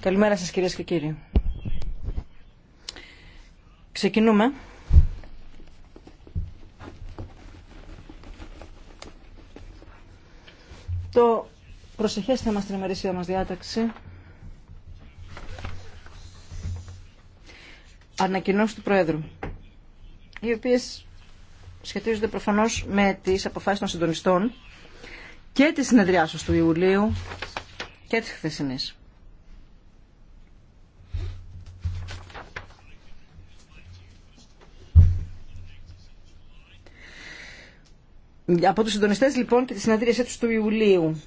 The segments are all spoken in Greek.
Καλημέρα σας κυρίες και κύριοι. Ξεκινούμε. Το προσεχές θέμα στην ημερήσια μας διάταξη. Ανακοινώσει του Προέδρου, οι οποίες σχετίζονται προφανώς με τις αποφάσεις των συντονιστών και τη συνεδριάσεως του Ιουλίου και της χθεσινής. Από τους συντονιστές λοιπόν και τη συνεδρίασή τους του Ιουλίου.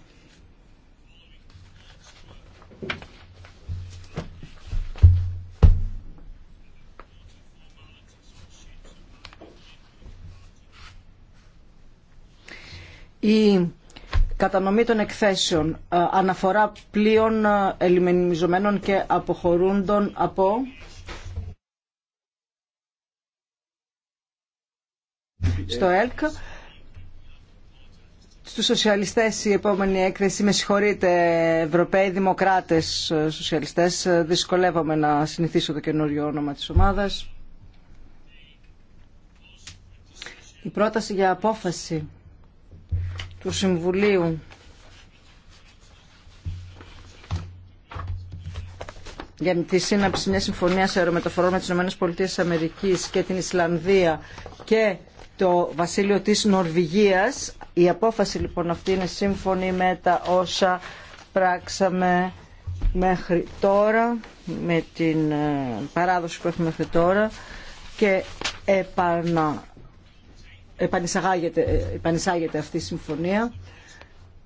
Η κατανομή των εκθέσεων, ε, αναφορά πλοίων ε, ελιμενιζομένων και αποχωρούντων από... στο ΕΛΚ. Στους σοσιαλιστές η επόμενη έκθεση, με συγχωρείτε Ευρωπαίοι Δημοκράτες ε, σοσιαλιστές, δυσκολεύομαι να συνηθίσω το καινούριο όνομα της ομάδας. Η πρόταση για απόφαση του Συμβουλίου για τη σύναψη μια συμφωνία αερομεταφορών με τι ΗΠΑ και την Ισλανδία και το βασίλειο της Νορβηγίας. Η απόφαση λοιπόν αυτή είναι σύμφωνη με τα όσα πράξαμε μέχρι τώρα, με την ε, παράδοση που έχουμε μέχρι τώρα και επανα επανεισάγεται, αυτή η συμφωνία.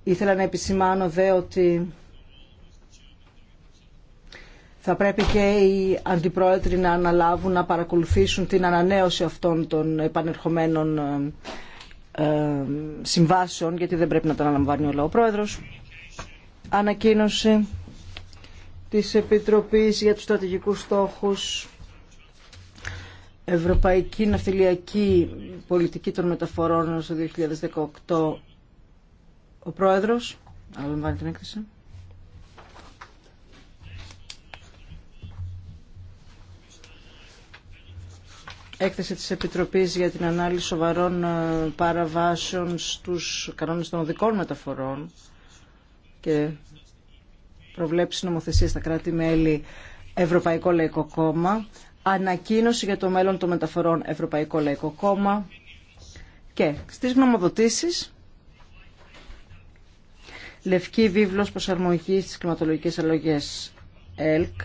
Ήθελα να επισημάνω δε ότι θα πρέπει και οι αντιπρόεδροι να αναλάβουν να παρακολουθήσουν την ανανέωση αυτών των επανερχομένων ε, συμβάσεων, γιατί δεν πρέπει να τα αναλαμβάνει όλα ο Πρόεδρος. Ανακοίνωση της Επιτροπής για τους στρατηγικούς στόχους Ευρωπαϊκή Ναυτιλιακή Πολιτική των Μεταφορών στο 2018 ο Πρόεδρος. Αναλαμβάνει την έκθεση. Έκθεση της Επιτροπής για την ανάλυση σοβαρών ε, παραβάσεων στους κανόνες των οδικών μεταφορών και προβλέψει νομοθεσία στα κράτη-μέλη Ευρωπαϊκό Λαϊκό Κόμμα ανακοίνωση για το μέλλον των μεταφορών Ευρωπαϊκό Λαϊκό Κόμμα και στις γνωμοδοτήσεις Λευκή Βίβλος Προσαρμογής στις Κλιματολογικές Αλλαγές ΕΛΚ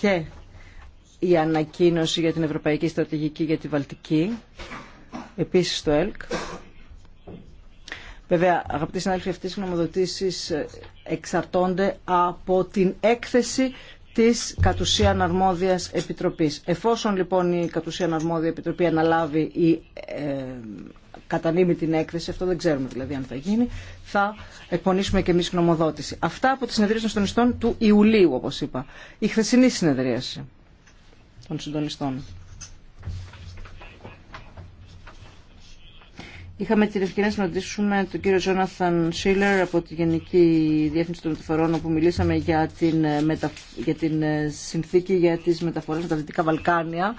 και η ανακοίνωση για την Ευρωπαϊκή Στρατηγική για τη Βαλτική, επίσης το ΕΛΚ. Βέβαια, αγαπητοί συνάδελφοι, αυτές οι νομοδοτήσεις ε, εξαρτώνται από την έκθεση της κατουσίαν αρμόδιας επιτροπής. Εφόσον λοιπόν η κατουσίαν αρμόδια επιτροπή αναλάβει ή ε, κατανείμει την έκθεση, αυτό δεν ξέρουμε δηλαδή αν θα γίνει, θα εκπονήσουμε και εμείς γνωμοδότηση. Αυτά από τις συνεδρίες των συντονιστών του Ιουλίου όπως είπα. Η χθεσινή συνεδρίαση των συντονιστών. Είχαμε την ευκαιρία να συναντήσουμε τον κύριο Τζόναθαν Σίλερ από τη Γενική Διεύθυνση των Μεταφορών, όπου μιλήσαμε για την, ε, για την ε, συνθήκη για τις μεταφορές με τα Δυτικά Βαλκάνια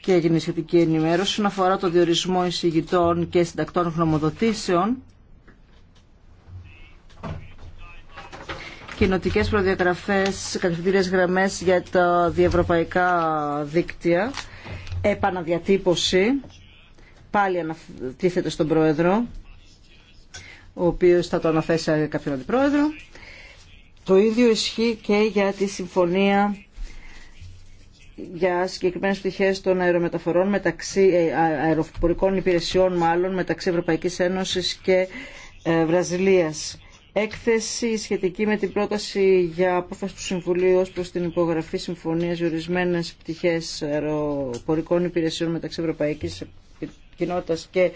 και έγινε σχετική ενημέρωση όσον αφορά το διορισμό εισηγητών και συντακτών γνωμοδοτήσεων. Κοινοτικέ προδιαγραφές, κατευθυντήριες γραμμές για τα διευρωπαϊκά δίκτυα, επαναδιατύπωση πάλι ανατίθεται στον Πρόεδρο, ο οποίος θα το αναθέσει σε κάποιον αντιπρόεδρο. Το ίδιο ισχύει και για τη συμφωνία για συγκεκριμένες πτυχές των αερομεταφορών μεταξύ ε, αεροπορικών υπηρεσιών μάλλον μεταξύ Ευρωπαϊκής Ένωσης και ε, Βραζιλίας. Έκθεση σχετική με την πρόταση για απόφαση του Συμβουλίου ως προς την υπογραφή συμφωνίας για ορισμένες πτυχές αεροπορικών υπηρεσιών μεταξύ Ευρωπαϊκής κοινότητα και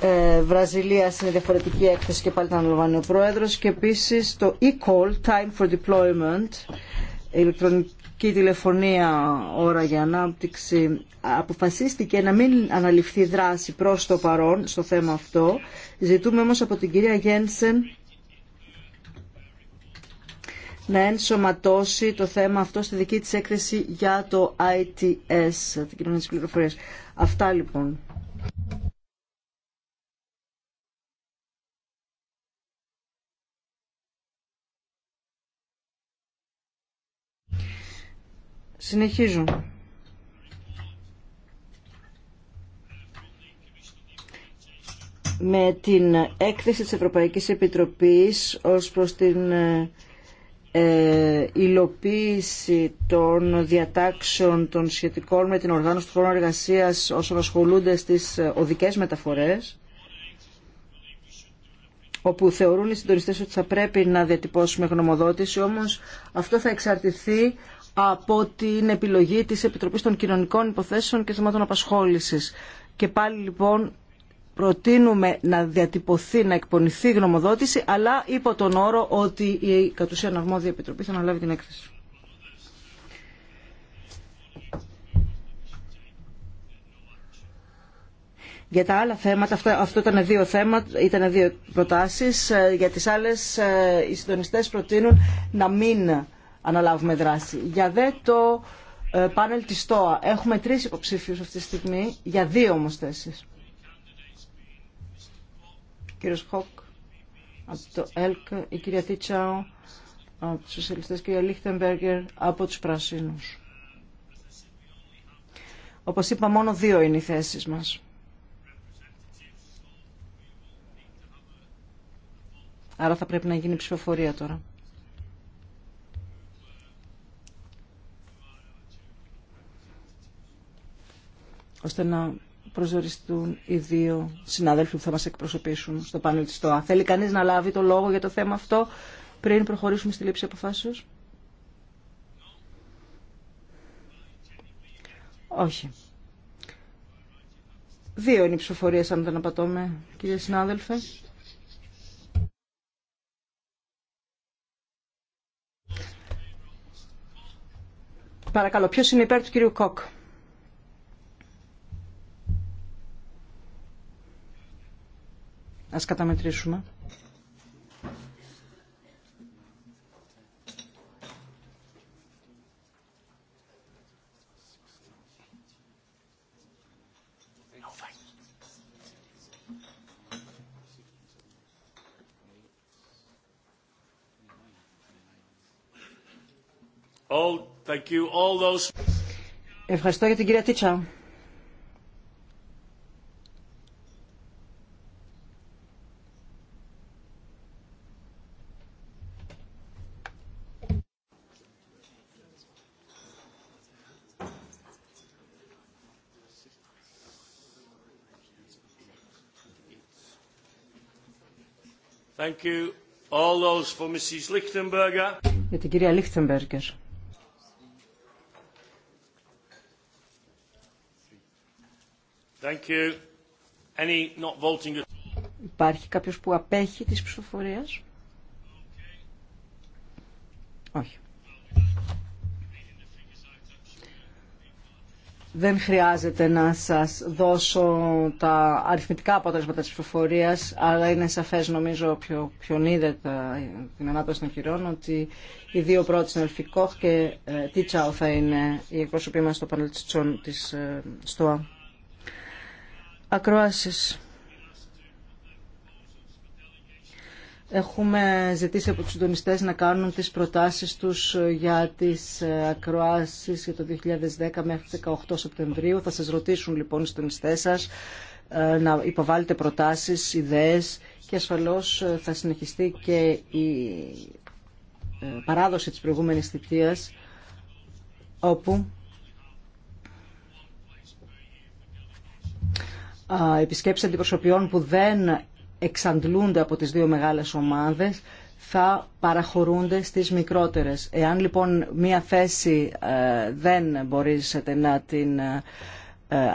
ε, Βραζιλία είναι διαφορετική έκθεση και πάλι ήταν αναλογάνει ο Πρόεδρος και επίσης το e-call, time for deployment, ηλεκτρονική τηλεφωνία ώρα για ανάπτυξη αποφασίστηκε να μην αναλυφθεί δράση προς το παρόν στο θέμα αυτό. Ζητούμε όμως από την κυρία Γένσεν να ενσωματώσει το θέμα αυτό στη δική της έκθεση για το ITS, την κοινωνική πληροφορία. Αυτά λοιπόν. Συνεχίζουν. Με την έκθεση της Ευρωπαϊκής Επιτροπής ως προς την ε, υλοποίηση των διατάξεων των σχετικών με την οργάνωση του χρόνου εργασίας όσων ασχολούνται στις οδικές μεταφορές όπου θεωρούν οι συντονιστές ότι θα πρέπει να διατυπώσουμε γνωμοδότηση, όμως αυτό θα εξαρτηθεί από την επιλογή της Επιτροπής των Κοινωνικών Υποθέσεων και Θεμάτων Απασχόλησης. Και πάλι λοιπόν προτείνουμε να διατυπωθεί, να εκπονηθεί γνωμοδότηση, αλλά υπό τον όρο ότι η Κατουσία αρμόδια επιτροπή θα αναλάβει την έκθεση. Για τα άλλα θέματα, αυτό, αυτό ήταν δύο θέματα, ήταν δύο προτάσεις. Ε, για τις άλλες ε, οι συντονιστές προτείνουν να μην αναλάβουμε δράση. Για δε το ε, πάνελ της ΣΤΟΑ. Έχουμε τρεις υποψήφιους αυτή τη στιγμή, για δύο όμως θέσεις. κύριος Χοκ, από το ΕΛΚ, η κυρία Τίτσαο, από τους Σοσιαλιστές, η κυρία Λίχτεμπεργκερ, από τους Πρασίνους. Όπως είπα, μόνο δύο είναι οι θέσεις μας. Άρα θα πρέπει να γίνει ψηφοφορία τώρα. ώστε να προσδοριστούν οι δύο συνάδελφοι που θα μας εκπροσωπήσουν στο πάνελ της ΤΟΑ. Θέλει κανείς να λάβει το λόγο για το θέμα αυτό πριν προχωρήσουμε στη λήψη αποφάσεως. Όχι. Δύο είναι οι ψηφοφορίες αν δεν απατώμε, κύριε συνάδελφε. Παρακαλώ, ποιος είναι υπέρ του κύριου Κόκ. Ας καταμετρήσουμε. Oh, Ευχαριστώ για την κυρία Τίτσα. Thank you. All those for Mrs. Lichtenberger. Για την κυρία Λίχτεμπεργκερ. Thank you. Any not voting... Υπάρχει κάποιος που απέχει της ψηφοφορίας. Όχι. Δεν χρειάζεται να σας δώσω τα αριθμητικά αποτελέσματα της ψηφοφορίας, αλλά είναι σαφές νομίζω ποιο, ποιον είδε τα, την ανάπτυξη των χειρών, ότι οι δύο πρώτοι είναι Κόχ και ε, θα είναι η εκπρόσωπή μας στο πανελτιστικό της ε, ΣΤΟΑ. Ακροάσεις. Έχουμε ζητήσει από τους συντονιστές να κάνουν τις προτάσεις τους ε, για τις ε, ακροάσεις για το 2010 μέχρι 18 Σεπτεμβρίου. Θα σας ρωτήσουν λοιπόν οι συντονιστές σας ε, να υποβάλλετε προτάσεις, ιδέες και ασφαλώς θα συνεχιστεί και η παράδοση της προηγούμενης θητείας όπου επισκέψεις αντιπροσωπιών που δεν εξαντλούνται από τις δύο μεγάλες ομάδες θα παραχωρούνται στις μικρότερες. Εάν λοιπόν μία θέση ε, δεν μπορείτε να την ε, ε,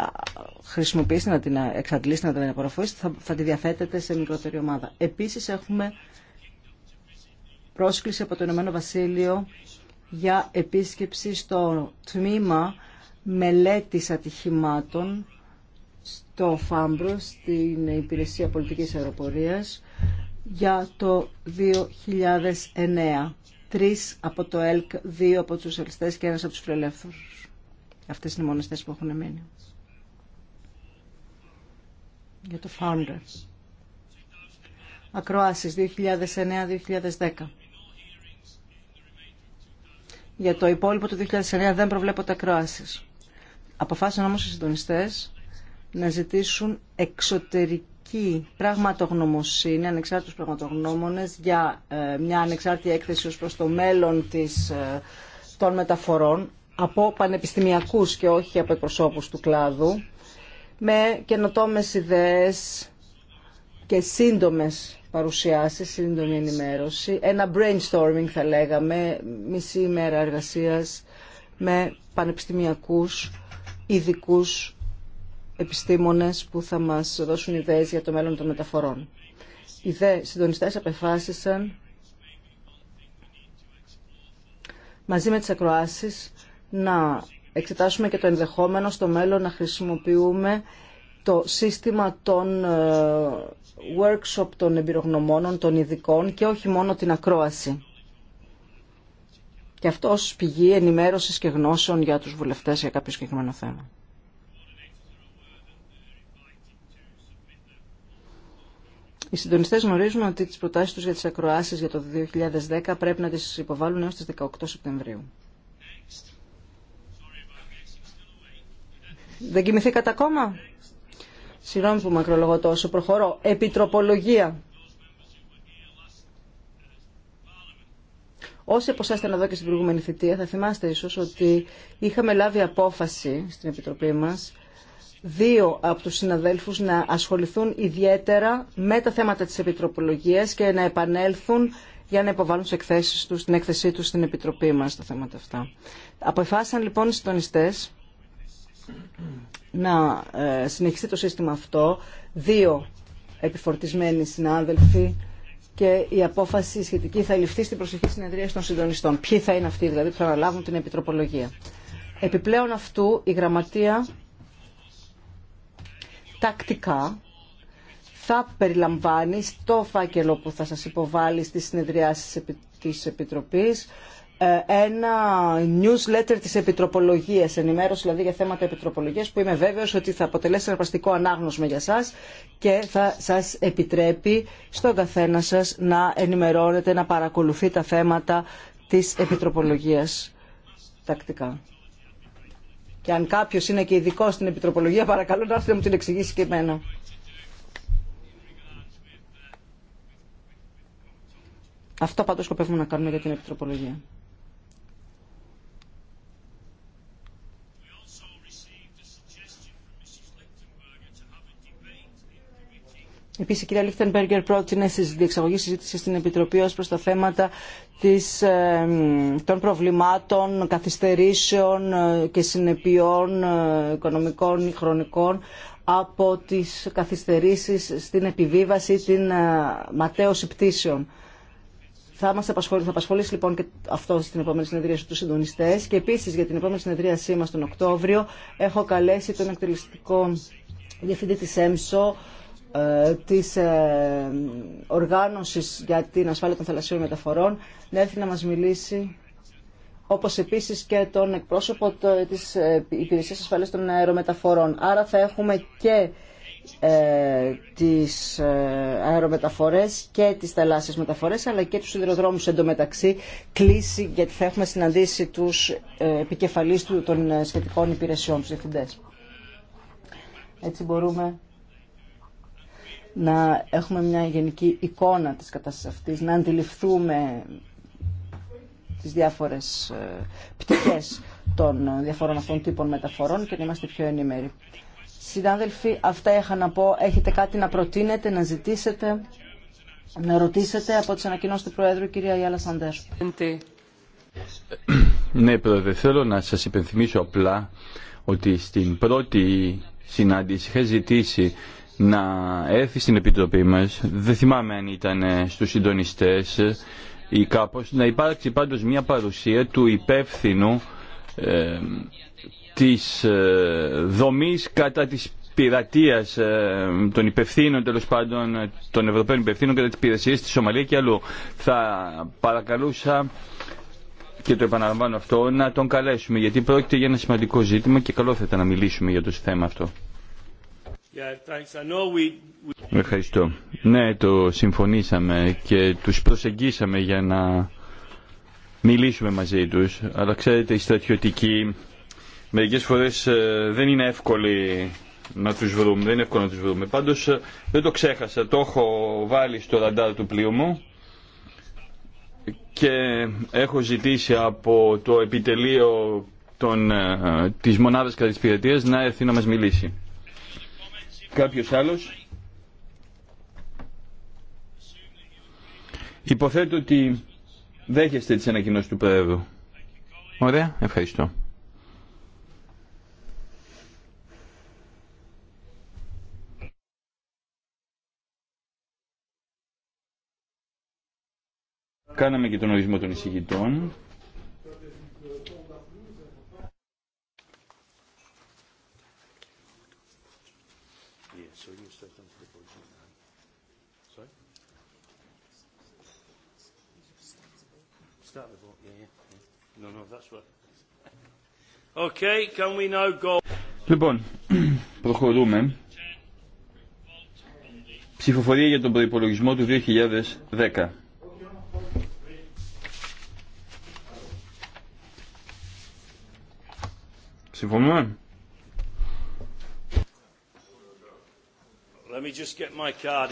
χρησιμοποιήσετε, να την εξαντλήσετε, να την απορροφήσετε, θα τη διαθέτετε σε μικρότερη ομάδα. Επίσης έχουμε πρόσκληση από το Ηνωμένο Βασίλειο για επίσκεψη στο τμήμα μελέτης ατυχημάτων στο ΦΑΜΠΡΟ, στην Υπηρεσία Πολιτικής Αεροπορίας, για το 2009. Τρεις από το ΕΛΚ, δύο από τους σοσιαλιστές και ένας από τους φιλελεύθερους. Αυτές είναι οι μόνες θέσεις που έχουν μείνει. Για το ΦΑΜΠΡΟ. Ακροάσεις 2009-2010. Για το υπόλοιπο του 2009 δεν προβλέπονται ακροάσεις. Αποφάσισαν όμως οι συντονιστές να ζητήσουν εξωτερική πραγματογνωμοσύνη, ανεξάρτητους πραγματογνώμονες για ε, μια ανεξάρτητη έκθεση ως προς το μέλλον της, ε, των μεταφορών από πανεπιστημιακούς και όχι από εκπροσώπους του κλάδου με καινοτόμες ιδέες και σύντομες παρουσιάσεις, σύντομη ενημέρωση, ένα brainstorming θα λέγαμε, μισή ημέρα εργασίας με πανεπιστημιακούς, ειδικού επιστήμονες που θα μας δώσουν ιδέες για το μέλλον των μεταφορών. Οι δε συντονιστές απεφάσισαν μαζί με τις ακροάσεις να εξετάσουμε και το ενδεχόμενο στο μέλλον να χρησιμοποιούμε το σύστημα των ε, workshop των εμπειρογνωμόνων, των ειδικών και όχι μόνο την ακρόαση. Και αυτό ως πηγή ενημέρωσης και γνώσεων για τους βουλευτές για κάποιο συγκεκριμένο θέμα. Οι συντονιστέ γνωρίζουν ότι τι προτάσει του για τι ακροάσει για το 2010 πρέπει να τι υποβάλουν έω τι 18 Σεπτεμβρίου. Δεν κοιμηθήκατε ακόμα. Συγγνώμη που μακρολογώ τόσο. Προχωρώ. Επιτροπολογία. Όσοι από εσά ήταν εδώ και στην προηγούμενη θητεία, θα θυμάστε ίσω ότι είχαμε λάβει απόφαση στην Επιτροπή μα δύο από τους συναδέλφους να ασχοληθούν ιδιαίτερα με τα θέματα της επιτροπολογίας και να επανέλθουν για να υποβάλουν τις εκθέσεις τους, την έκθεσή τους στην Επιτροπή μας τα θέματα αυτά. Αποφάσισαν λοιπόν οι συντονιστές να ε, συνεχιστεί το σύστημα αυτό. Δύο επιφορτισμένοι συνάδελφοι και η απόφαση σχετική θα ληφθεί στην προσεχή συνεδρία των συντονιστών. Ποιοι θα είναι αυτοί δηλαδή που θα αναλάβουν την επιτροπολογία. Επιπλέον αυτού η γραμματεία τακτικά θα περιλαμβάνει στο φάκελο που θα σας υποβάλει στις συνεδριάσεις της Επιτροπής ε, ένα newsletter της επιτροπολογίας, ενημέρωση δηλαδή για θέματα επιτροπολογίας που είμαι βέβαιος ότι θα αποτελέσει ένα πραστικό ανάγνωσμα για σας και θα σας επιτρέπει στον καθένα σας να ενημερώνετε, να παρακολουθεί τα θέματα της επιτροπολογίας τακτικά. Και αν κάποιο είναι και ειδικό στην επιτροπολογία, παρακαλώ να έρθει να μου την εξηγήσει και εμένα. Αυτό πάντως σκοπεύουμε να κάνουμε για την επιτροπολογία. Επίση, η κυρία Λίχτενμπεργκερ πρότεινε διεξαγωγή συζήτηση στην Επιτροπή ω προ τα θέματα της, των προβλημάτων, καθυστερήσεων ε, και συνεπειών ε, οικονομικών ή χρονικών από τι καθυστερήσει στην επιβίβαση, την ε, ματέωση πτήσεων. Θα μας απασχολήσει, θα απασχολήσει λοιπόν και αυτό στην επόμενη συνεδρία του συντονιστέ. και επίση για την επόμενη συνεδρία μας τον Οκτώβριο έχω καλέσει τον εκτελεστικό διευθυντή τη ΕΜΣΟ, ε, της ε, οργάνωσης για την ασφάλεια των θαλασσίων μεταφορών να έρθει να μας μιλήσει όπως επίσης και τον εκπρόσωπο της ε, Υπηρεσίας Ασφαλείας των Αερομεταφορών. Άρα θα έχουμε και ε, τις αερομεταφορές και τις θαλάσσιες μεταφορές αλλά και τους σιδηροδρόμους εντωμεταξύ κλείσει γιατί θα έχουμε συναντήσει τους επικεφαλείς των σχετικών υπηρεσιών, τους διευθυντές. Έτσι μπορούμε να έχουμε μια γενική εικόνα της κατάστασης αυτής, να αντιληφθούμε τις διάφορες ε, πτυχές των διαφορών αυτών τύπων μεταφορών και να είμαστε πιο ενημέροι. Συνάδελφοι, αυτά είχα να πω. Έχετε κάτι να προτείνετε, να ζητήσετε, να ρωτήσετε από τις ανακοινώσεις του Προέδρου, κυρία Ιάλα Σαντέρ. Ναι, Πρόεδρε, θέλω να σας υπενθυμίσω απλά ότι στην πρώτη συνάντηση είχα ζητήσει να έρθει στην Επιτροπή μας, δεν θυμάμαι αν ήταν στους συντονιστές ή κάπως, να υπάρξει πάντως μια παρουσία του υπεύθυνου ε, της ε, δομής κατά της πειρατείας ε, των υπευθύνων τέλος πάντων των Ευρωπαίων υπευθύνων κατά της πειρασίας στη Σομαλία και αλλού. Θα παρακαλούσα και το επαναλαμβάνω αυτό, να τον καλέσουμε γιατί πρόκειται για ένα σημαντικό ζήτημα και καλό θα ήταν να μιλήσουμε για το θέμα αυτό. Ευχαριστώ. Ναι, το συμφωνήσαμε και τους προσεγγίσαμε για να μιλήσουμε μαζί τους. Αλλά ξέρετε, οι στρατιωτικοί μερικές φορές ε, δεν είναι εύκολοι να τους βρούμε. Δεν είναι εύκολο να τους βρούμε. Πάντως ε, δεν το ξέχασα. Το έχω βάλει στο ραντάρ του πλοίου μου και έχω ζητήσει από το επιτελείο των, ε, της μονάδας να έρθει να μας μιλήσει. Κάποιος άλλος. Υποθέτω ότι δέχεστε τις ανακοινώσεις του Πρόεδρου. Ωραία, ευχαριστώ. Κάναμε και τον ορισμό των εισηγητών. Λοιπόν, προχωρούμε. Ψηφοφορία για τον προϋπολογισμό του 2010. Συμφωνούμε. Let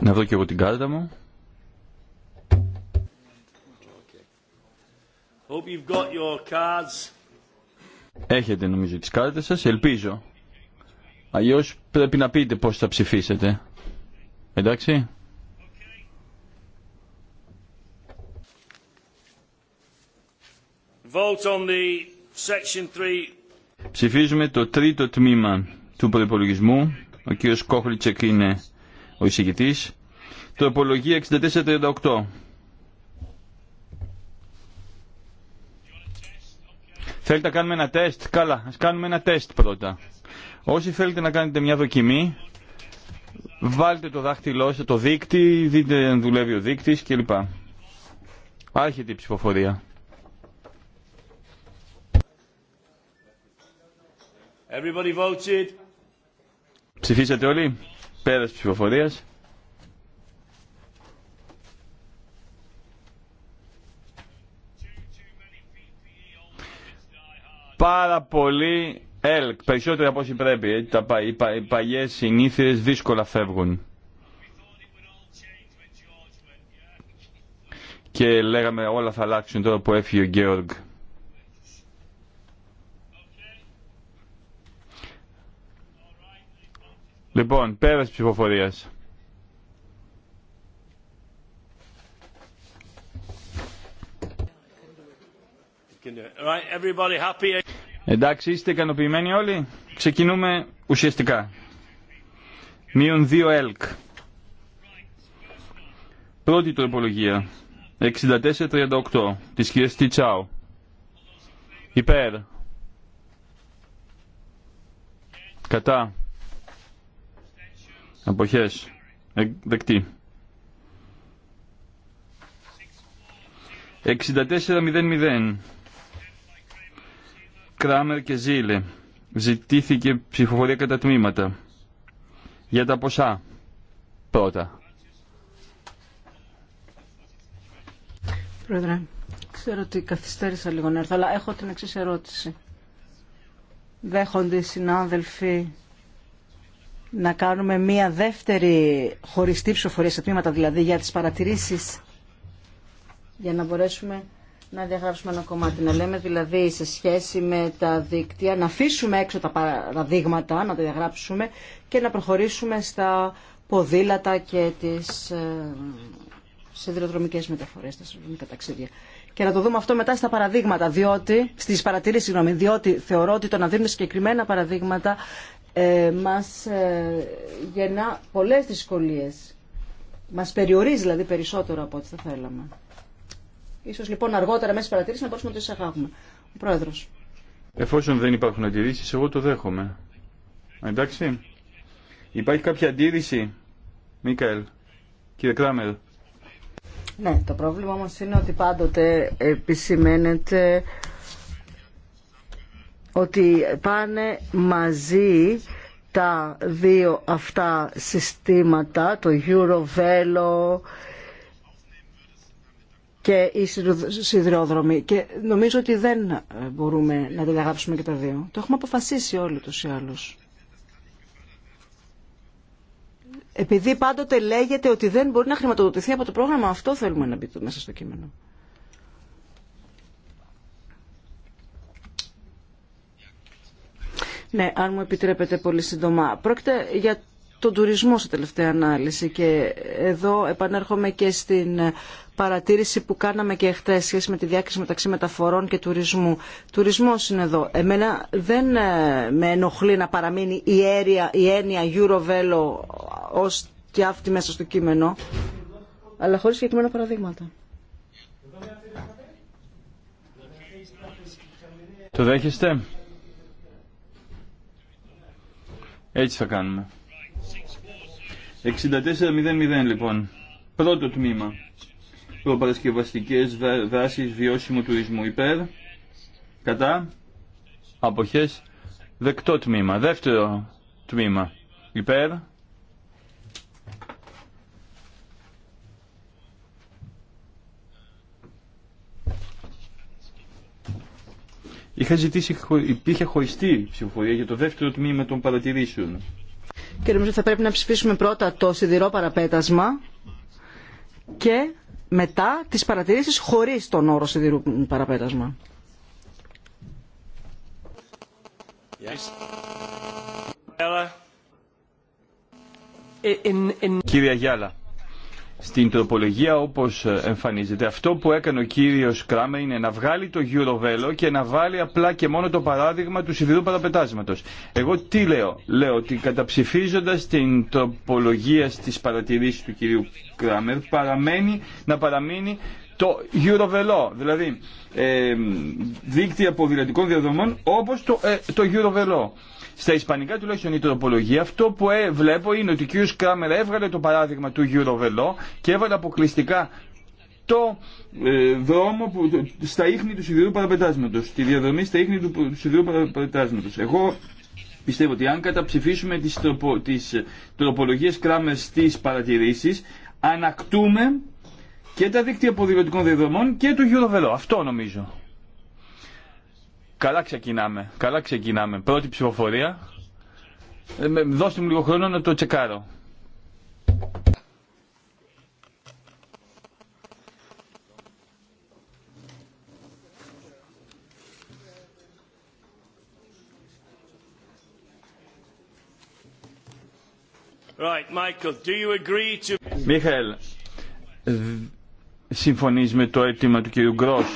Να δω και εγώ την κάρτα μου. Έχετε νομίζω τις κάρτες σας, ελπίζω. Αλλιώς πρέπει να πείτε πώς θα ψηφίσετε. Εντάξει. Vote on the section three. Ψηφίζουμε το τρίτο τμήμα του προπολογισμού. Ο κύριος Κόχλιτσεκ είναι ο εισηγητής. Τροπολογία 6438. Θέλετε να κάνουμε ένα τεστ. Καλά, ας κάνουμε ένα τεστ πρώτα. Όσοι θέλετε να κάνετε μια δοκιμή, βάλτε το δάχτυλό σε το δίκτυ, δείτε αν δουλεύει ο δείκτης κλπ. Άρχεται η ψηφοφορία. Everybody voted. Ψηφίσατε όλοι. Πέρας ψηφοφορίας. πάρα πολύ ΕΛΚ, περισσότερο από όσοι πρέπει. Ε, τα, οι, πα, οι παλιέ δύσκολα φεύγουν. Και λέγαμε όλα θα αλλάξουν τώρα που έφυγε ο Γκέοργ. Λοιπόν, πέρας ψηφοφορία. Right, everybody happy. Εντάξει, είστε ικανοποιημένοι όλοι. Ξεκινούμε ουσιαστικά. Μείον 2 ΕΛΚ. Πρώτη τροπολογία. 64-38 της κυρίας Τιτσάου. Υπέρ. Κατά. Αποχές. Ε, δεκτή. 64-00 Κράμερ και Ζήλε. Ζητήθηκε ψηφοφορία κατά τμήματα. Για τα ποσά. Πρώτα. Πρόεδρε, ξέρω ότι καθυστέρησα λίγο να έρθω, αλλά έχω την εξή ερώτηση. Δέχονται οι συνάδελφοι να κάνουμε μία δεύτερη χωριστή ψηφοφορία σε τμήματα, δηλαδή για τις παρατηρήσεις, για να μπορέσουμε να διαγράψουμε ένα κομμάτι, να λέμε δηλαδή σε σχέση με τα δίκτυα, να αφήσουμε έξω τα παραδείγματα, να τα διαγράψουμε και να προχωρήσουμε στα ποδήλατα και τις ε, σιδηροδρομικές μεταφορές, τα σιδηροδρομικά ταξίδια. Και να το δούμε αυτό μετά στα παραδείγματα, διότι, στις παρατηρήσεις, συγγνώμη, διότι θεωρώ ότι το να δίνουμε συγκεκριμένα παραδείγματα ε, μας ε, γεννά πολλές δυσκολίες. Μας περιορίζει δηλαδή περισσότερο από ό,τι θα θέλαμε. Ίσως λοιπόν αργότερα μέσα παρατηρήσει να μπορούμε να το εισαγάγουμε. Ο Πρόεδρος. Εφόσον δεν υπάρχουν αντιρρήσει, εγώ το δέχομαι. Εντάξει. Υπάρχει κάποια αντίρρηση, Μίκαελ, κύριε Κράμερ. Ναι, το πρόβλημα όμως είναι ότι πάντοτε επισημαίνεται ότι πάνε μαζί τα δύο αυτά συστήματα, το Eurovelo και η σιδηρόδρομη Και νομίζω ότι δεν ε, μπορούμε να τα διαγράψουμε και τα δύο. Το έχουμε αποφασίσει όλοι τους ή άλλους. Επειδή πάντοτε λέγεται ότι δεν μπορεί να χρηματοδοτηθεί από το πρόγραμμα, αυτό θέλουμε να μπει μέσα στο κείμενο. Ναι, αν μου επιτρέπετε πολύ σύντομα. Πρόκειται για τον τουρισμό σε τελευταία ανάλυση και εδώ επανέρχομαι και στην παρατήρηση που κάναμε και χθε σχέση με τη διάκριση μεταξύ μεταφορών και τουρισμού. Τουρισμός είναι εδώ. Εμένα δεν ε, με ενοχλεί να παραμείνει η, αίρια, η έννοια Eurovelo ως και αυτή μέσα στο κείμενο, αλλά χωρίς συγκεκριμένα παραδείγματα. Το δέχεστε? Έτσι θα κάνουμε. 64.00 λοιπόν. Πρώτο τμήμα. Προπαρασκευαστικέ δράσει βιώσιμου τουρισμού υπέρ. Κατά. αποχέ. Δεκτό τμήμα. Δεύτερο τμήμα. Υπέρ. Είχα ζητήσει, υπήρχε χωριστή ψηφοφορία για το δεύτερο τμήμα των παρατηρήσεων και νομίζω θα πρέπει να ψηφίσουμε πρώτα το σιδηρό παραπέτασμα και μετά τις παρατηρήσεις χωρίς τον όρο σιδηρού παραπέτασμα. Κύριε Γιάλα στην τροπολογία όπως ε, εμφανίζεται. Αυτό που έκανε ο κύριος Κράμερ είναι να βγάλει το γιουροβέλο και να βάλει απλά και μόνο το παράδειγμα του σιδηρού παραπετάσματος. Εγώ τι λέω. Λέω ότι καταψηφίζοντας την τροπολογία στις παρατηρήσεις του κυρίου Κράμερ παραμένει να παραμείνει το γιουροβελό, δηλαδή ε, δίκτυα ποδηλατικών διαδρομών όπως το, ε, το γιουροβελό. Στα ισπανικά τουλάχιστον η τροπολογία αυτό που ε, βλέπω είναι ότι ο κ. Κράμερ έβγαλε το παράδειγμα του Eurovelo και έβαλε αποκλειστικά το ε, δρόμο που, στα ίχνη του σιδηρού παραπετάσματος, τη διαδρομή στα ίχνη του, του σιδηρού παραπετάσματος. Εγώ πιστεύω ότι αν καταψηφίσουμε τις, τροπο, τις ε, τροπολογίες Κράμερ στις παρατηρήσεις, ανακτούμε και τα δίκτυα αποδηλωτικών διαδρομών και το Eurovelo. Αυτό νομίζω. Καλά ξεκινάμε. Καλά ξεκινάμε. Πρώτη ψηφοφορία. Ε, δώστε μου λίγο χρόνο να το τσεκάρω. Right, Michael, do you agree to... Μίχαελ, συμφωνείς με το αίτημα του κύριου Γκρός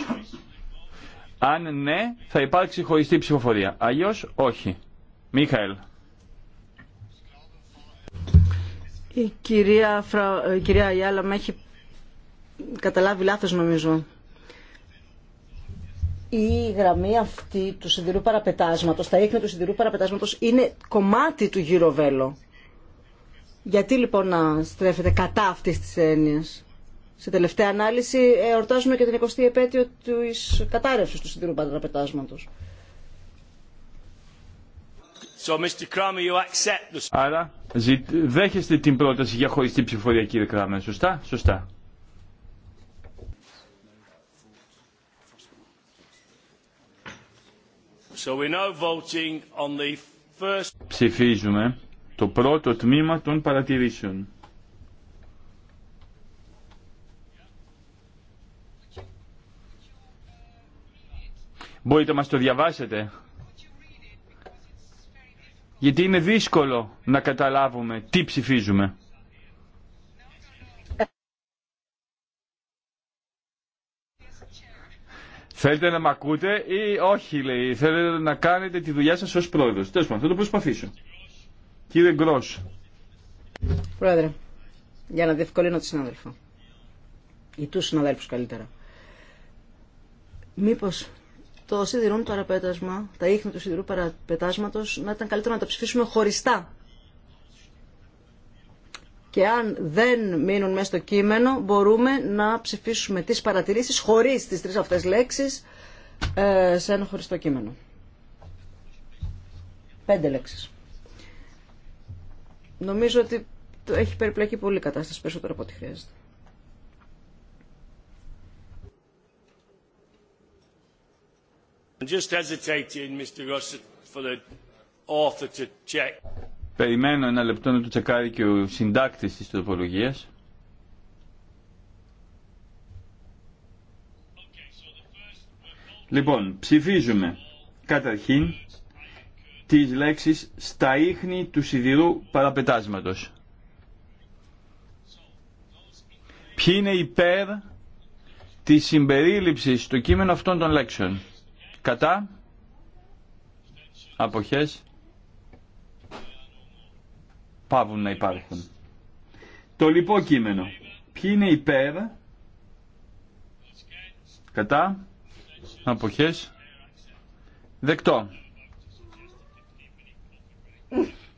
αν ναι, θα υπάρξει χωριστή ψηφοφορία. Αλλιώ, όχι. Μίχαελ. Η κυρία, Φρα... Ε, κυρία Ιάλα με έχει καταλάβει λάθος νομίζω. Η γραμμή αυτή του σιδηρού παραπετάσματος, τα ίχνη του σιδηρού παραπετάσματος είναι κομμάτι του γύρω βέλο. Γιατί λοιπόν να στρέφεται κατά αυτής της έννοιας σε τελευταία ανάλυση ε, εορτάζουμε και την 20η επέτειο της κατάρρευσης του συντήρου παντραπετάσματος. Άρα δέχεστε την πρόταση για χωριστή ψηφορία, κύριε Κράμερ, σωστά, σωστά. So Ψηφίζουμε το πρώτο τμήμα των παρατηρήσεων. Μπορείτε να μας το διαβάσετε. Γιατί είναι δύσκολο να καταλάβουμε τι ψηφίζουμε. Θέλετε να με ακούτε ή όχι, λέει. Θέλετε να κάνετε τη δουλειά σας ως πρόεδρος. Τέλος πάντων, θα το προσπαθήσω. Κύριε Γκρός. Πρόεδρε, για να διευκολύνω τη συνάδελφα. Ή τους συναδέλφους καλύτερα. Μήπως το σιδηρούν παραπέτασμα, τα ίχνη του σιδηρού παραπετάσματος, να ήταν καλύτερο να τα ψηφίσουμε χωριστά. Και αν δεν μείνουν μέσα στο κείμενο, μπορούμε να ψηφίσουμε τις παρατηρήσεις χωρίς τις τρεις αυτές λέξεις ε, σε ένα χωριστό κείμενο. Πέντε λέξεις. Νομίζω ότι το έχει περιπλέκει πολύ κατάσταση περισσότερο από ό,τι χρειάζεται. Περιμένω ένα λεπτό να το τσεκάρει και ο συντάκτης της τροπολογίας. Λοιπόν, ψηφίζουμε καταρχήν τις λέξεις στα ίχνη του σιδηρού παραπετάσματος. Ποιοι είναι υπέρ της συμπερίληψης στο κείμενο αυτών των λέξεων. Κατά. Αποχές. Πάβουν να υπάρχουν. Το λοιπό κείμενο. Ποιοι είναι υπέρ. Κατά. Αποχές. Δεκτό.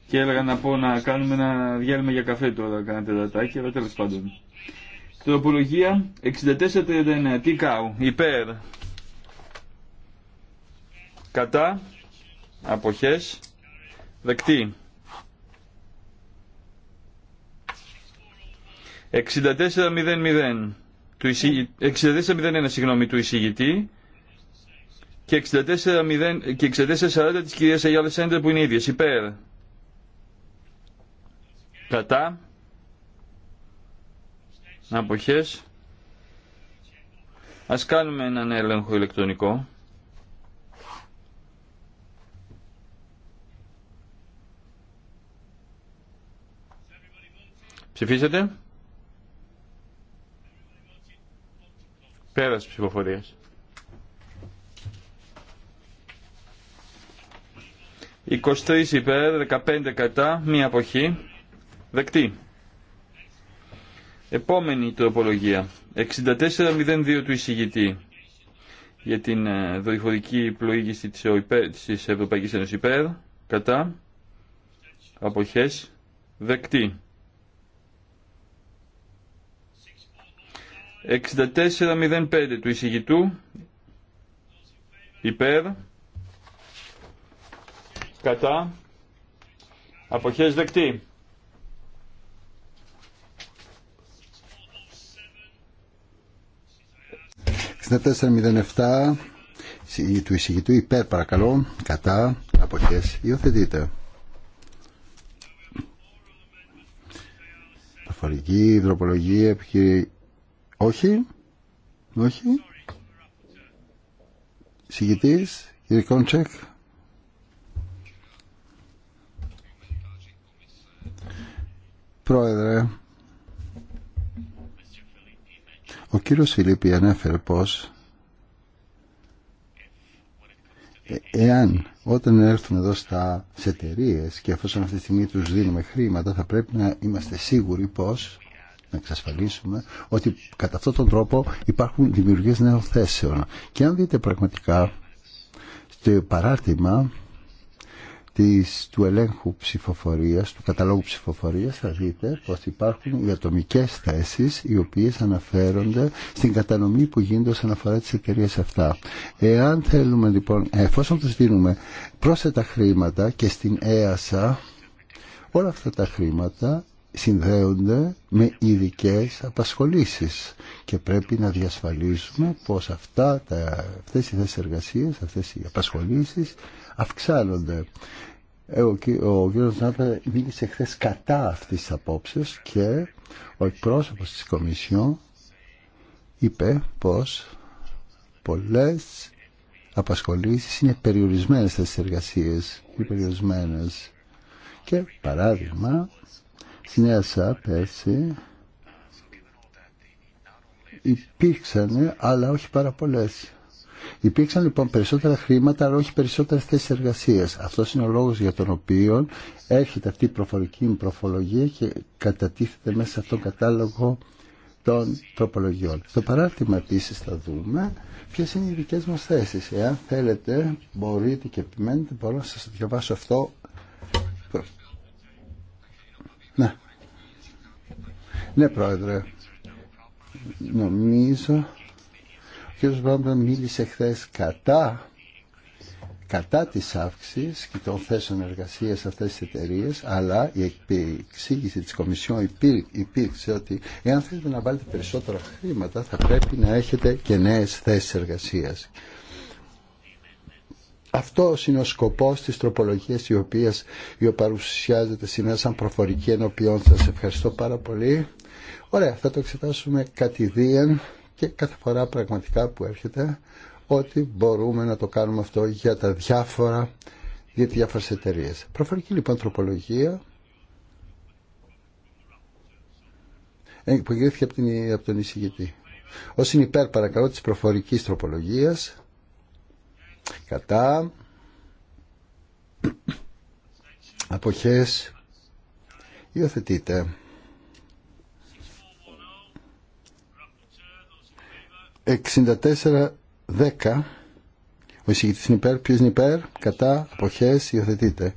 Και έλεγα να πω να κάνουμε ένα διάλειμμα για καφέ τώρα, κάνα κάνα αλλά τέλος πάντων. Τροπολογία 6439, τι κάου, υπέρ κατά αποχές δεκτή 64.00 του 64.01 συγγνώμη του εισηγητή και 64.40 και 64.40 της κυρίας Αγιάδας που είναι ίδιες υπέρ κατά αποχές ας κάνουμε έναν έλεγχο ηλεκτρονικό Ψηφίσατε. Πέρα ψηφοφορία. 23 υπέρ, 15 κατά, μία αποχή. Δεκτή. Επόμενη τροπολογία. 6402 του εισηγητή για την ε, δορυφορική πλοήγηση της, ΟΥΠΕ, της Ευρωπαϊκής Ένωσης υπέρ, κατά, αποχές, δεκτή. 6405 του εισηγητού υπέρ κατά αποχές δεκτή 6407 του εισηγητού υπέρ παρακαλώ κατά αποχές υιοθετείται προφορική υδροπολογία επιχειρή όχι. Όχι. Συγητή, κύριε Κόντσεκ. Πρόεδρε, ο κύριο Φιλίππη ανέφερε πω, ε, εάν όταν έρθουν εδώ στα εταιρείε και εφόσον αυτή τη στιγμή του δίνουμε χρήματα θα πρέπει να είμαστε σίγουροι πω να εξασφαλίσουμε ότι κατά αυτόν τον τρόπο υπάρχουν δημιουργίες νέων θέσεων. Και αν δείτε πραγματικά στο παράρτημα της, του ελέγχου ψηφοφορίας, του καταλόγου ψηφοφορίας θα δείτε πως υπάρχουν οι ατομικές θέσεις οι οποίες αναφέρονται στην κατανομή που γίνεται όσον αφορά τις εταιρείε αυτά. Εάν θέλουμε λοιπόν, εφόσον τους δίνουμε πρόσθετα χρήματα και στην ΕΑΣΑ όλα αυτά τα χρήματα συνδέονται με ειδικέ απασχολήσεις και πρέπει να διασφαλίσουμε πως αυτά τα, αυτές οι θέσεις εργασίες, αυτές οι απασχολήσεις αυξάνονται. Ε, ο, ο κ. μίλησε χθε κατά αυτής της απόψεως και ο εκπρόσωπος της Κομισιόν είπε πως πολλές απασχολήσεις είναι περιορισμένες στις εργασίες, περιορισμένες. Και παράδειγμα, νέα ΣΑΠ έτσι υπήρξαν, αλλά όχι πάρα πολλέ. Υπήρξαν λοιπόν περισσότερα χρήματα, αλλά όχι περισσότερε θέσει εργασία. Αυτό είναι ο λόγο για τον οποίο έρχεται αυτή η προφορική προφολογία και κατατίθεται μέσα σε αυτόν κατάλογο των τροπολογιών. Στο παράρτημα επίση θα δούμε ποιε είναι οι δικέ μα θέσει. Εάν θέλετε, μπορείτε και επιμένετε, μπορώ να σα διαβάσω αυτό ναι. Ναι, Πρόεδρε. Νομίζω ο κ. Μπράμπερ μίλησε χθε κατά, κατά της αύξησης και των θέσεων εργασίας σε αυτές τις εταιρείε, αλλά η εξήγηση της Κομισιόν υπήρξε ότι εάν θέλετε να βάλετε περισσότερα χρήματα θα πρέπει να έχετε και νέες θέσεις εργασίας. Αυτό είναι ο σκοπός της τροπολογίας η οποία παρουσιάζεται σήμερα σαν προφορική ενώπιόν. Σας ευχαριστώ πάρα πολύ. Ωραία, θα το εξετάσουμε κατηδίαν και κάθε φορά πραγματικά που έρχεται ότι μπορούμε να το κάνουμε αυτό για τα διάφορα για τις Προφορική λοιπόν τροπολογία ε, που γυρίθηκε από, τον εισηγητή. Ως παρακαλώ της προφορικής τροπολογίας κατά υιοθετείτε. υιοθετείται 64-10 ο εισηγητής είναι υπέρ ποιος είναι υπέρ κατά αποχές υιοθετείτε.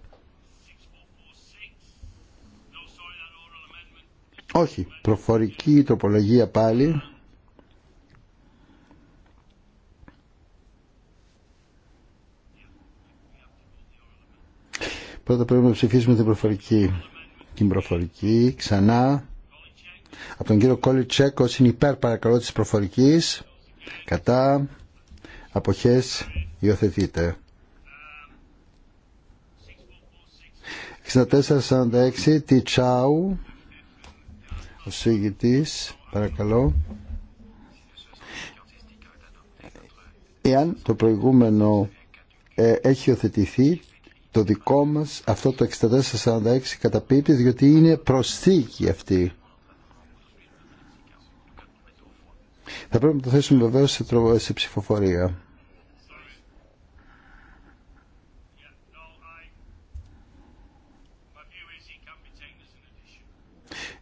όχι προφορική τροπολογία πάλι Πρώτα πρέπει να ψηφίσουμε την προφορική. Την προφορική ξανά. Από τον κύριο Κόλιτσεκ, Τσέκος είναι υπέρ παρακαλώ της προφορικής, κατά Αποχές υιοθετείται. 64-46, Τσάου ο συγητής, παρακαλώ. Εάν το προηγούμενο ε, έχει υιοθετηθεί το δικό μας αυτό το 6446 καταπίπτει διότι είναι προσθήκη αυτή. Θα πρέπει να το θέσουμε βεβαίω σε, σε ψηφοφορία.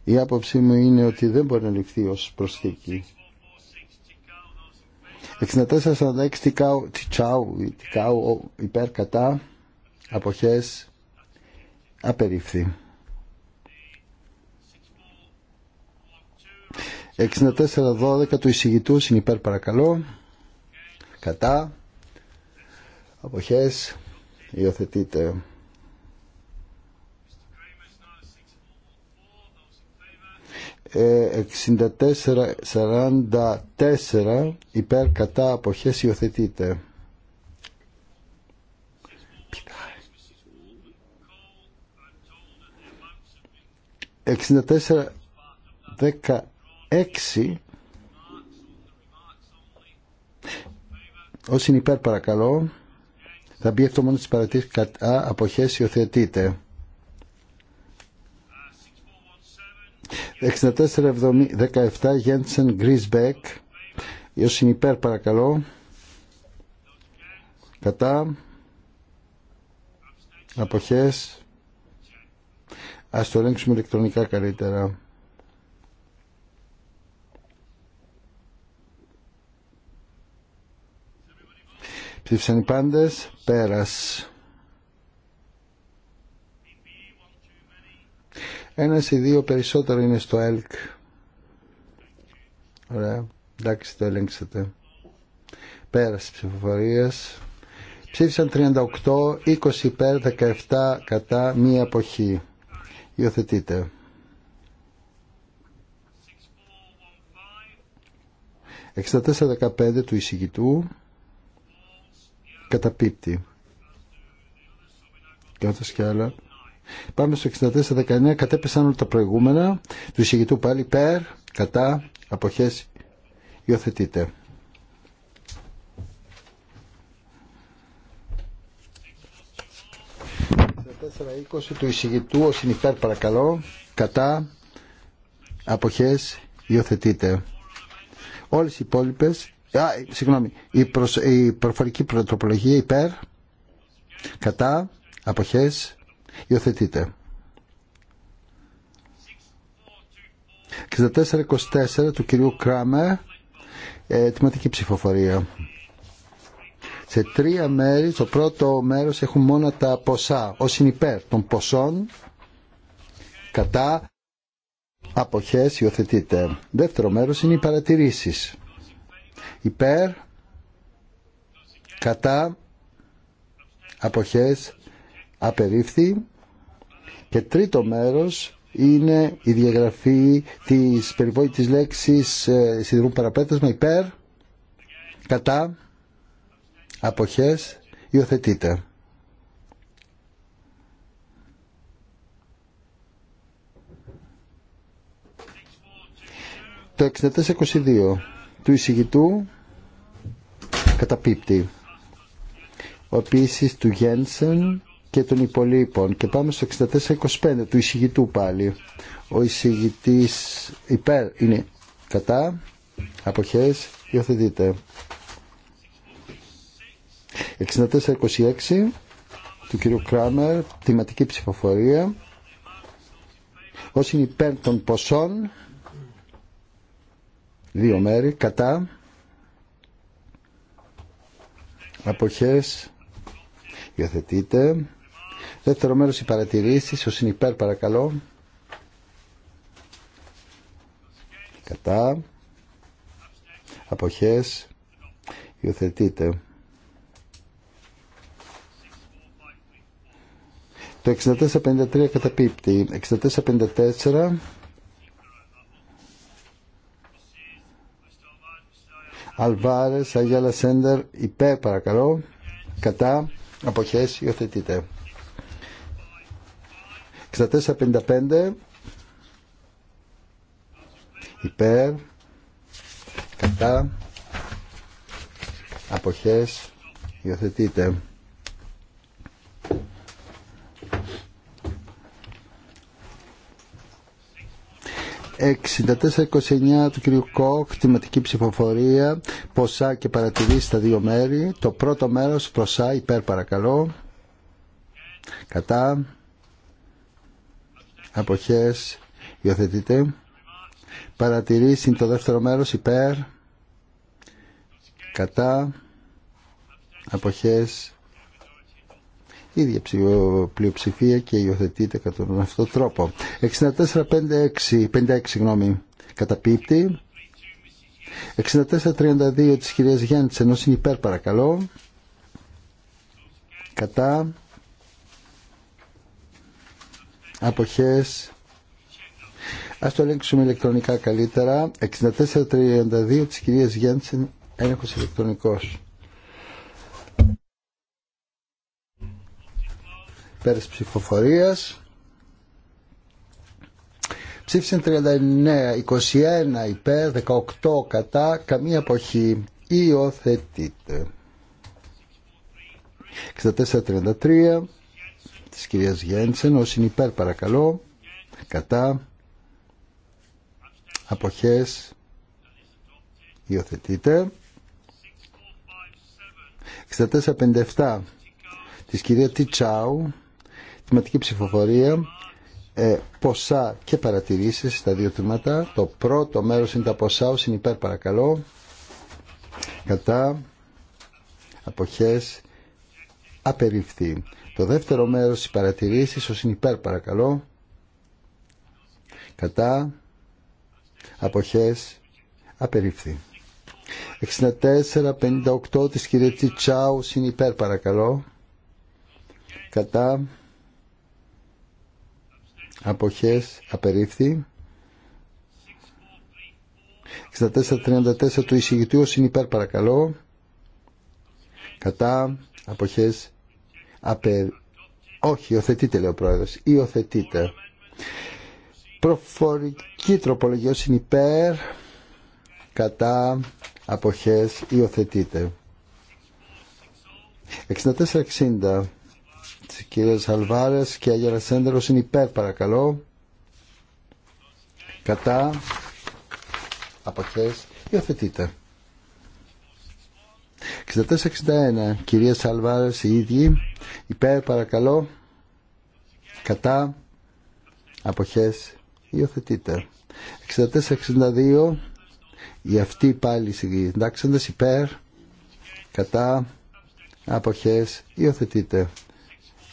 Η άποψή μου είναι ότι δεν μπορεί να ληφθεί ως προσθήκη. 64-46 τικάου, τικάου, υπέρ κατά αποχές απερίφθη 64-12 του εισηγητού συνυπέρ παρακαλώ κατά αποχές υιοθετείται ε, 64-44 υπέρ κατά αποχές υιοθετείται 64-16 όσοι είναι υπέρ παρακαλώ θα μπει αυτό μόνο στις παρατήσεις κατά αποχές υιοθετείται 64-17 Γέντσεν Γκρίσμπεκ όσοι είναι υπέρ παρακαλώ κατά αποχές Ας το ελέγξουμε ηλεκτρονικά καλύτερα. Ψήφισαν οι πάντες. Πέρας. Ένας ή δύο περισσότερο είναι στο ΕΛΚ. Ωραία. Εντάξει, το ελέγξατε. Πέρας ψηφοφορίας. Ψήφισαν 38, 20 υπέρ, 17 κατά, μία αποχή υιοθετειτε 6415 του εισηγητού καταπίπτει. Καθώς και άλλα. Πάμε στο 6419 19 Κατέπεσαν όλα τα προηγούμενα. Του εισηγητού πάλι περ κατά, αποχές. Υιοθετείτε. 4.20 του εισηγητού, ο συνυπέρ παρακαλώ, κατά, αποχές, υιοθετείτε. Όλες οι υπόλοιπε, α, ε, συγγνώμη, η, προσ, η προφορική προτροπολογία υπέρ, κατά, αποχές, υιοθετείτε 6424 του κυρίου Κράμερ, ε, ψηφοφορία σε τρία μέρη. Το πρώτο μέρος έχουν μόνο τα ποσά, ως είναι υπέρ των ποσών, κατά, αποχές, υιοθετείται. Δεύτερο μέρος είναι οι παρατηρήσεις. Υπέρ, κατά, αποχές, απερίφθη. Και τρίτο μέρος είναι η διαγραφή της περιβόητης λέξης ε, σιδηρού παραπέτασμα υπέρ, κατά, αποχές Υιοθετείτε. Το 6422 του εισηγητού καταπίπτει. Ο επίσης του Γένσεν και των υπολείπων. Και πάμε στο 6425 του εισηγητού πάλι. Ο εισηγητής υπέρ είναι κατά. Αποχές υιοθετείται. 6426 του κυρίου Κράμερ, τιματική ψηφοφορία. Όσοι είναι υπέρ των ποσών, δύο μέρη, κατά, αποχές, υιοθετείτε. Δεύτερο μέρος οι παρατηρήσεις, όσοι είναι υπέρ παρακαλώ, κατά, αποχές, υιοθετείτε. Το 6453 καταπίπτει. 6454, Αλβάρε, Αγιάλα Σέντερ, υπέρ παρακαλώ, κατά, αποχές, υιοθετειτε 6455 υπέρ, κατά, αποχές, υιοθετείτε. 6429 του κ. Κόκ, τιματική ψηφοφορία, ποσά και παρατηρήσει στα δύο μέρη. Το πρώτο μέρο, ποσά, υπέρ παρακαλώ. Κατά. Αποχές, υιοθετείτε. Παρατηρήσει το δεύτερο μέρο, υπέρ. Κατά. Αποχές, η ίδια πλειοψηφία και υιοθετείται κατά τον αυτό τρόπο. 64-56, 56 γνωμη καταπίπτει. 64-32 της κυρίας Γιάννης ενώ είναι υπέρ παρακαλώ. Κατά. Αποχές. Ας το ελέγξουμε ηλεκτρονικά καλύτερα. 64-32 της κυρίας Γιάννης έλεγχος ηλεκτρονικός. της ψηφοφορίας. Ψήφισαν 39, 21 υπέρ, 18 κατά, καμία αποχή. Υιοθετείται. 64-33 της κυρίας Γέντσεν, όσοι είναι υπέρ παρακαλώ, κατά, αποχές, υιοθετείται. 64-57 της κυρία Τιτσάου, τμηματική ψηφοφορία ε, ποσά και παρατηρήσεις στα δύο τμήματα. Το πρώτο μέρος είναι τα ποσά, ως είναι υπέρ παρακαλώ. Κατά αποχές απερίφθη Το δεύτερο μέρος οι παρατηρήσεις, ως είναι υπέρ παρακαλώ. Κατά αποχές απεριφθεί. 64-58 της κυρία Τσάου είναι υπέρ παρακαλώ. Κατά αποχές 6434 του εισηγητού, ως είναι υπέρ παρακαλώ κατά αποχές απερίφθη. όχι υιοθετείτε λέει ο πρόεδρος υιοθετείτε προφορική τροπολογία ως είναι υπέρ κατά αποχές 6460. Κύριε Αλβάρες και Αγία σεντερος Σέντερος είναι υπέρ παρακαλώ. Κατά. Αποχές. Υιοθετείτε. 64-61. Κυρία Αλβάρες οι ίδιοι. Υπέρ παρακαλώ. Κατά. Αποχές. Υιοθετείτε. 64-62. Οι αυτοί πάλι συντάξαντες υπέρ. Κατά. Αποχές. Υιοθετείτε.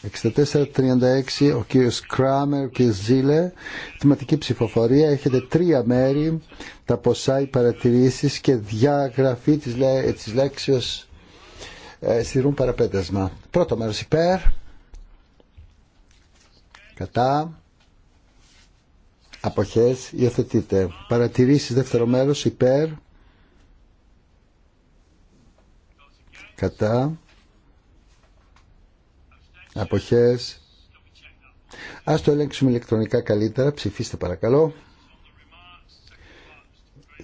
6436, ο κύριος Κράμερ, ο κύριος Ζήλε θεματική ψηφοφορία έχετε τρία μέρη τα ποσά οι παρατηρήσεις και διαγραφή της, λέ, της λέξεως ε, στηρούν παραπέτασμα πρώτο μέρος υπέρ κατά αποχές υιοθετείτε παρατηρήσεις δεύτερο μέρος υπέρ κατά αποχές ας το ελέγξουμε ηλεκτρονικά καλύτερα ψηφίστε παρακαλώ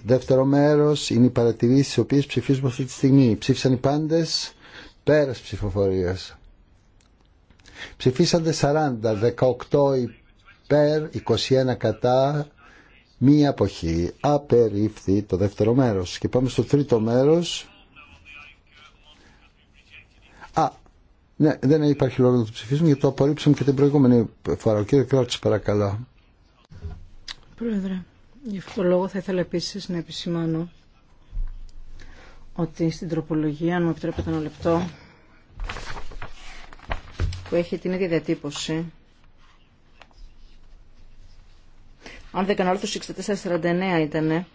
δεύτερο μέρος είναι οι παρατηρήσεις τις οποίες ψηφίζουμε αυτή τη στιγμή ψήφισαν οι πάντες πέρας ψηφοφορίας ψηφίσαντε 40 18 υπέρ 21 κατά μία αποχή απερίφθη το δεύτερο μέρος και πάμε στο τρίτο μέρος Ναι, δεν υπάρχει λόγο να το ψηφίσουμε γιατί το απορρίψαμε και την προηγούμενη φορά. Ο κύριε παρακαλώ. Πρόεδρε, γι' αυτό το λόγο θα ήθελα επίση να επισημάνω ότι στην τροπολογία, αν μου επιτρέπετε ένα λεπτό, που έχει την ίδια διατύπωση, αν δεν κάνω λάθος, ήταν,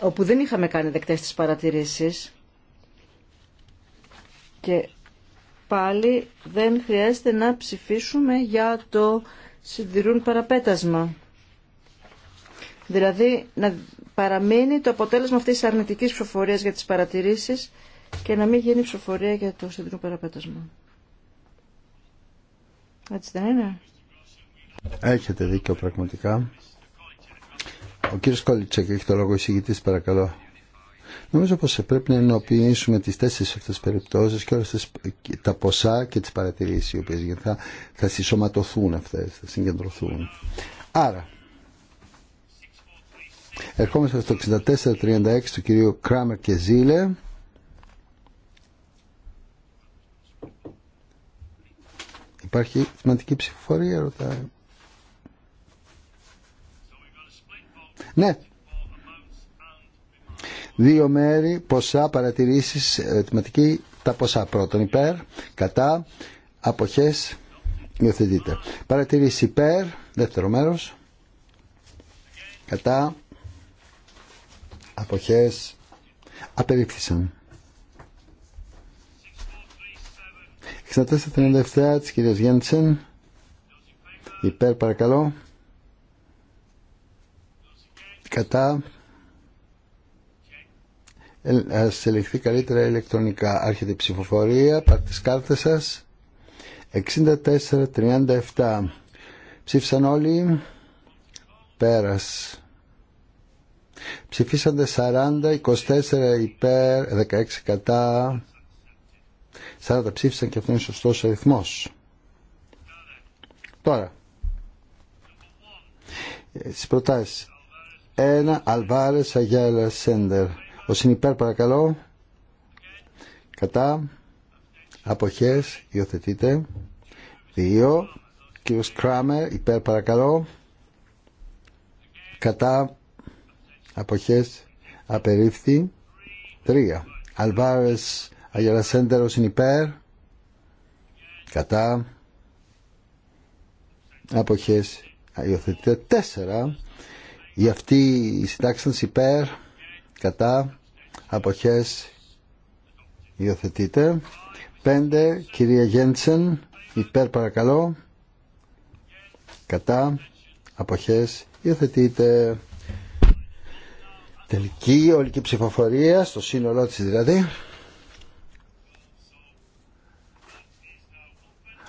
όπου δεν είχαμε κάνει δεκτές τις παρατηρήσεις και πάλι δεν χρειάζεται να ψηφίσουμε για το συντηρούν παραπέτασμα. Δηλαδή να παραμείνει το αποτέλεσμα αυτής της αρνητικής ψηφοφορίας για τις παρατηρήσεις και να μην γίνει ψηφοφορία για το συντηρούν παραπέτασμα. Έτσι δεν είναι. Έχετε δίκιο πραγματικά. Ο κύριος Κόλιτσεκ έχει το λόγο εισηγητής παρακαλώ. Νομίζω πως πρέπει να ενοποιήσουμε τις τέσσερις αυτές περιπτώσεις και όλες τις, τα ποσά και τις παρατηρήσεις οι οποίες θα, θα συσσωματωθούν αυτές, θα συγκεντρωθούν. Άρα, ερχόμαστε στο 64-36 του κυρίου Κράμερ και Ζήλε. Υπάρχει σημαντική ψηφοφορία, ρωτάει. Ναι, Δύο μέρη, ποσά, παρατηρήσεις, ερωτηματική, τα ποσά πρώτον υπέρ, κατά, αποχές, υιοθετείτε. Παρατηρήσει υπέρ, δεύτερο μέρος, κατά, αποχές, απερίφθησαν. 64-37 της κυρίας Γέντσεν, υπέρ παρακαλώ, κατά, να ελεγχθεί καλύτερα ηλεκτρονικά. Άρχεται η ψηφοφορία, πάρτε τις κάρτες σας. 64-37. Ψήφισαν όλοι. Πέρας. ψηφισαν 40, 24 υπέρ, 16 κατά. 40 ψήφισαν και αυτό είναι σωστός αριθμός. Τώρα. Ε, στις προτάσεις. Ένα Αλβάρες Αγιάλα Σέντερ ο είναι παρακαλώ. Κατά. Αποχές. Υιοθετείτε. δύο. Κύριο Κράμερ. Υπέρ παρακαλώ. Κατά. Αποχές. Απερίφθη. τρία. Αλβάρες. Αγερασέντερο. είναι υπέρ. Κατά. Αποχές. Υιοθετείτε. τέσσερα. Για αυτή η συντάξη υπέρ κατά αποχές υιοθετείτε. Πέντε, κυρία Γέντσεν υπέρ παρακαλώ κατά αποχές υιοθετείτε. τελική ολική ψηφοφορία στο σύνολό της δηλαδή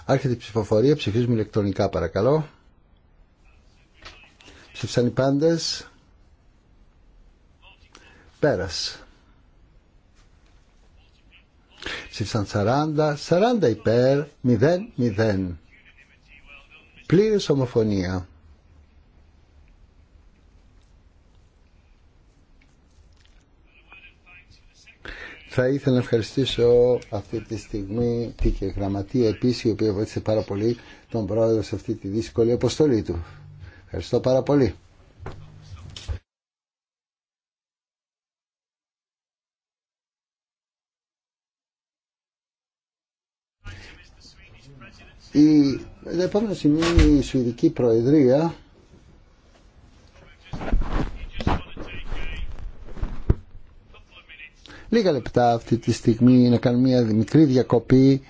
άρχεται η ψηφοφορία ψηφίζουμε ηλεκτρονικά παρακαλώ ψήφισαν οι πάντες Πέρας. Ψήφισαν 40, 40 υπέρ, 0, 0. Πλήρης ομοφωνία. Θα ήθελα να ευχαριστήσω αυτή τη στιγμή τη και γραμματεία επίση, η οποία βοήθησε πάρα πολύ τον πρόεδρο σε αυτή τη δύσκολη αποστολή του. Ευχαριστώ πάρα πολύ. Η επόμενο σημείο η Σουηδική Προεδρία λίγα λεπτά αυτή τη στιγμή να κάνουμε μια μικρή διακοπή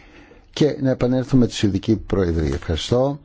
και να επανέλθουμε τη Σουηδική Προεδρία. Ευχαριστώ.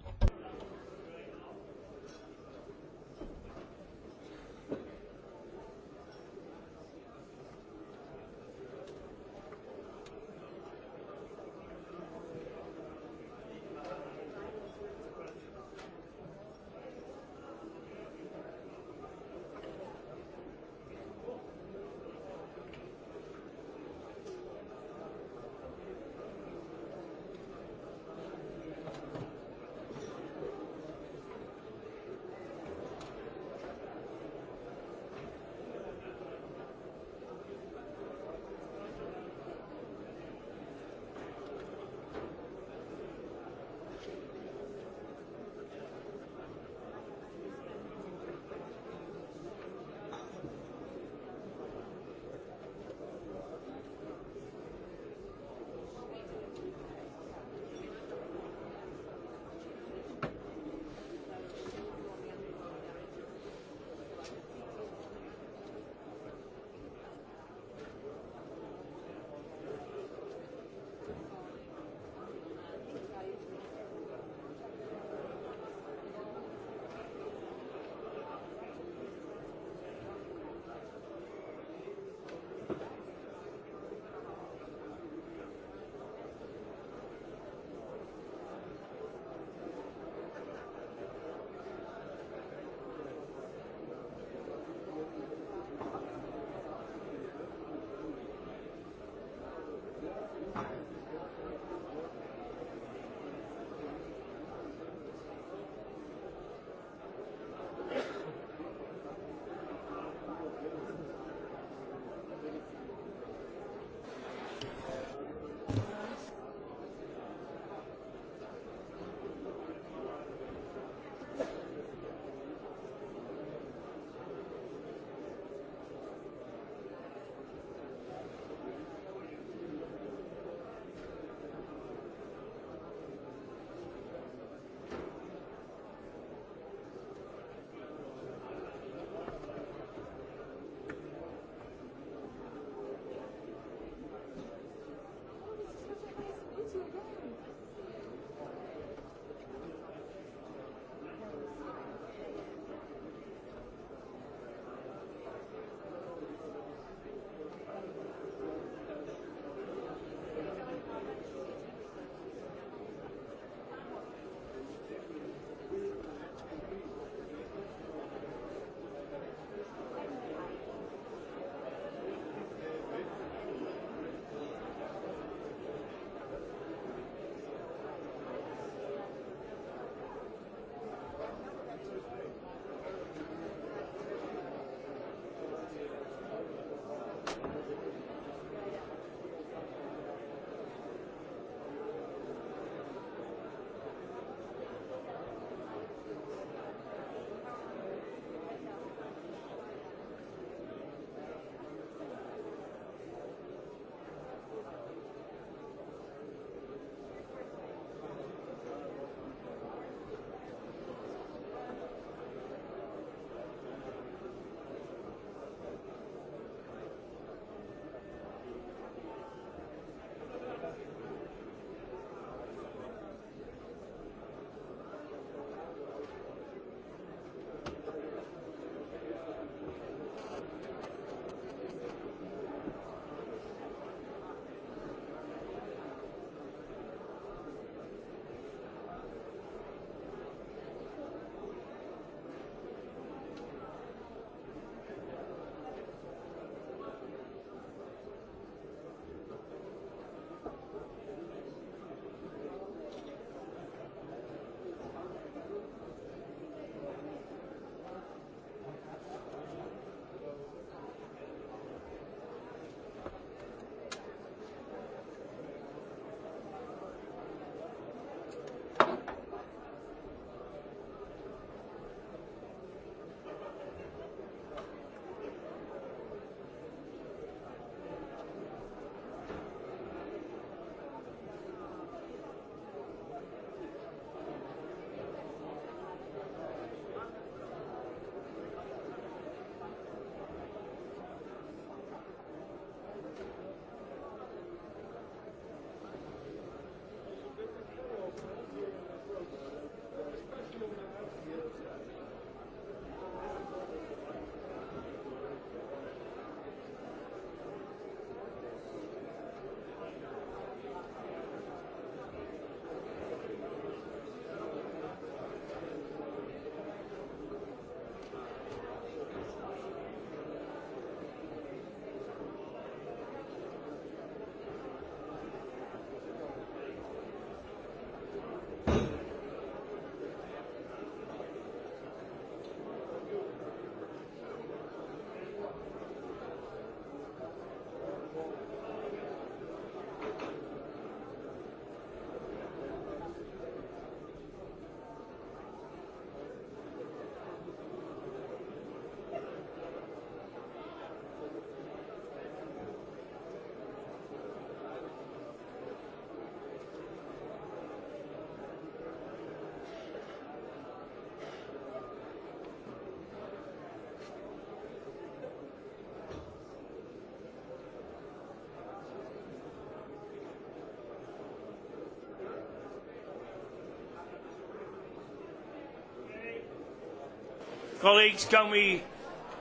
Colleagues, can we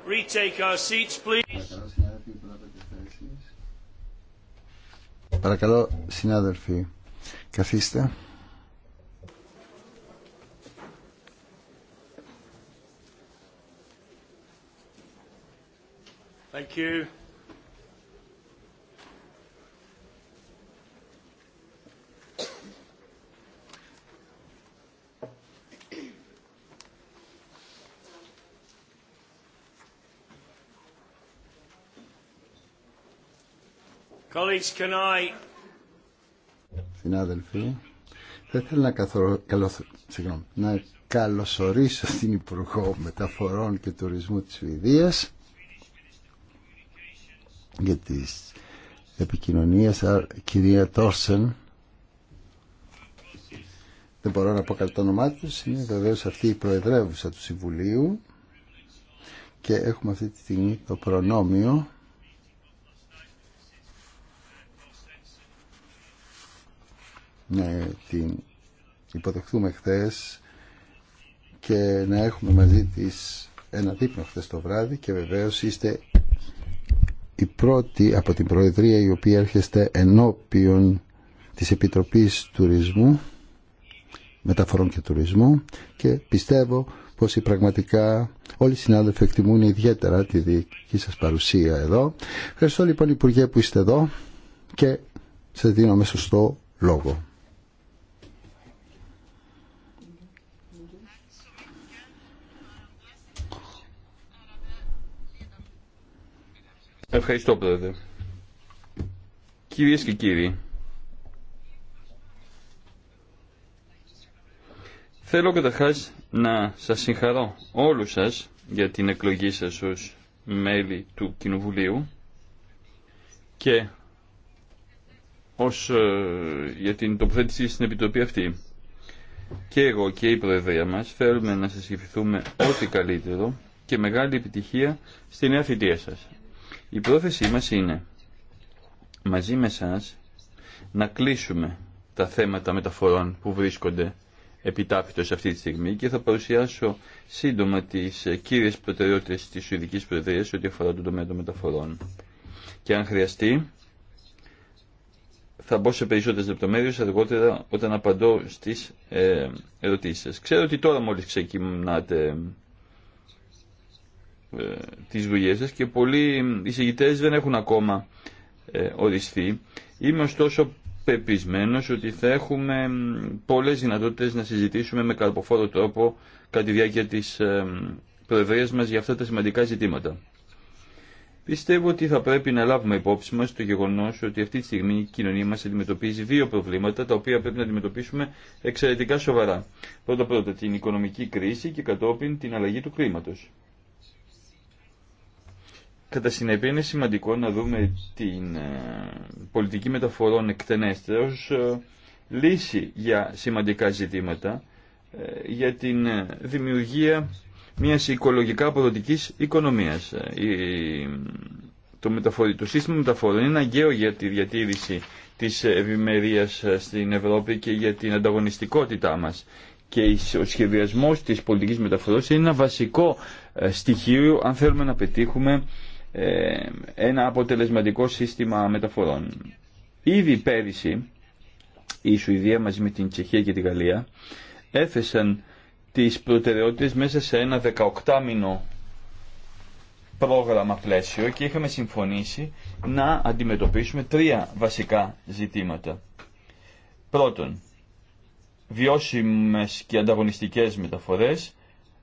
retake our seats, please? Παρακαλώ, συνάδελφοι, καθίστε. Thank you. Συνάδελφοι, θα ήθελα να, καλωσορίσω την Υπουργό Μεταφορών και Τουρισμού της Σουηδίας για τις επικοινωνίες κυρία Τόρσεν δεν μπορώ να πω καλά το όνομά τους είναι βεβαίω αυτή η Προεδρεύουσα του Συμβουλίου και έχουμε αυτή τη στιγμή το προνόμιο να την υποδεχθούμε χθε και να έχουμε μαζί της ένα δείπνο χθε το βράδυ και βεβαίως είστε η πρώτη από την Προεδρία η οποία έρχεστε ενώπιον της Επιτροπής Τουρισμού Μεταφορών και Τουρισμού και πιστεύω πως πραγματικά όλοι οι συνάδελφοι εκτιμούν ιδιαίτερα τη δική σας παρουσία εδώ. Ευχαριστώ λοιπόν Υπουργέ που είστε εδώ και σας δίνω με σωστό λόγο. Ευχαριστώ πρόεδρε. Κυρίες και κύριοι, θέλω καταρχάς να σας συγχαρώ όλους σας για την εκλογή σας ως μέλη του Κοινοβουλίου και ως, ε, για την τοποθέτηση στην Επιτροπή αυτή. Και εγώ και η Προεδρία μας θέλουμε να σας ευχηθούμε ό,τι καλύτερο και μεγάλη επιτυχία στη νέα θητεία σας. Η πρόθεσή μας είναι μαζί με σας να κλείσουμε τα θέματα μεταφορών που βρίσκονται σε αυτή τη στιγμή και θα παρουσιάσω σύντομα τις κύριες προτεραιότητες της Σουηδικής Προεδρίας ό,τι αφορά τον τομέα των μεταφορών. Και αν χρειαστεί θα μπω σε περισσότερες λεπτομέρειες αργότερα όταν απαντώ στις ε, ερωτήσεις σας. Ξέρω ότι τώρα μόλις ξεκινάτε ε, τις δουλειές σας και πολλοί εισηγητές δεν έχουν ακόμα ε, οριστεί. Είμαι ωστόσο πεπισμένος ότι θα έχουμε πολλές δυνατότητες να συζητήσουμε με καρποφόρο τρόπο κατά τη διάρκεια της ε, προεδρίας μας για αυτά τα σημαντικά ζητήματα. Πιστεύω ότι θα πρέπει να λάβουμε υπόψη μας το γεγονός ότι αυτή τη στιγμή η κοινωνία μας αντιμετωπίζει δύο προβλήματα τα οποία πρέπει να αντιμετωπίσουμε εξαιρετικά σοβαρά. Πρώτα πρώτα την οικονομική κρίση και κατόπιν την αλλαγή του κλίματος. Κατά συνέπεια είναι σημαντικό να δούμε την ε, πολιτική μεταφορών εκτενέστερος ε, λύση για σημαντικά ζητήματα ε, για την δημιουργία μιας οικολογικά αποδοτικής οικονομίας. Το, σύστημα μεταφορών είναι αγκαίο για τη διατήρηση της ευημερία στην Ευρώπη και για την ανταγωνιστικότητά μας. Και ο σχεδιασμός της πολιτικής μεταφορών είναι ένα βασικό στοιχείο αν θέλουμε να πετύχουμε ε, ένα αποτελεσματικό σύστημα μεταφορών. Ήδη πέρυσι η Σουηδία μαζί με την Τσεχία και τη Γαλλία έθεσαν τις προτεραιότητες μέσα σε ένα 18 μήνο πρόγραμμα πλαίσιο και είχαμε συμφωνήσει να αντιμετωπίσουμε τρία βασικά ζητήματα. Πρώτον, βιώσιμες και ανταγωνιστικές μεταφορές.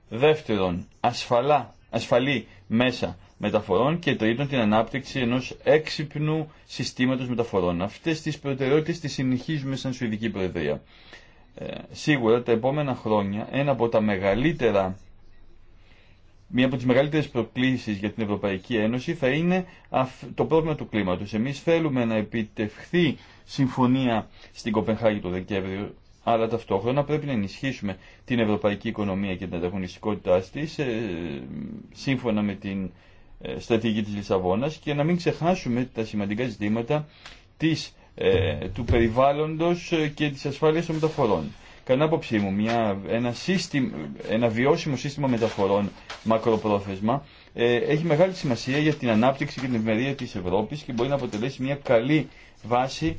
Δεύτερον, ασφαλά, ασφαλή μέσα μεταφορών και τρίτον την ανάπτυξη ενό έξυπνου συστήματο μεταφορών. αυτέ τι προτεραιότητε τι συνεχίζουμε σαν Σουηδική Προεδρία. Ε, σίγουρα τα επόμενα χρόνια ένα από τα μεγαλύτερα Μία από τις μεγαλύτερες προκλήσεις για την Ευρωπαϊκή Ένωση θα είναι το πρόβλημα του κλίματο. Εμεί θέλουμε να επιτευχθεί συμφωνία στην Κοπενχάγη το Δεκέμβριο αλλά ταυτόχρονα πρέπει να ενισχύσουμε την ευρωπαϊκή οικονομία και την ανταγωνιστικότητά τη ε, σύμφωνα με την ε, στρατηγική της Λισαβόνας και να μην ξεχάσουμε τα σημαντικά ζητήματα της, ε, του περιβάλλοντος ε, και της ασφάλειας των μεταφορών. Κατά άποψή μου, μια, ένα, ένα βιώσιμο σύστημα μεταφορών μακροπρόθεσμα έχει μεγάλη σημασία για την ανάπτυξη και την ευημερία της Ευρώπης και μπορεί να αποτελέσει μια καλή βάση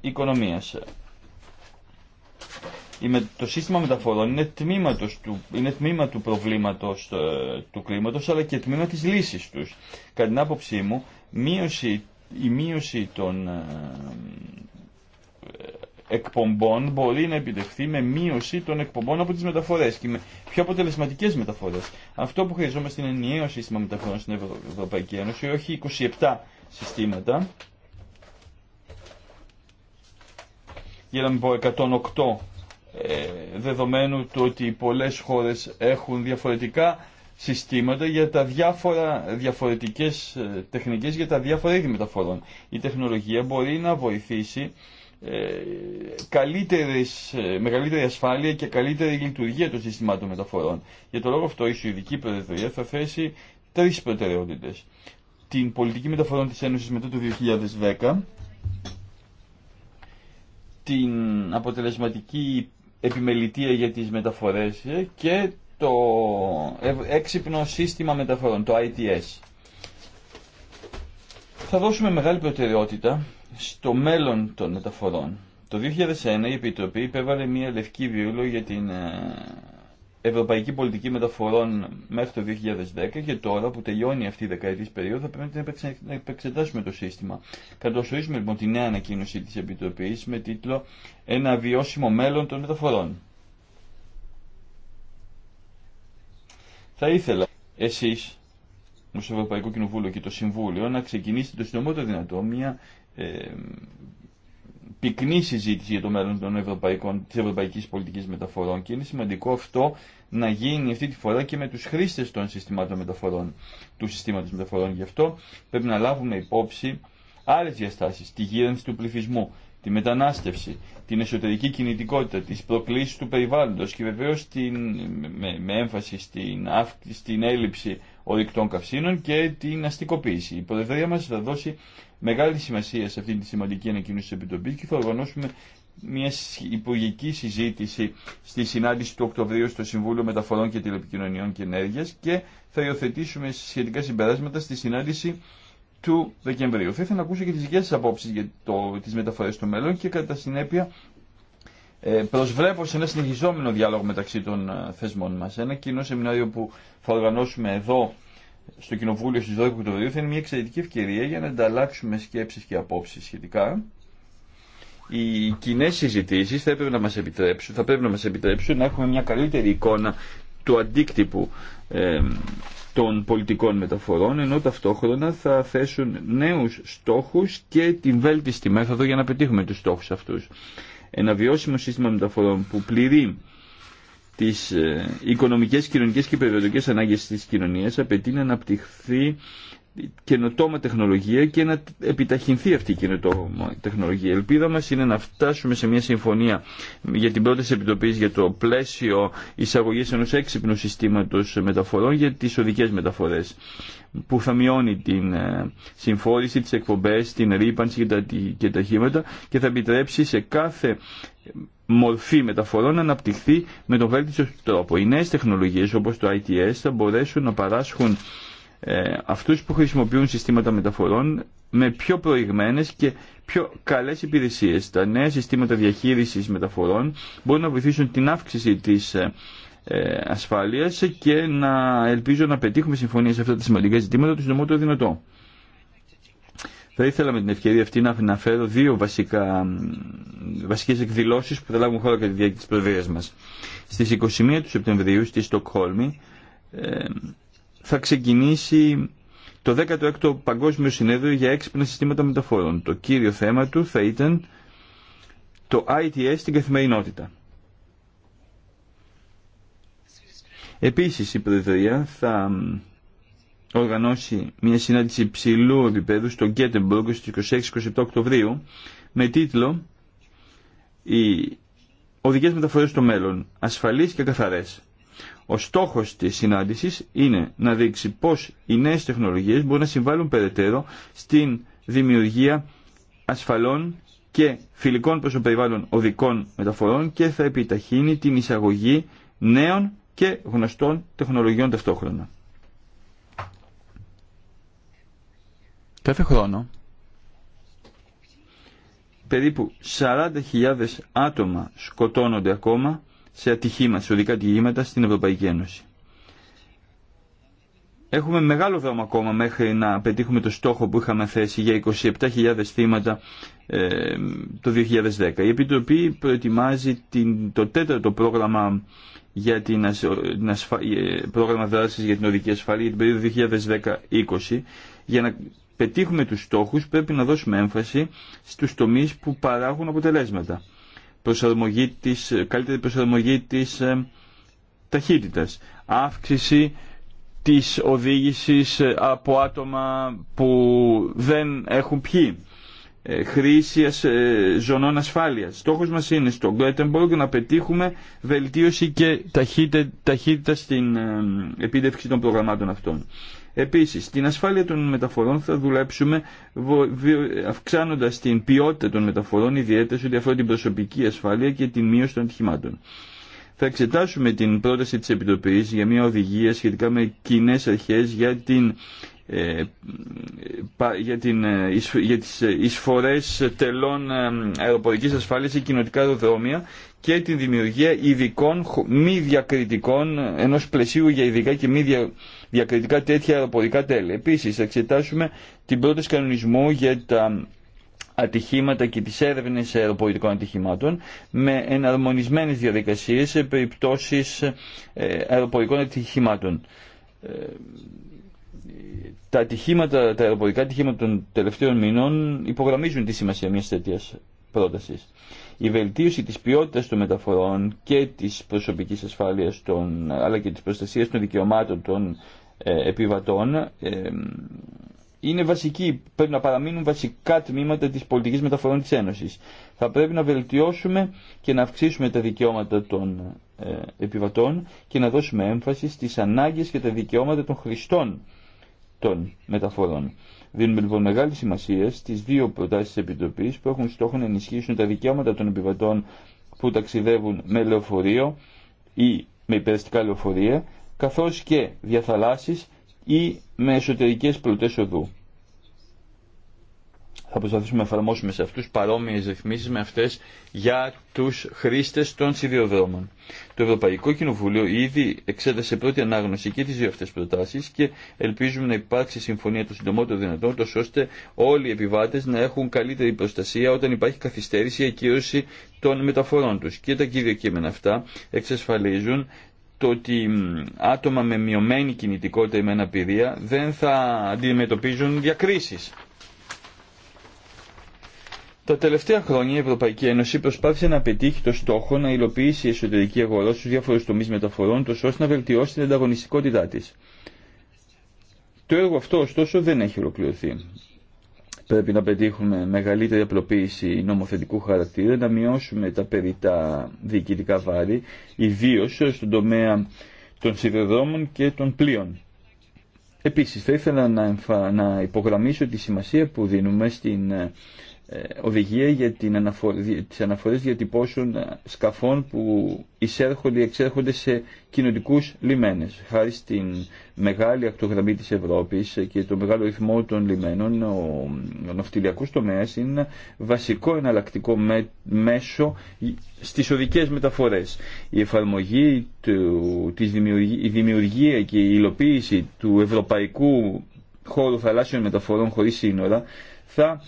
οικονομίας το σύστημα μεταφορών είναι, του, είναι τμήμα του προβλήματος ε, του κλίματος αλλά και τμήμα της λύσης τους. Κατά την άποψή μου, μείωση, η μείωση των ε, ε, εκπομπών μπορεί να επιτευχθεί με μείωση των εκπομπών από τις μεταφορές και με πιο αποτελεσματικές μεταφορές. Αυτό που χρειαζόμαστε είναι ενιαίο σύστημα μεταφορών στην Ευρωπαϊκή Ένωση, όχι 27 συστήματα. Για να μην πω 108 ε, δεδομένου του ότι πολλές χώρες έχουν διαφορετικά συστήματα για τα διάφορα διαφορετικές ε, τεχνικές για τα διάφορα είδη μεταφορών. Η τεχνολογία μπορεί να βοηθήσει ε, μεγαλύτερη ασφάλεια και καλύτερη λειτουργία των συστημάτων μεταφορών. Για το λόγο αυτό η Σουηδική Προεδρία θα θέσει τρεις προτεραιότητες. Την πολιτική μεταφορών της Ένωσης μετά το 2010, την αποτελεσματική επιμελητία για τις μεταφορές ε, και το έξυπνο σύστημα μεταφορών, το ITS. Θα δώσουμε μεγάλη προτεραιότητα στο μέλλον των μεταφορών. Το 2001 η Επιτροπή υπέβαλε μια λευκή βιούλο για την ε, ευρωπαϊκή πολιτική μεταφορών μέχρι το 2010 και τώρα που τελειώνει αυτή η δεκαετή περίοδο θα πρέπει να επεξετάσουμε το σύστημα. Καλωσορίζουμε λοιπόν τη νέα ανακοίνωση τη Επιτροπή με τίτλο Ένα βιώσιμο μέλλον των μεταφορών. Θα ήθελα εσεί ως Ευρωπαϊκό Κοινοβούλιο και το Συμβούλιο να ξεκινήσετε το συντομότερο δυνατό μια ε, πυκνή συζήτηση για το μέλλον των ευρωπαϊκών, της ευρωπαϊκής πολιτικής μεταφορών και είναι σημαντικό αυτό να γίνει αυτή τη φορά και με τους χρήστες των συστημάτων μεταφορών, του συστήματος μεταφορών. Γι' αυτό πρέπει να λάβουμε υπόψη άλλες διαστάσεις, τη γύρανση του πληθυσμού, τη μετανάστευση, την εσωτερική κινητικότητα, τις προκλήσεις του περιβάλλοντος και βεβαίως την, με, με έμφαση στην, στην έλλειψη ορυκτών καυσίμων και την αστικοποίηση. Η Προεδρία μα θα δώσει μεγάλη σημασία σε αυτή τη σημαντική ανακοίνωση τη Επιτροπή και θα οργανώσουμε μια υπουργική συζήτηση στη συνάντηση του Οκτωβρίου στο Συμβούλιο Μεταφορών και Τηλεπικοινωνιών και ενέργεια και θα υιοθετήσουμε σχετικά συμπεράσματα στη συνάντηση του Δεκεμβρίου. Θα ήθελα να ακούσω και τι δικέ σα απόψει για τι μεταφορέ στο μέλλον και κατά συνέπεια ε, προσβλέπω σε ένα συνεχιζόμενο διάλογο μεταξύ των ε, θεσμών μας. Ένα κοινό σεμινάριο που θα οργανώσουμε εδώ στο Κοινοβούλιο στις 12 Οκτωβρίου θα είναι μια εξαιρετική ευκαιρία για να ανταλλάξουμε σκέψεις και απόψεις σχετικά. Οι κοινέ συζητήσει θα, να επιτρέψουν, θα πρέπει να μας επιτρέψουν να έχουμε μια καλύτερη εικόνα του αντίκτυπου των πολιτικών μεταφορών, ενώ ταυτόχρονα θα θέσουν νέους στόχους και την βέλτιστη μέθοδο για να πετύχουμε τους στόχους αυτούς. Ένα βιώσιμο σύστημα μεταφορών που πληρεί τι ε, οικονομικέ, κοινωνικέ και περιβαλλοντικέ ανάγκε τη κοινωνία απαιτεί να αναπτυχθεί καινοτόμα τεχνολογία και να επιταχυνθεί αυτή η καινοτόμα τεχνολογία. Ελπίδα μας είναι να φτάσουμε σε μια συμφωνία για την πρώτη επιτροπή για το πλαίσιο εισαγωγή ενός έξυπνου συστήματος μεταφορών για τις οδικές μεταφορές που θα μειώνει την ε, συμφόρηση, τις εκπομπές, την ρήπανση και τα χήματα και θα επιτρέψει σε κάθε μορφή μεταφορών να αναπτυχθεί με τον βέλτιστο τρόπο. Οι νέες τεχνολογίες όπως το ITS θα μπορέσουν να παράσχουν ε, αυτούς που χρησιμοποιούν συστήματα μεταφορών με πιο προηγμένες και πιο καλές υπηρεσίες. Τα νέα συστήματα διαχείρισης μεταφορών μπορούν να βοηθήσουν την αύξηση της ε, ε ασφάλειας και να ελπίζω να πετύχουμε συμφωνία σε αυτά τα σημαντικά ζητήματα το συντομότερο δυνατό. Θα ήθελα με την ευκαιρία αυτή να αναφέρω δύο βασικά, βασικές εκδηλώσεις που θα λάβουν χώρα κατά τη διάρκεια της προεδρίας μας. Στις 21 του Σεπτεμβρίου στη Στοκχόλμη ε, θα ξεκινήσει το 16ο Παγκόσμιο Συνέδριο για έξυπνα συστήματα μεταφορών. Το κύριο θέμα του θα ήταν το ITS στην καθημερινότητα. Επίσης η Προεδρία θα οργανώσει μια συνάντηση ψηλού επίπεδου στο Γκέτεμπουργκ στις 26-27 Οκτωβρίου με τίτλο «Οι οδικές μεταφορές στο μέλλον, ασφαλείς και καθαρές». Ο στόχο τη συνάντηση είναι να δείξει πώς οι νέες τεχνολογίες μπορούν να συμβάλλουν περαιτέρω στην δημιουργία ασφαλών και φιλικών προς το περιβάλλον οδικών μεταφορών και θα επιταχύνει την εισαγωγή νέων και γνωστών τεχνολογιών ταυτόχρονα. Κάθε χρόνο περίπου 40.000 άτομα σκοτώνονται ακόμα σε ατυχήματα, σε οδικά ατυχήματα στην Ευρωπαϊκή Ένωση. Έχουμε μεγάλο δρόμο ακόμα μέχρι να πετύχουμε το στόχο που είχαμε θέσει για 27.000 θύματα ε, το 2010. Η Επιτροπή προετοιμάζει την, το τέταρτο πρόγραμμα, για την ασφα... Ε, πρόγραμμα δράσης για την οδική ασφάλεια για την περίοδο 2010-2020. Για να πετύχουμε τους στόχους πρέπει να δώσουμε έμφαση στους τομείς που παράγουν αποτελέσματα προσαρμογή της, καλύτερη προσαρμογή ε, ταχύτητας, αύξηση της οδήγησης ε, από άτομα που δεν έχουν πιει, ε, χρήση ζωνών ασφάλειας. Στόχος μας είναι στο να πετύχουμε βελτίωση και ταχύτητα, ταχύτητα στην επίτευξη των προγραμμάτων αυτών. Επίσης, στην ασφάλεια των μεταφορών θα δουλέψουμε αυξάνοντας την ποιότητα των μεταφορών ιδιαίτερα ό,τι αφορά την προσωπική ασφάλεια και την μείωση των ατυχημάτων. Θα εξετάσουμε την πρόταση της Επιτροπής για μια οδηγία σχετικά με κοινέ αρχές για την ε, για, την, ε, για τις ε, εισφορές τελών αεροπορικής ασφάλειας σε κοινωτικά αεροδρόμια και την δημιουργία ειδικών, μη διακριτικών, ενός πλαισίου για ειδικά και μη διακριτικά τέτοια αεροπορικά τέλη. Επίσης, θα εξετάσουμε την πρόταση κανονισμού για τα ατυχήματα και τις έρευνες αεροπορικών ατυχημάτων με εναρμονισμένες διαδικασίες σε περιπτώσεις ε, αεροπορικών ατυχημάτων. Ε, τα, ατυχήματα, τα αεροπορικά ατυχήματα των τελευταίων μηνών υπογραμμίζουν τη σημασία μιας τέτοιας πρότασης. Η βελτίωση της ποιότητας των μεταφορών και της προσωπικής ασφάλειας των, αλλά και της προστασίας των δικαιωμάτων των ε, επιβατών είναι βασική, πρέπει να παραμείνουν βασικά τμήματα της πολιτικής μεταφορών της Ένωσης. Θα πρέπει να βελτιώσουμε και να αυξήσουμε τα δικαιώματα των ε, επιβατών και να δώσουμε έμφαση στις ανάγκες και τα δικαιώματα των χρηστών των μεταφορών. Δίνουμε λοιπόν μεγάλη σημασία στι δύο προτάσει τη Επιτροπή που έχουν στόχο να ενισχύσουν τα δικαιώματα των επιβατών που ταξιδεύουν με λεωφορείο ή με υπεραστικά λεωφορεία, καθώ και διαθαλάσσει ή με εσωτερικέ πλωτέ οδού θα προσπαθήσουμε να εφαρμόσουμε σε αυτούς παρόμοιες ρυθμίσεις με αυτές για τους χρήστες των σιδηροδρόμων. Το Ευρωπαϊκό Κοινοβούλιο ήδη εξέτασε πρώτη ανάγνωση και τις δύο αυτές προτάσεις και ελπίζουμε να υπάρξει συμφωνία το συντομότερο δυνατόν, τόσο ώστε όλοι οι επιβάτες να έχουν καλύτερη προστασία όταν υπάρχει καθυστέρηση ή ακύρωση των μεταφορών τους. Και τα κύρια κείμενα αυτά εξασφαλίζουν το ότι άτομα με μειωμένη κινητικότητα ή με αναπηρία δεν θα αντιμετωπίζουν διακρίσεις. Τα τελευταία χρόνια η Ευρωπαϊκή Ένωση προσπάθησε να πετύχει το στόχο να υλοποιήσει η εσωτερική αγορά στου διάφορους τομείς μεταφορών, τόσο ώστε να βελτιώσει την ανταγωνιστικότητά τη. Το έργο αυτό, ωστόσο, δεν έχει ολοκληρωθεί. Πρέπει να πετύχουμε μεγαλύτερη απλοποίηση νομοθετικού χαρακτήρα, να μειώσουμε τα περίτα διοικητικά βάρη, ιδίω στον τομέα των σιδεδρόμων και των πλοίων. Επίσης, θα ήθελα να υπογραμμίσω τη σημασία που δίνουμε στην ε, οδηγία για την αναφορέ τις αναφορές διατυπώσεων ε, σκαφών που εισέρχονται ή εξέρχονται σε κοινωτικούς λιμένες. Χάρη στην μεγάλη ακτογραμμή της Ευρώπης και το μεγάλο ρυθμό των λιμένων, ο, ο τομέας είναι ένα βασικό εναλλακτικό μέσο στις οδικές μεταφορές. Η εφαρμογή, του... της δημιουργία... και η υλοποίηση του ευρωπαϊκού χώρου θαλάσσιων μεταφορών χωρίς σύνορα θα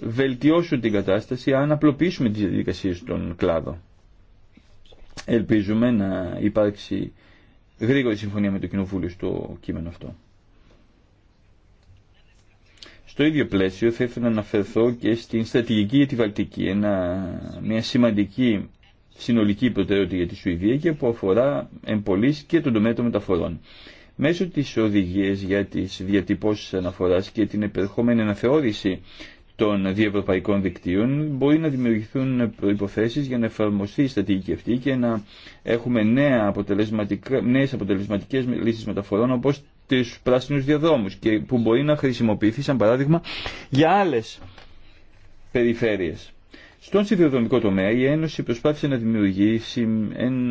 βελτιώσουν την κατάσταση αν απλοποιήσουμε τις διαδικασίες των κλάδων. Ελπίζουμε να υπάρξει γρήγορη συμφωνία με το Κοινοβούλιο στο κείμενο αυτό. Στο ίδιο πλαίσιο θα ήθελα να αναφερθώ και στην στρατηγική για τη Βαλτική, ένα, μια σημαντική συνολική προτεραιότητα για τη Σουηδία και που αφορά εμπολής και τον τομέα των μεταφορών. Μέσω της οδηγίας για τις διατυπώσεις αναφοράς και την επερχόμενη αναθεώρηση των διευρωπαϊκών δικτύων μπορεί να δημιουργηθούν υποθέσεις για να εφαρμοστεί η στατική αυτή και να έχουμε νέα αποτελεσματικά, νέες αποτελεσματικές λύσεις μεταφορών όπως τις πράσινους διαδρόμους και που μπορεί να χρησιμοποιηθεί σαν παράδειγμα για άλλες περιφέρειες. Στον σιδηροδρομικό τομέα η Ένωση προσπάθησε να δημιουργήσει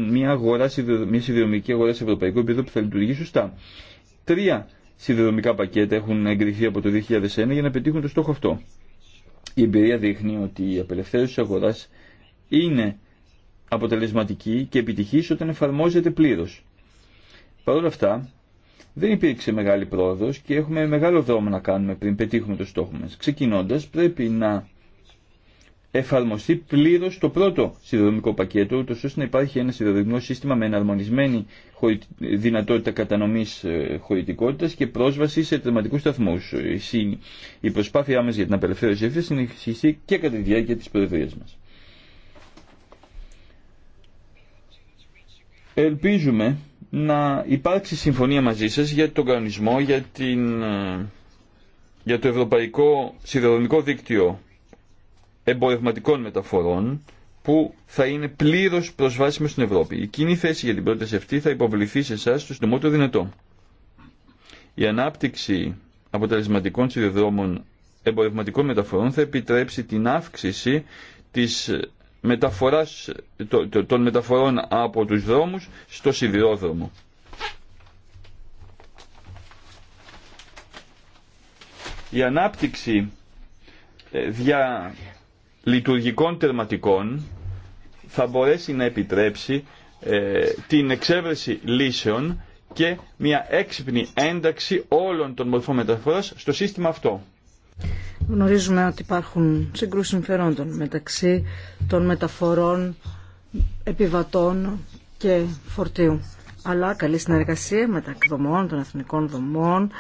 μια, αγορά, μια αγορά σε ευρωπαϊκό επίπεδο που θα λειτουργεί σωστά. Τρία σιδηροδρομικά πακέτα έχουν εγκριθεί από το 2001 για να πετύχουν το στόχο αυτό. Η εμπειρία δείχνει ότι η απελευθέρωση της αγοράς είναι αποτελεσματική και επιτυχής όταν εφαρμόζεται πλήρως. Παρ' όλα αυτά, δεν υπήρξε μεγάλη πρόοδος και έχουμε μεγάλο δρόμο να κάνουμε πριν πετύχουμε το στόχο μας. Ξεκινώντας, πρέπει να εφαρμοστεί πλήρω το πρώτο σιδηροδρομικό πακέτο, ούτως ώστε να υπάρχει ένα σιδηροδρομικό σύστημα με εναρμονισμένη δυνατότητα κατανομής ε, χωρητικότητα και πρόσβαση σε τερματικού σταθμού. Ε, η προσπάθειά μα για την απελευθέρωση αυτή συνεχιστεί και κατά τη διάρκεια τη προεδρίας μα. Ελπίζουμε να υπάρξει συμφωνία μαζί σας για τον κανονισμό για, την, ε, για το Ευρωπαϊκό Σιδηροδρομικό Δίκτυο εμπορευματικών μεταφορών που θα είναι πλήρω προσβάσιμο στην Ευρώπη. Η κοινή θέση για την πρόταση αυτή θα υποβληθεί σε εσά το συντομότερο δυνατό. Η ανάπτυξη αποτελεσματικών σιδηροδρόμων εμπορευματικών μεταφορών θα επιτρέψει την αύξηση της μεταφοράς, των μεταφορών από τους δρόμους στο σιδηρόδρομο. Η ανάπτυξη ε, δια λειτουργικών τερματικών θα μπορέσει να επιτρέψει ε, την εξέβρεση λύσεων και μια έξυπνη ένταξη όλων των μορφών μεταφοράς στο σύστημα αυτό. Γνωρίζουμε ότι υπάρχουν συγκρούσεις συμφερόντων μεταξύ των μεταφορών επιβατών και φορτίου. Αλλά καλή συνεργασία μεταξύ δομών, των εθνικών δομών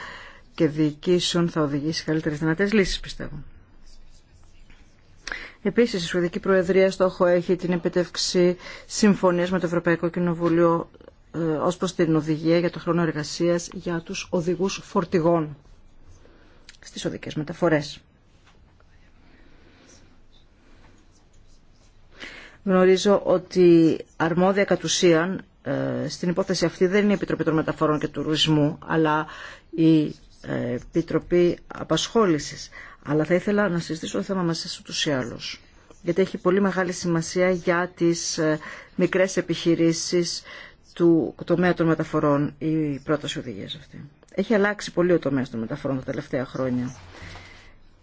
και διοικήσεων θα οδηγήσει καλύτερες δυνατές λύσεις πιστεύω. Επίσης, η Σουηδική Προεδρία στόχο έχει την επίτευξη συμφωνίας με το Ευρωπαϊκό Κοινοβούλιο ε, ως προς την οδηγία για το χρόνο εργασίας για τους οδηγούς φορτηγών στις οδικές μεταφορές. Γνωρίζω ότι αρμόδια κατ' ουσίαν ε, στην υπόθεση αυτή δεν είναι η Επιτροπή των Μεταφορών και Τουρισμού, αλλά η ε, Επιτροπή Απασχόλησης. Αλλά θα ήθελα να συζητήσω το θέμα μαζί σας ούτως ή άλλως. Γιατί έχει πολύ μεγάλη σημασία για τις ε, μικρές επιχειρήσεις του τομέα των μεταφορών η πρόταση οδηγίας αυτή. Έχει αλλάξει πολύ ο τομέας των μεταφορών τα τελευταία χρόνια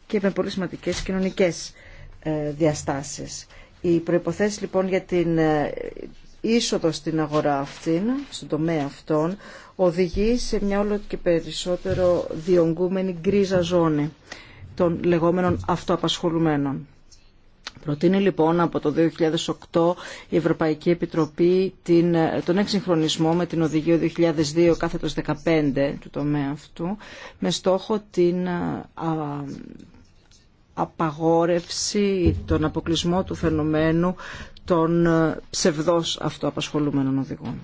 και με πολύ σημαντικές κοινωνικές ε, διαστάσεις. Η προϋποθέσεις λοιπόν για την ε, είσοδο στην αγορά αυτή, στον τομέα αυτών, οδηγεί σε μια όλο και περισσότερο διονγκούμενη γκρίζα ζώνη των λεγόμενων αυτοαπασχολουμένων. Προτείνει λοιπόν από το 2008 η Ευρωπαϊκή Επιτροπή την, τον εξυγχρονισμό με την οδηγία 2002 κάθετος 15 του τομέα αυτού με στόχο την απαγόρευση, τον αποκλεισμό του φαινομένου των ε, ψευδός αυτοαπασχολούμενων οδηγών.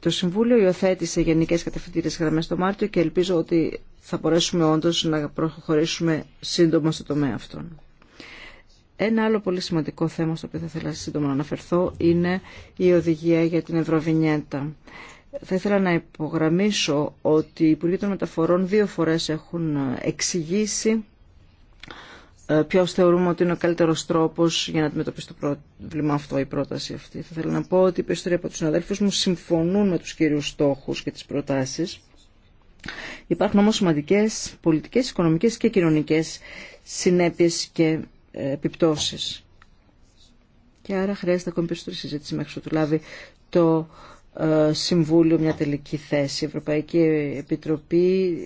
Το Συμβούλιο υιοθέτησε γενικές κατευθυντήρε γραμμέ το Μάρτιο και ελπίζω ότι θα μπορέσουμε όντως να προχωρήσουμε σύντομα στο τομέα αυτόν. Ένα άλλο πολύ σημαντικό θέμα στο οποίο θα ήθελα σύντομα να αναφερθώ είναι η οδηγία για την Ευρωβινιέτα. Θα ήθελα να υπογραμμίσω ότι οι Υπουργοί των Μεταφορών δύο φορές έχουν εξηγήσει ε, ποιο θεωρούμε ότι είναι ο καλύτερο τρόπο για να αντιμετωπίσει το πρόβλημα αυτό, η πρόταση αυτή. Θα ήθελα να πω ότι οι περισσότεροι από του συναδέλφου μου συμφωνούν με του κυρίου στόχου και τι προτάσει. Υπάρχουν όμως σημαντικές πολιτικές, οικονομικές και κοινωνικές συνέπειες και ε, επιπτώσεις. Και άρα χρειάζεται ακόμη περισσότερη συζήτηση μέχρι του λάβει το ε, Συμβούλιο μια τελική θέση. Η Ευρωπαϊκή Επιτροπή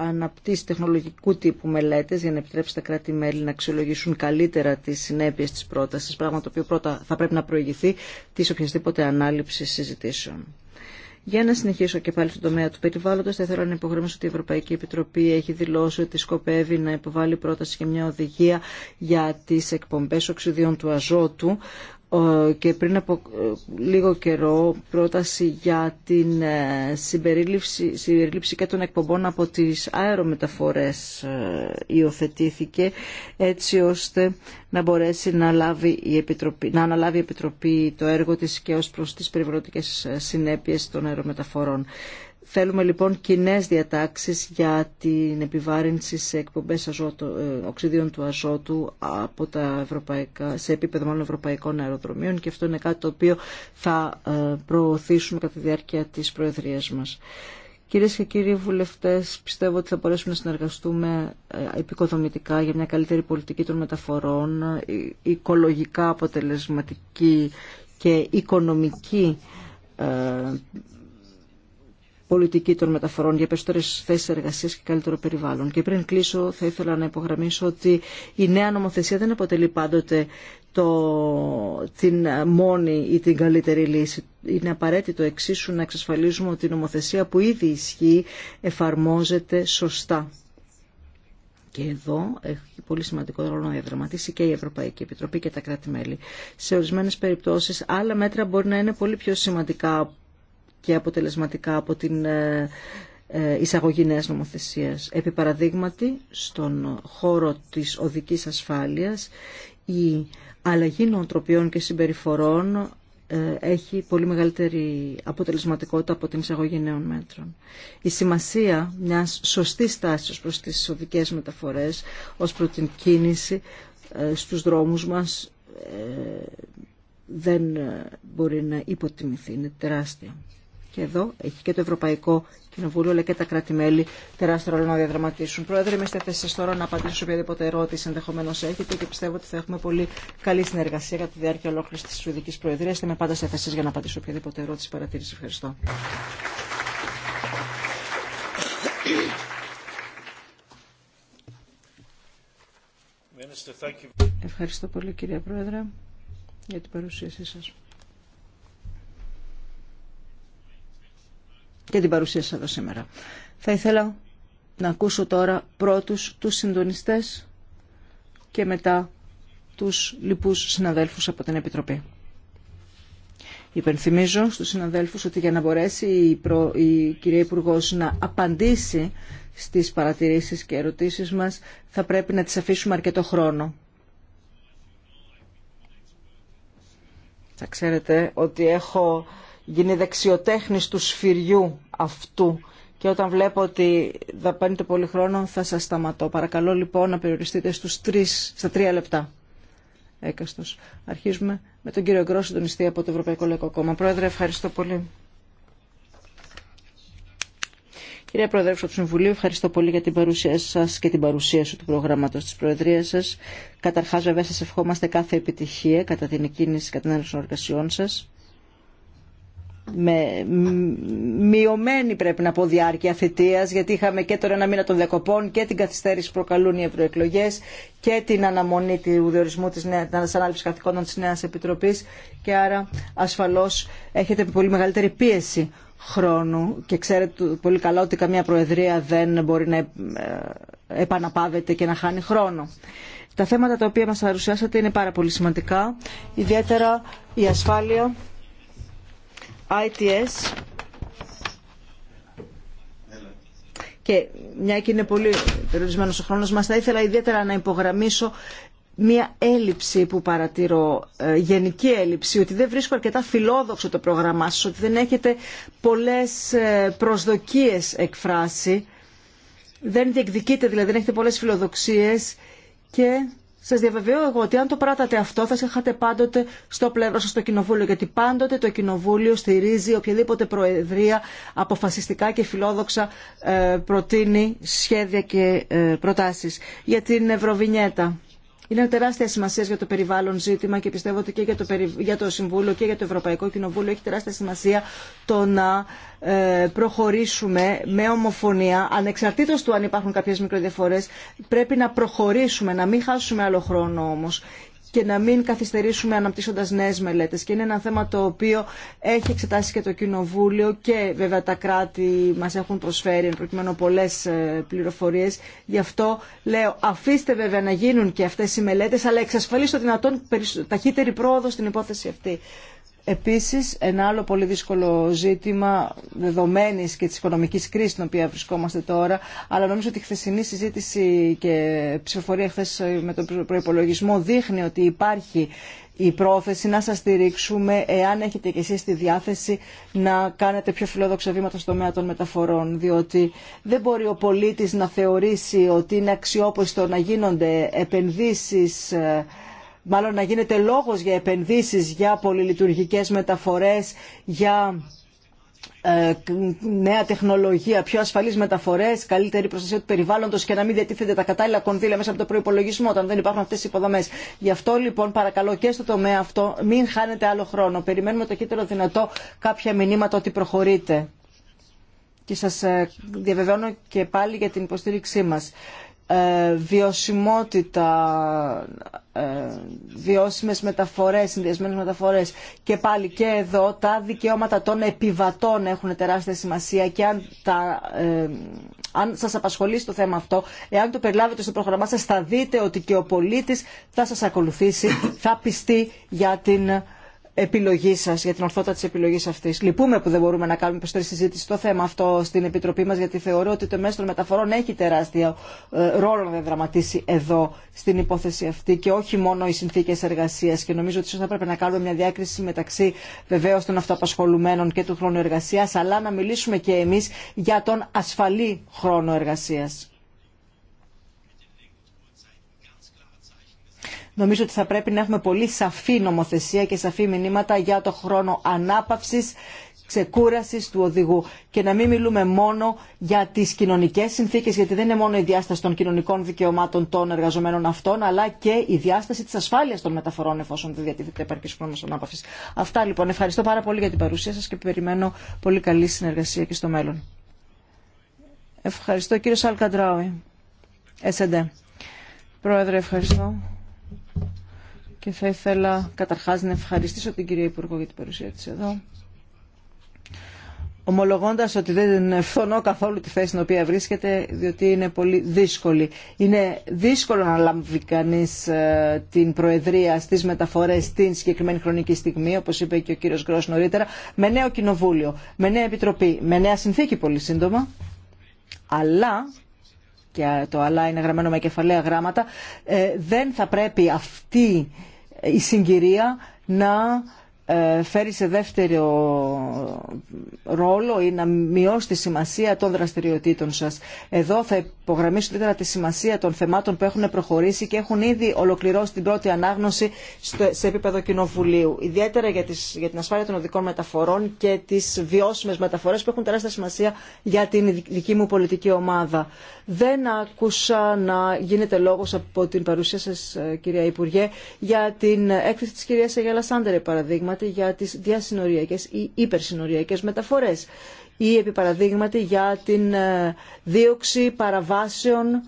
αναπτύσσει τεχνολογικού τύπου μελέτες για να επιτρέψει τα κράτη-μέλη να αξιολογήσουν καλύτερα τις συνέπειες της πρότασης, πράγμα το οποίο πρώτα θα πρέπει να προηγηθεί της οποιασδήποτε ανάληψης συζητήσεων. Για να συνεχίσω και πάλι στον τομέα του περιβάλλοντο, θα ήθελα να υπογραμμίσω ότι η Ευρωπαϊκή Επιτροπή έχει δηλώσει ότι σκοπεύει να υποβάλει πρόταση και μια οδηγία για τι εκπομπέ οξυδίων του αζότου, ε, και πριν από ε, λίγο καιρό πρόταση για την ε, συμπερίληψη, και των εκπομπών από τις αερομεταφορές υιοθετήθηκε έτσι ώστε να μπορέσει να, λάβει η να αναλάβει η Επιτροπή το έργο της και ως προς τις περιβαλλοντικές συνέπειες των αερομεταφορών. Θέλουμε λοιπόν κοινέ διατάξεις για την επιβάρυνση σε εκπομπές αζότου, ε, οξυδίων του αζότου από τα ευρωπαϊκά, σε επίπεδο μάλλον ευρωπαϊκών αεροδρομίων και αυτό είναι κάτι το οποίο θα ε, προωθήσουμε κατά τη διάρκεια της Προεδρίας μας. Κυρίε και κύριοι βουλευτέ, πιστεύω ότι θα μπορέσουμε να συνεργαστούμε ε, επικοδομητικά για μια καλύτερη πολιτική των μεταφορών, οικολογικά αποτελεσματική και οικονομική πολιτική των μεταφορών για περισσότερε θέσει εργασία και καλύτερο περιβάλλον. Και πριν κλείσω, θα ήθελα να υπογραμμίσω ότι η νέα νομοθεσία δεν αποτελεί πάντοτε το, την μόνη ή την καλύτερη λύση. Είναι απαραίτητο εξίσου να εξασφαλίζουμε ότι η νομοθεσία που ήδη ισχύει εφαρμόζεται σωστά. Και εδώ έχει πολύ σημαντικό ρόλο να διαδραματίσει και η Ευρωπαϊκή Επιτροπή και τα κράτη-μέλη. Σε ορισμένε περιπτώσει, άλλα μέτρα μπορεί να είναι πολύ πιο σημαντικά και αποτελεσματικά από την ε, ε, εισαγωγή νέας νομοθεσίας. Επί παραδείγματι, στον χώρο της οδικής ασφάλειας, η αλλαγή νοοτροπιών και συμπεριφορών ε, έχει πολύ μεγαλύτερη αποτελεσματικότητα από την εισαγωγή νέων μέτρων. Η σημασία μιας σωστής τάσης προς τις οδικές μεταφορές ως προ την κίνηση στους δρόμους μας δεν μπορεί να υποτιμηθεί. Είναι τεράστια. Και εδώ έχει και το Ευρωπαϊκό Κοινοβούλιο αλλά και τα κράτη-μέλη τεράστιο ρόλο να διαδραματίσουν. Πρόεδρε, είμαι στη θέση τώρα να απαντήσω οποιαδήποτε ερώτηση ενδεχομένω έχετε και πιστεύω ότι θα έχουμε πολύ καλή συνεργασία κατά τη διάρκεια ολόκληρη τη Σουηδική Προεδρία. Είμαι πάντα σε θέση για να απαντήσω οποιαδήποτε ερώτηση παρατήρηση. Ευχαριστώ. Ευχαριστώ πολύ κύριε Πρόεδρε για την παρουσίασή σας. και την παρουσία σας εδώ σήμερα. Θα ήθελα να ακούσω τώρα πρώτους τους συντονιστές και μετά τους λοιπούς συναδέλφους από την Επιτροπή. Υπενθυμίζω στους συναδέλφους ότι για να μπορέσει η, προ... κυρία Υπουργό να απαντήσει στις παρατηρήσεις και ερωτήσεις μας θα πρέπει να τις αφήσουμε αρκετό χρόνο. Θα ξέρετε ότι έχω γίνει δεξιοτέχνης του σφυριού αυτού και όταν βλέπω ότι θα δαπανείτε πολύ χρόνο θα σας σταματώ. Παρακαλώ λοιπόν να περιοριστείτε στους τρεις, στα τρία λεπτά. Αρχίζουμε με τον κύριο Γκρό, συντονιστή από το Ευρωπαϊκό Λαϊκό Κόμμα. Πρόεδρε, ευχαριστώ πολύ. Κυρία Πρόεδρε του Συμβουλίου, ευχαριστώ πολύ για την παρουσία σα και την παρουσίαση του προγράμματο τη Προεδρία σα. Καταρχά, βέβαια, σα ευχόμαστε κάθε επιτυχία κατά την εκκίνηση κατά την των εργασιών σα με μειωμένη πρέπει να πω διάρκεια θητείας γιατί είχαμε και τώρα ένα μήνα των διακοπών και την καθυστέρηση που προκαλούν οι ευρωεκλογέ και την αναμονή του διορισμού της νέας ανάληψης καθηκόντων της νέας επιτροπής και άρα ασφαλώς έχετε πολύ μεγαλύτερη πίεση χρόνου και ξέρετε πολύ καλά ότι καμία προεδρία δεν μπορεί να ε, επαναπάβεται και να χάνει χρόνο. Τα θέματα τα οποία μας παρουσιάσατε είναι πάρα πολύ σημαντικά, ιδιαίτερα η ασφάλεια ITS και μια και είναι πολύ περιορισμένος ο χρόνος μας θα ήθελα ιδιαίτερα να υπογραμμίσω μια έλλειψη που παρατηρώ, ε, γενική έλλειψη, ότι δεν βρίσκω αρκετά φιλόδοξο το πρόγραμμά σας, ότι δεν έχετε πολλές ε, προσδοκίες εκφράσει, δεν διεκδικείτε δηλαδή, δεν έχετε πολλές φιλοδοξίες και Σα διαβεβαιώ εγώ ότι αν το πράτατε αυτό θα σε είχατε πάντοτε στο πλευρό σα το Κοινοβούλιο γιατί πάντοτε το Κοινοβούλιο στηρίζει οποιαδήποτε προεδρία αποφασιστικά και φιλόδοξα ε, προτείνει σχέδια και ε, προτάσεις. Για την Ευρωβινιέτα είναι τεράστια σημασία για το περιβάλλον ζήτημα και πιστεύω ότι και για το, για το Συμβούλιο και για το Ευρωπαϊκό Κοινοβούλιο έχει τεράστια σημασία το να ε, προχωρήσουμε με ομοφωνία, ανεξαρτήτως του αν υπάρχουν κάποιες μικροδιαφορές, πρέπει να προχωρήσουμε, να μην χάσουμε άλλο χρόνο όμως και να μην καθυστερήσουμε αναπτύσσοντας νέες μελέτε. Και είναι ένα θέμα το οποίο έχει εξετάσει και το Κοινοβούλιο και βέβαια τα κράτη μας έχουν προσφέρει εν προκειμένου πολλές ε, πληροφορίες. Γι' αυτό λέω αφήστε βέβαια να γίνουν και αυτές οι μελέτε, αλλά εξασφαλίστε δυνατόν ταχύτερη πρόοδο στην υπόθεση αυτή. Επίσης, ένα άλλο πολύ δύσκολο ζήτημα δεδομένης και της οικονομικής κρίσης στην οποία βρισκόμαστε τώρα, αλλά νομίζω ότι η χθεσινή συζήτηση και ψηφοφορία χθε με τον προϋπολογισμό δείχνει ότι υπάρχει η πρόθεση να σας στηρίξουμε εάν έχετε και εσείς τη διάθεση να κάνετε πιο φιλόδοξα βήματα στο τομέα των μεταφορών διότι δεν μπορεί ο πολίτης να θεωρήσει ότι είναι αξιόπιστο να γίνονται επενδύσεις ε, μάλλον να γίνεται λόγος για επενδύσεις, για πολυλειτουργικές μεταφορές, για ε, νέα τεχνολογία, πιο ασφαλείς μεταφορές, καλύτερη προστασία του περιβάλλοντο και να μην διατίθεται τα κατάλληλα κονδύλια μέσα από το προπολογισμό όταν δεν υπάρχουν αυτές οι υποδομές. Γι' αυτό λοιπόν παρακαλώ και στο τομέα αυτό μην χάνετε άλλο χρόνο. Περιμένουμε το κύτταρο δυνατό κάποια μηνύματα ότι προχωρείτε. Και σας ε, διαβεβαιώνω και πάλι για την υποστήριξή μας. Ε, βιωσιμότητα, ε, βιώσιμες μεταφορές, συνδυασμένες μεταφορές και πάλι και εδώ τα δικαιώματα των επιβατών έχουν τεράστια σημασία και αν, τα, ε, αν σας απασχολεί το θέμα αυτό, εάν το περιλάβετε στο πρόγραμμά σας θα δείτε ότι και ο πολίτης θα σας ακολουθήσει, θα πιστεί για την επιλογή σα, για την ορθότητα τη επιλογή αυτή. Λυπούμε που δεν μπορούμε να κάνουμε περισσότερη συζήτηση στο θέμα αυτό στην Επιτροπή μα, γιατί θεωρώ ότι το μέσο των μεταφορών έχει τεράστιο ε, ρόλο να δραματίσει εδώ στην υπόθεση αυτή και όχι μόνο οι συνθήκε εργασία. Και νομίζω ότι ίσω θα πρέπει να κάνουμε μια διάκριση μεταξύ βεβαίω των αυτοαπασχολουμένων και του χρόνου εργασία, αλλά να μιλήσουμε και εμεί για τον ασφαλή χρόνο εργασία. Νομίζω ότι θα πρέπει να έχουμε πολύ σαφή νομοθεσία και σαφή μηνύματα για το χρόνο ανάπαυσης ξεκούραση του οδηγού και να μην μιλούμε μόνο για τι κοινωνικέ συνθήκε, γιατί δεν είναι μόνο η διάσταση των κοινωνικών δικαιωμάτων των εργαζομένων αυτών αλλά και η διάσταση τη ασφάλεια των μεταφορών εφόσον δεν διατηρείται επαρκή χρόνο ανάπαυση. Αυτά λοιπόν. Ευχαριστώ πάρα πολύ για την παρουσία σα και περιμένω πολύ καλή συνεργασία και στο μέλλον. Ευχαριστώ κύριο Σαλκαντράουι. Εσέντε. Πρόεδρε, ευχαριστώ και θα ήθελα καταρχάς να ευχαριστήσω την κυρία Υπουργό για την παρουσία της εδώ. Ομολογώντας ότι δεν φθονώ καθόλου τη θέση στην οποία βρίσκεται, διότι είναι πολύ δύσκολη. Είναι δύσκολο να λαμβεί κανεί ε, την προεδρία στις μεταφορές στην συγκεκριμένη χρονική στιγμή, όπως είπε και ο κύριος Γκρός νωρίτερα, με νέο κοινοβούλιο, με νέα επιτροπή, με νέα συνθήκη πολύ σύντομα, αλλά και το αλλά είναι γραμμένο με κεφαλαία γράμματα, ε, δεν θα πρέπει αυτή η συγκυρία να ε, φέρει σε δεύτερο ρόλο ή να μειώσει τη σημασία των δραστηριοτήτων σας. Εδώ θα υπογραμμίσω ιδιαίτερα τη σημασία των θεμάτων που έχουν προχωρήσει και έχουν ήδη ολοκληρώσει την πρώτη ανάγνωση σε επίπεδο κοινοβουλίου. Ιδιαίτερα για, τις, για την ασφάλεια των οδικών μεταφορών και τις βιώσιμες μεταφορές που έχουν τεράστια σημασία για την δική μου πολιτική ομάδα. Δεν άκουσα να γίνεται λόγος από την παρουσία σας ε, κυρία Υπουργέ για την έκθεση της κυρίας Αγέλα Σάντερε παραδείγμα για τις διασυνοριακές ή υπερσυνοριακές μεταφορές ή επί για την ε, δίωξη παραβάσεων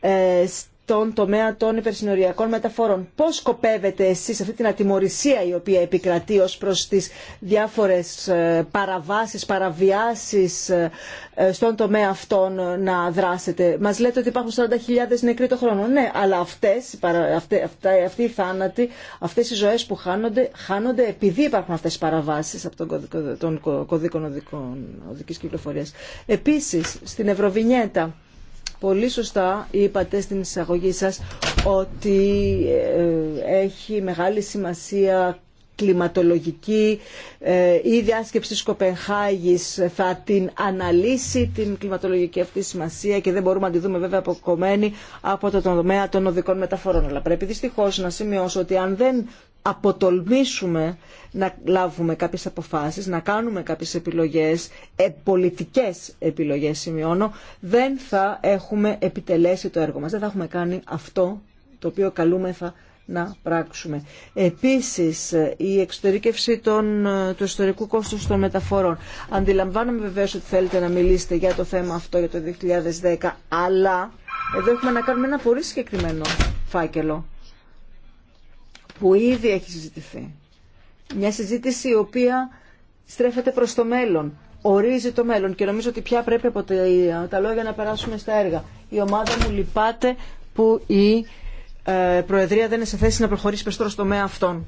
ε, τον τομέα των υπερσυνοριακών μεταφορών. Πώς σκοπεύετε εσεί αυτή την ατιμορρησία η οποία επικρατεί ω προς τις διάφορες ε, παραβάσεις, παραβιάσεις ε, ε, στον τομέα αυτών να δράσετε. Μας λέτε ότι υπάρχουν 40.000 νεκροί το χρόνο. Ναι, αλλά αυτές, αυτοί οι θάνατοι, αυτές οι ζωές που χάνονται, χάνονται επειδή υπάρχουν αυτέ οι παραβάσεις από τον κωδικό, των κωδίκων οδικής κυκλοφορίας. Επίσης, στην Ευρωβινιέτα Πολύ σωστά είπατε στην εισαγωγή σας ότι ε, έχει μεγάλη σημασία κλιματολογική ε, η διάσκεψη της Κοπενχάγης θα την αναλύσει την κλιματολογική αυτή σημασία και δεν μπορούμε να τη δούμε βέβαια αποκομμένη από το τομέα των οδικών μεταφορών. Αλλά πρέπει δυστυχώς να σημειώσω ότι αν δεν αποτολμήσουμε να λάβουμε κάποιες αποφάσεις, να κάνουμε κάποιες επιλογές, ε, πολιτικές επιλογές σημειώνω, δεν θα έχουμε επιτελέσει το έργο μας. Δεν θα έχουμε κάνει αυτό το οποίο καλούμεθα να πράξουμε. Επίσης, η εξωτερήκευση των, του ιστορικού κόστου των μεταφορών. Αντιλαμβάνομαι βεβαίως ότι θέλετε να μιλήσετε για το θέμα αυτό για το 2010, αλλά εδώ έχουμε να κάνουμε ένα πολύ συγκεκριμένο φάκελο που ήδη έχει συζητηθεί μια συζήτηση η οποία στρέφεται προς το μέλλον, ορίζει το μέλλον και νομίζω ότι πια πρέπει από τα λόγια να περάσουμε στα έργα. Η ομάδα μου λυπάται που η ε, Προεδρία δεν είναι σε θέση να προχωρήσει περισσότερο στο τομέα αυτόν.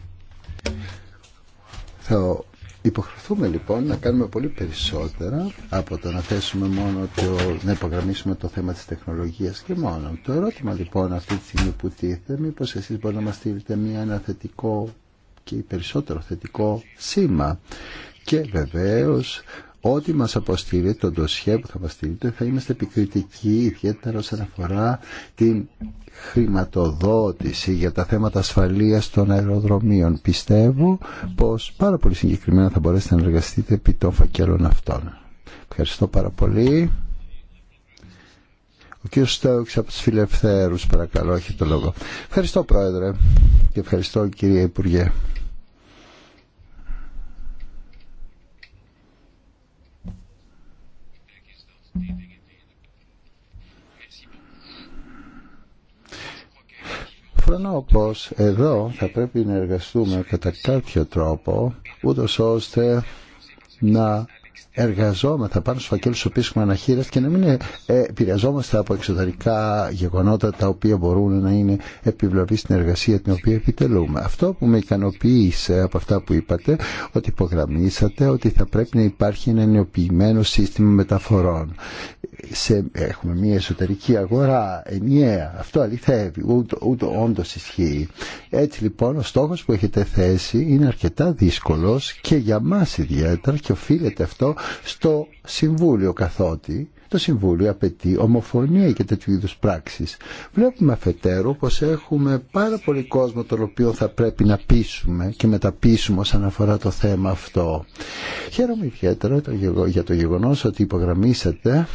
Θα υποχρεωθούμε λοιπόν να κάνουμε πολύ περισσότερα από το να θέσουμε μόνο το, να υπογραμμίσουμε το θέμα της τεχνολογίας και μόνο. Το ερώτημα λοιπόν αυτή τη στιγμή που τίθεται, μήπως εσείς μπορείτε να μας στείλετε μια, ένα θετικό και περισσότερο θετικό σήμα. Και βεβαίως ό,τι μας αποστείλει, το ντοσιέ που θα μας στείλετε, θα είμαστε επικριτικοί, ιδιαίτερα όσον αφορά την χρηματοδότηση για τα θέματα ασφαλείας των αεροδρομίων. Πιστεύω πως πάρα πολύ συγκεκριμένα θα μπορέσετε να εργαστείτε επί των φακέλων αυτών. Ευχαριστώ πάρα πολύ. Ο κύριος Στέουξ από τους Φιλελευθέρους, παρακαλώ, έχει το λόγο. Ευχαριστώ, Πρόεδρε, και ευχαριστώ, κύριε Υπουργέ. Φρονώ πως εδώ θα πρέπει να εργαστούμε κατά κάποιο τρόπο ούτως ώστε να εργαζόμεθα πάνω στους φακέλους του οποίου έχουμε αναχείρες και να μην ε, επηρεαζόμαστε από εξωτερικά γεγονότα τα οποία μπορούν να είναι επιβλαβή στην εργασία την οποία επιτελούμε. Αυτό που με ικανοποίησε από αυτά που είπατε, ότι υπογραμμίσατε ότι θα πρέπει να υπάρχει ένα νεοποιημένο σύστημα μεταφορών. Σε, έχουμε μια εσωτερική αγορά ενιαία. Αυτό αληθεύει, ούτε, ούτε όντω ισχύει. Έτσι λοιπόν ο στόχος που έχετε θέσει είναι αρκετά δύσκολος και για μας ιδιαίτερα και οφείλεται αυτό στο Συμβούλιο καθότι το Συμβούλιο απαιτεί ομοφωνία και τέτοιου είδους πράξεις. Βλέπουμε αφετέρου πως έχουμε πάρα πολύ κόσμο τον οποίο θα πρέπει να πείσουμε και μεταπίσουμε όσον αφορά το θέμα αυτό. Χαίρομαι ιδιαίτερα για το γεγονός ότι υπογραμμίσατε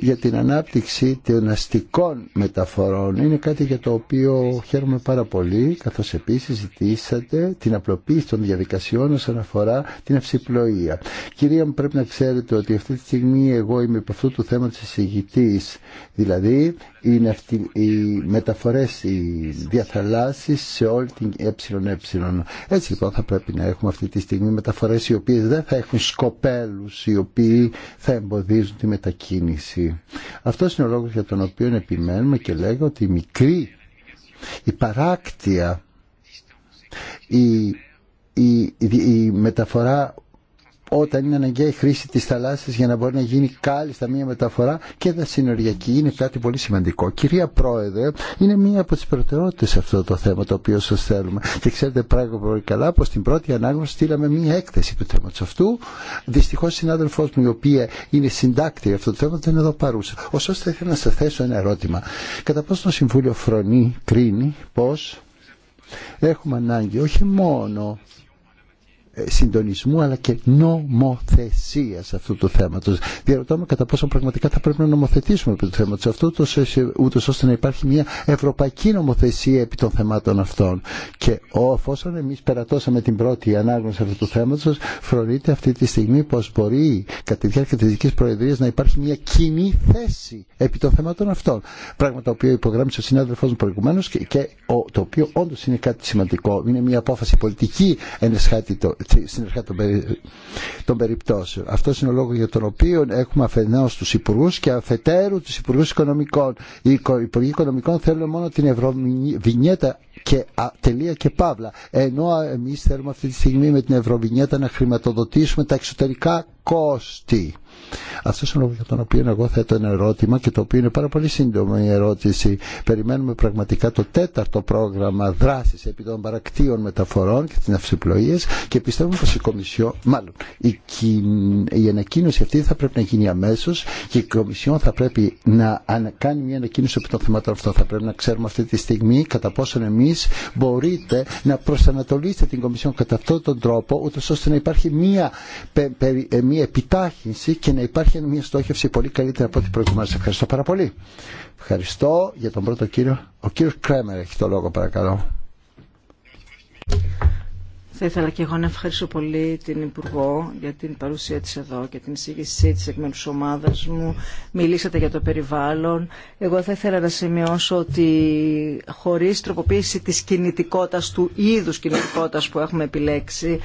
για την ανάπτυξη των αστικών μεταφορών είναι κάτι για το οποίο χαίρομαι πάρα πολύ καθώς επίσης ζητήσατε την απλοποίηση των διαδικασιών όσον αφορά την αυσιπλοεία. Κυρία μου πρέπει να ξέρετε ότι αυτή τη στιγμή εγώ είμαι από αυτού του θέματος εισηγητής δηλαδή είναι οι μεταφορές οι διαθαλάσσεις σε όλη την ΕΕ. Έτσι λοιπόν θα πρέπει να έχουμε αυτή τη στιγμή μεταφορές οι οποίες δεν θα έχουν σκοπέλους οι οποίοι θα εμποδίζουν τη μετακίνηση. Αυτός είναι ο λόγος για τον οποίο επιμένουμε και λέγω ότι η μικρή, η παράκτια, η, η, η μεταφορά όταν είναι αναγκαία η χρήση της θαλάσσης για να μπορεί να γίνει κάλλιστα μία μεταφορά και δασυνοριακή. Είναι κάτι πολύ σημαντικό. Κυρία Πρόεδρε, είναι μία από τις προτεραιότητες αυτό το θέμα το οποίο σας θέλουμε. Και ξέρετε πράγμα πολύ καλά πως στην πρώτη ανάγνωση στείλαμε μία έκθεση του θέματος αυτού. Δυστυχώς η συνάδελφός μου η οποία είναι συντάκτη αυτό το θέμα δεν είναι εδώ παρούσα. Ωστόσο θα ήθελα να σας θέσω ένα ερώτημα. Κατά πόσο το Συμβούλιο φρονεί, κρίνει πως έχουμε ανάγκη όχι μόνο ε, συντονισμού αλλά και νομοθεσία αυτού του θέματο. Διαρωτάμε κατά πόσο πραγματικά θα πρέπει να νομοθετήσουμε επί του θέματο αυτού, ούτω ώστε να υπάρχει μια ευρωπαϊκή νομοθεσία επί των θεμάτων αυτών. Και εφόσον εμεί περατώσαμε την πρώτη ανάγνωση αυτού του θέματο, φρονείται αυτή τη στιγμή πω μπορεί κατά τη διάρκεια τη δική προεδρία να υπάρχει μια κοινή θέση επί των θεμάτων αυτών. Πράγμα το οποίο υπογράμμισε ο συνάδελφό μου προηγουμένω και, και το οποίο όντω είναι κάτι σημαντικό. Είναι μια απόφαση πολιτική ενεσχάτη στην αρχή των, των περιπτώσεων. Αυτό είναι ο λόγο για τον οποίο έχουμε αφενό του υπουργού και αφετέρου του υπουργού οικονομικών. Οι υπουργοί οικονομικών θέλουν μόνο την ευρωβινιέτα και α, τελεία και παύλα. Ενώ εμείς θέλουμε αυτή τη στιγμή με την Ευρωβινιέτα να χρηματοδοτήσουμε τα εξωτερικά κόστη. Αυτό είναι ο λόγο για τον οποίο εγώ θέτω ένα ερώτημα και το οποίο είναι πάρα πολύ σύντομο η ερώτηση. Περιμένουμε πραγματικά το τέταρτο πρόγραμμα δράση επί των παρακτήων μεταφορών και τι ναυσιπλοεία και πιστεύουμε πω η Κομισιόν, μάλλον η, η ανακοίνωση αυτή θα πρέπει να γίνει αμέσω και η Κομισιόν θα πρέπει να κάνει μια ανακοίνωση επί των θεμάτων αυτών. Θα πρέπει να ξέρουμε αυτή τη στιγμή κατά πόσον εμεί μπορείτε να προσανατολίσετε την Κομισιόν κατά αυτόν τον τρόπο ούτως ώστε να υπάρχει μία, ε, μία επιτάχυνση και να υπάρχει μία στόχευση πολύ καλύτερα από ό,τι προηγουμένως. Ευχαριστώ πάρα πολύ. Ευχαριστώ για τον πρώτο κύριο. Ο κύριος Κρέμερ έχει το λόγο παρακαλώ. Θα ήθελα και εγώ να ευχαριστώ πολύ την Υπουργό για την παρουσία της εδώ και την εισήγησή της εκ μέρους ομάδας μου. Μιλήσατε για το περιβάλλον. Εγώ θα ήθελα να σημειώσω ότι χωρίς τροποποίηση της κινητικότητας, του είδους κινητικότητας που έχουμε επιλέξει,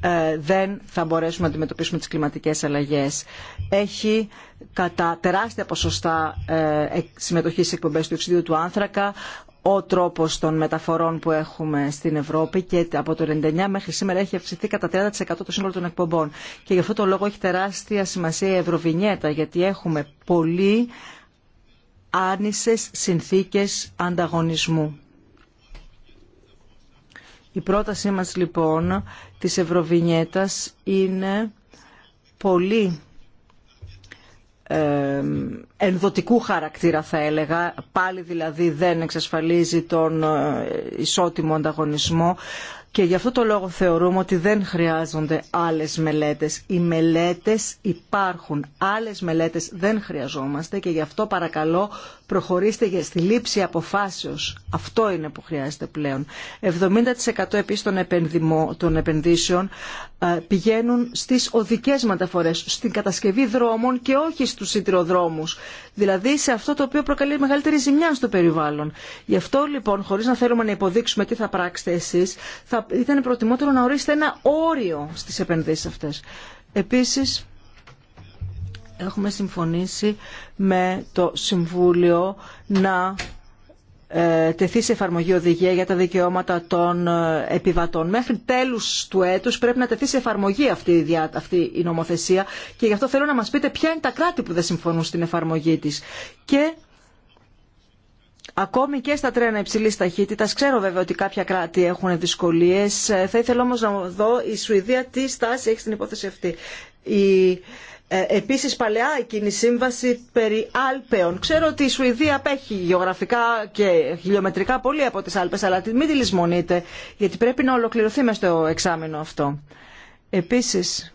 ε, δεν θα μπορέσουμε να αντιμετωπίσουμε τις κλιματικές αλλαγές. Έχει κατά τεράστια ποσοστά ε, συμμετοχή εκπομπές του οξυδίου του άνθρακα ο τρόπος των μεταφορών που έχουμε στην Ευρώπη και από το 99 μέχρι σήμερα έχει αυξηθεί κατά 30% το σύνολο των εκπομπών. Και γι' αυτό το λόγο έχει τεράστια σημασία η Ευρωβινιέτα γιατί έχουμε πολύ άνισες συνθήκες ανταγωνισμού. Η πρότασή μας λοιπόν της Ευρωβινιέτας είναι πολύ ενδοτικού χαρακτήρα θα έλεγα, πάλι δηλαδή δεν εξασφαλίζει τον ε, ισότιμο ανταγωνισμό και γι' αυτό το λόγο θεωρούμε ότι δεν χρειάζονται άλλες μελέτες. Οι μελέτες υπάρχουν, άλλες μελέτες δεν χρειαζόμαστε και γι' αυτό παρακαλώ προχωρήστε στη λήψη αποφάσεως. Αυτό είναι που χρειάζεται πλέον. 70% επίσης των, επενδύσεων ε, πηγαίνουν στις οδικές μεταφορές, στην κατασκευή δρόμων και όχι στους σιδηροδρόμους. Δηλαδή σε αυτό το οποίο προκαλεί μεγαλύτερη ζημιά στο περιβάλλον. Γι' αυτό λοιπόν, χωρίς να θέλουμε να υποδείξουμε τι θα πράξετε εσείς, θα ήταν προτιμότερο να ορίσετε ένα όριο στις επενδύσεις αυτές. Επίσης, έχουμε συμφωνήσει με το Συμβούλιο να ε, τεθεί σε εφαρμογή οδηγία για τα δικαιώματα των ε, επιβατών. Μέχρι τέλους του έτους πρέπει να τεθεί σε εφαρμογή αυτή, αυτή η νομοθεσία και γι' αυτό θέλω να μας πείτε ποια είναι τα κράτη που δεν συμφωνούν στην εφαρμογή της. Και Ακόμη και στα τρένα υψηλή ταχύτητα, ξέρω βέβαια ότι κάποια κράτη έχουν δυσκολίε. Ε, θα ήθελα όμω να δω η Σουηδία τι στάση έχει στην υπόθεση αυτή. Η ε, επίσης παλαιά εκείνη η σύμβαση περί άλπεων Ξέρω ότι η Σουηδία απέχει γεωγραφικά και χιλιομετρικά πολύ από τις Άλπες, αλλά μην τη λησμονείτε, γιατί πρέπει να ολοκληρωθεί μες στο εξάμεινο αυτό. Επίσης,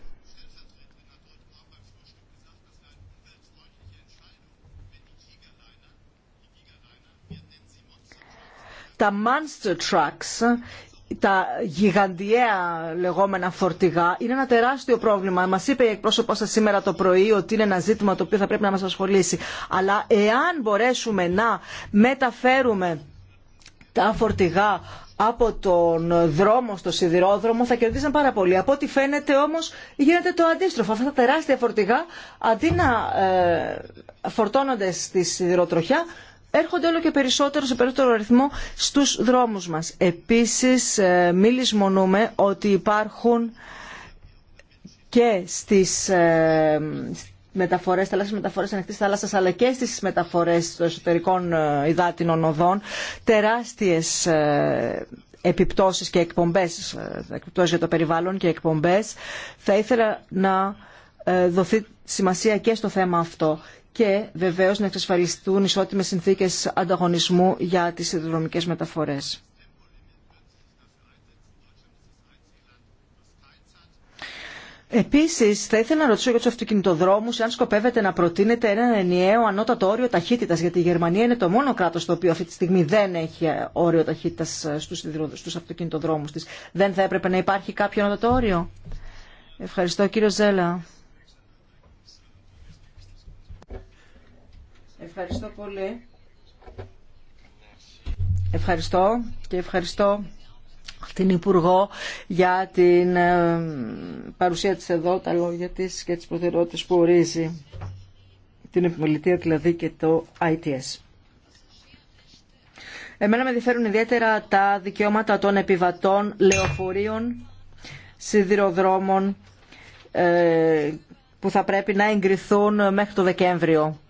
τα monster trucks τα γιγαντιαία λεγόμενα φορτηγά είναι ένα τεράστιο πρόβλημα. Μα είπε η εκπρόσωπό σα σήμερα το πρωί ότι είναι ένα ζήτημα το οποίο θα πρέπει να μα ασχολήσει. Αλλά εάν μπορέσουμε να μεταφέρουμε τα φορτηγά από τον δρόμο στο σιδηρόδρομο θα κερδίζαν πάρα πολύ. Από ό,τι φαίνεται όμως γίνεται το αντίστροφο. Αυτά τα τεράστια φορτηγά αντί να ε, φορτώνονται στη σιδηροτροχιά έρχονται όλο και περισσότερο σε περισσότερο ρυθμό, στους δρόμους μας. Επίσης ε, μη λησμονούμε ότι υπάρχουν και στις ε, μεταφορές, θαλάσσιες μεταφορές ανοιχτής θάλασσας αλλά και στις μεταφορές των εσωτερικών ε, υδάτινων οδών τεράστιες επιπτώσεις και εκπομπές, εκπτώσεις για το περιβάλλον και εκπομπές. Θα ήθελα να δοθεί σημασία και στο θέμα αυτό και βεβαίως να εξασφαλιστούν ισότιμες συνθήκες ανταγωνισμού για τις ιδροδρομικές μεταφορές. Επίση, θα ήθελα να ρωτήσω για του αυτοκινητοδρόμου, αν σκοπεύετε να προτείνετε ένα ενιαίο ανώτατο όριο ταχύτητα, γιατί η Γερμανία είναι το μόνο κράτο το οποίο αυτή τη στιγμή δεν έχει όριο ταχύτητα στου αυτοκινητοδρόμου τη. Δεν θα έπρεπε να υπάρχει κάποιο ανώτατο όριο. Ευχαριστώ, κύριο Ζέλα. Ευχαριστώ πολύ. Ευχαριστώ και ευχαριστώ την Υπουργό για την ε, παρουσία της εδώ, τα λόγια της και τις προτεραιότητες που ορίζει την επιμελητία δηλαδή και το ITS. Εμένα με ενδιαφέρουν ιδιαίτερα τα δικαιώματα των επιβατών, λεωφορείων, σιδηροδρόμων ε, που θα πρέπει να εγκριθούν μέχρι το Δεκέμβριο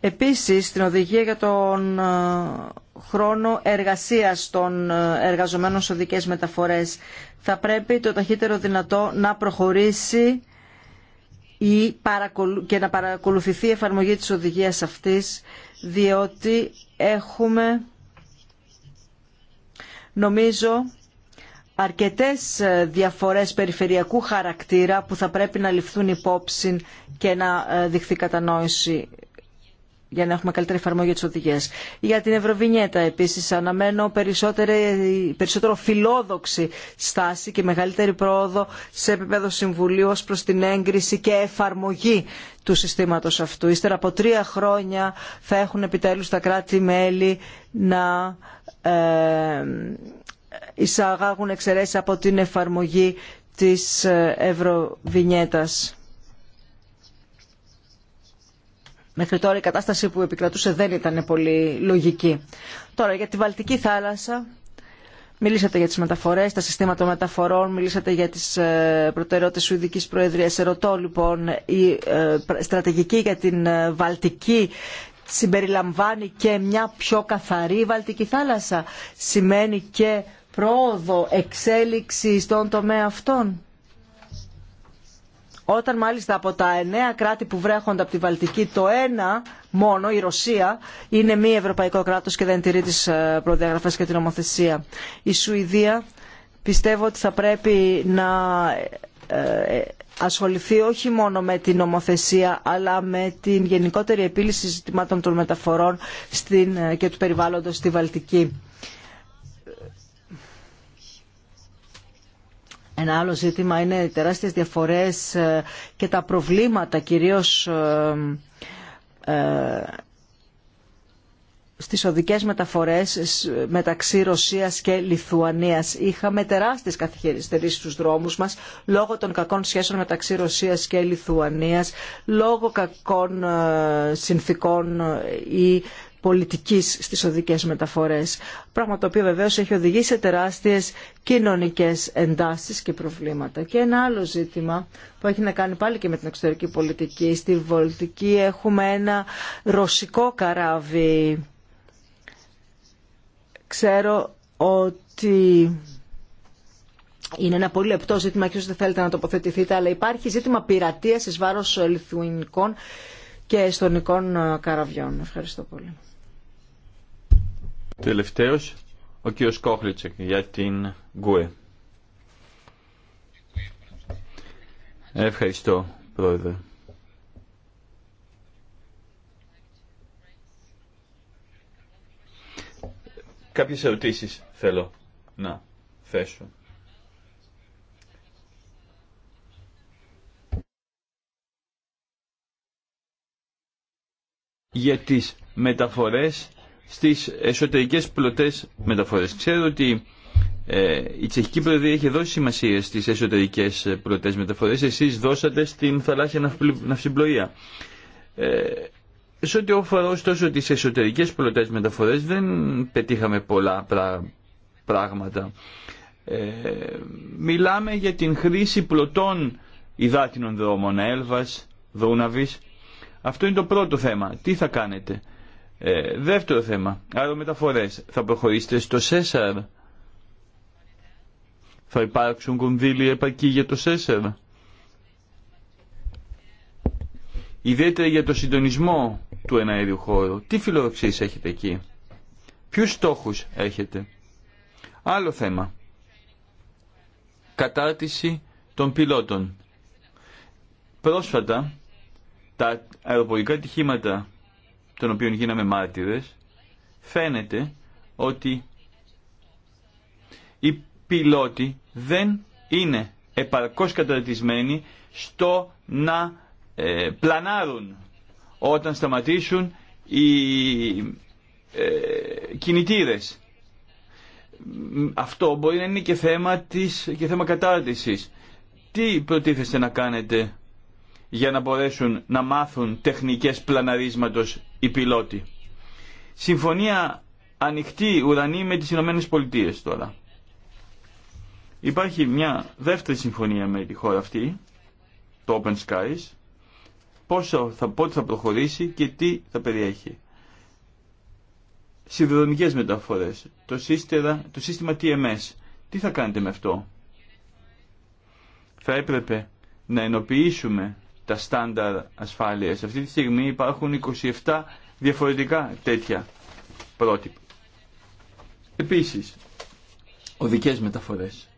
Επίσης, στην οδηγία για τον ε, χρόνο εργασίας των ε, εργαζομένων σε οδικές μεταφορές θα πρέπει το ταχύτερο δυνατό να προχωρήσει και να παρακολουθηθεί η εφαρμογή της οδηγίας αυτής διότι έχουμε νομίζω αρκετές ε, διαφορές περιφερειακού χαρακτήρα που θα πρέπει να ληφθούν υπόψη και να δειχθεί κατανόηση για να έχουμε καλύτερη εφαρμογή τη οδηγία. Για την Ευρωβινιέτα επίση αναμένω περισσότερο φιλόδοξη στάση και μεγαλύτερη πρόοδο σε επίπεδο Συμβουλίου ω προ την έγκριση και εφαρμογή του συστήματο αυτού. Ύστερα από τρία χρόνια θα έχουν επιτέλου τα κράτη-μέλη να ε, εισαγάγουν εξαιρέσει από την εφαρμογή της ε, Ευρωβινιέτας Μέχρι τώρα η κατάσταση που επικρατούσε δεν ήταν πολύ λογική. Τώρα για τη Βαλτική θάλασσα. Μιλήσατε για τις μεταφορές, τα συστήματα μεταφορών, μιλήσατε για τις ε, προτεραιότητες Σουηδικής Προεδρίας. Ρωτώ λοιπόν, η ε, στρατηγική για την ε, Βαλτική συμπεριλαμβάνει και μια πιο καθαρή Βαλτική θάλασσα. Σημαίνει και πρόοδο, εξέλιξη στον τομέα αυτών. Όταν μάλιστα από τα εννέα κράτη που βρέχονται από τη Βαλτική το ένα μόνο, η Ρωσία, είναι μη ευρωπαϊκό κράτος και δεν τηρεί τις ε, προδιαγραφές και την νομοθεσία. Η Σουηδία πιστεύω ότι θα πρέπει να ε, ε, ασχοληθεί όχι μόνο με την νομοθεσία αλλά με την γενικότερη επίλυση ζητημάτων των μεταφορών και του περιβάλλοντος στη Βαλτική Ένα άλλο ζήτημα είναι οι τεράστιες διαφορές ε, και τα προβλήματα κυρίως ε, ε, στις οδικές μεταφορές μεταξύ Ρωσίας και Λιθουανίας. Είχαμε τεράστιες καθυστερήσεις στους δρόμους μας λόγω των κακών σχέσεων μεταξύ Ρωσίας και Λιθουανίας, λόγω κακών συνθήκων ή πολιτικής στις οδικές μεταφορές. Πράγμα το οποίο βεβαίως έχει οδηγήσει σε τεράστιες κοινωνικές εντάσεις και προβλήματα. Και ένα άλλο ζήτημα που έχει να κάνει πάλι και με την εξωτερική πολιτική. Στη Βολτική έχουμε ένα ρωσικό καράβι. Ξέρω ότι είναι ένα πολύ λεπτό ζήτημα και ίσως δεν θέλετε να τοποθετηθείτε, αλλά υπάρχει ζήτημα πειρατείας εις βάρος λιθουινικών και εστονικών ε, καραβιών. Ευχαριστώ πολύ. Τελευταίος, ο κ. Κόχλιτσεκ για την ΓΚΟΕ. Ευχαριστώ, Πρόεδρε. Κάποιες ερωτήσεις θέλω να θέσω. Για τις μεταφορές στις εσωτερικές πλωτές μεταφορές. Ξέρω ότι ε, η Τσεχική Προεδρία έχει δώσει σημασία στις εσωτερικές πλωτές μεταφορές. Εσείς δώσατε στην θαλάσσια ναυσιμπλοεία. Ε, σε ό,τι αφορά ωστόσο τις εσωτερικές πλωτές μεταφορές δεν πετύχαμε πολλά πράγματα. Ε, μιλάμε για την χρήση πλωτών υδάτινων δρόμων, έλβας, δούναβης. Αυτό είναι το πρώτο θέμα. Τι θα κάνετε. Ε, δεύτερο θέμα, μεταφορές Θα προχωρήσετε στο ΣΕΣΑΡ. Θα υπάρξουν κονδύλια επαρκή για το ΣΕΣΑΡ. Ιδιαίτερα για το συντονισμό του εναέριου χώρου. Τι φιλοδοξίες έχετε εκεί. Ποιους στόχους έχετε. Άλλο θέμα. Κατάρτιση των πιλότων. Πρόσφατα τα αεροπορικά ατυχήματα των οποίων γίναμε μάρτυρες, φαίνεται ότι οι πιλότοι δεν είναι επαρκώς καταρτισμένοι στο να ε, πλανάρουν όταν σταματήσουν οι ε, κινητήρες. Αυτό μπορεί να είναι και θέμα, της, και θέμα κατάρτισης. Τι προτίθεστε να κάνετε για να μπορέσουν να μάθουν τεχνικές πλαναρίσματος οι πιλότοι. Συμφωνία ανοιχτή ουρανή με τις Ηνωμένε Πολιτείε τώρα. Υπάρχει μια δεύτερη συμφωνία με τη χώρα αυτή, το Open Skies, πόσο θα, πότε θα προχωρήσει και τι θα περιέχει. Συνδρομικές μεταφορές, το, σύστερα, το σύστημα TMS, τι θα κάνετε με αυτό. Θα έπρεπε να ενοποιήσουμε τα στάνταρ ασφάλειας. Αυτή τη στιγμή υπάρχουν 27 διαφορετικά τέτοια πρότυπα. Επίσης, οδικές μεταφορές.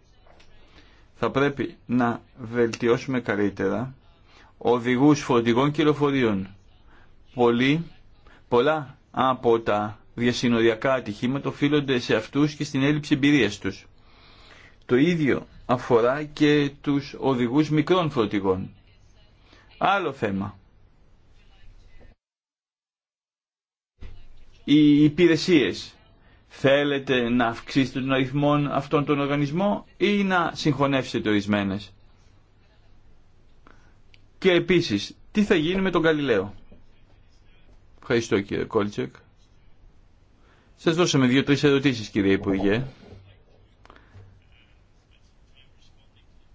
Θα πρέπει να βελτιώσουμε καλύτερα οδηγούς φορτηγών και λεωφορείων. πολλά από τα διασυνοριακά ατυχήματα οφείλονται σε αυτούς και στην έλλειψη εμπειρίας τους. Το ίδιο αφορά και τους οδηγούς μικρών φορτηγών. Άλλο θέμα. Οι υπηρεσίες. Θέλετε να αυξήσετε τον αριθμό αυτών των οργανισμών ή να συγχωνεύσετε ορισμένε. Και επίσης, τι θα γίνει με τον Γαλιλαίο. Ευχαριστώ κύριε Κόλτσεκ. Σας δώσαμε δύο-τρεις ερωτήσεις κύριε Υπουργέ.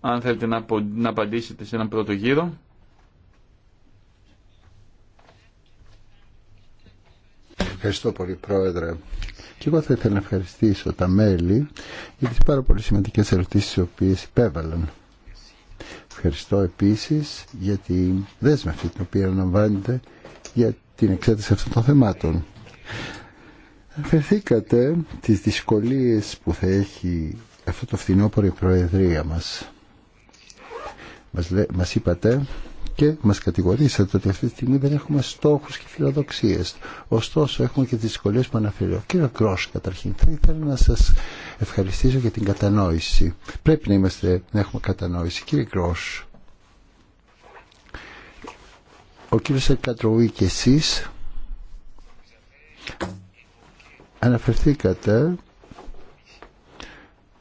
Αν θέλετε να απαντήσετε σε έναν πρώτο γύρο. Ευχαριστώ πολύ Πρόεδρε. Και εγώ θα ήθελα να ευχαριστήσω τα μέλη για τις πάρα πολύ σημαντικές ερωτήσεις τις οποίες υπέβαλαν. Ευχαριστώ επίσης για τη δέσμευση την οποία αναμβάνεται για την εξέταση αυτών των θεμάτων. Αφαιρθήκατε τις δυσκολίες που θα έχει αυτό το φθινόπωρο η Προεδρία μας. Μας, είπατε και μας κατηγορήσατε ότι αυτή τη στιγμή δεν έχουμε στόχους και φιλοδοξίες. Ωστόσο έχουμε και τις δυσκολίες που ο Κύριο Κρόσ, καταρχήν θα ήθελα να σας ευχαριστήσω για την κατανόηση. Πρέπει να, είμαστε, να έχουμε κατανόηση. Κύριε Κρός, ο κύριος Ελκατροή και εσείς αναφερθήκατε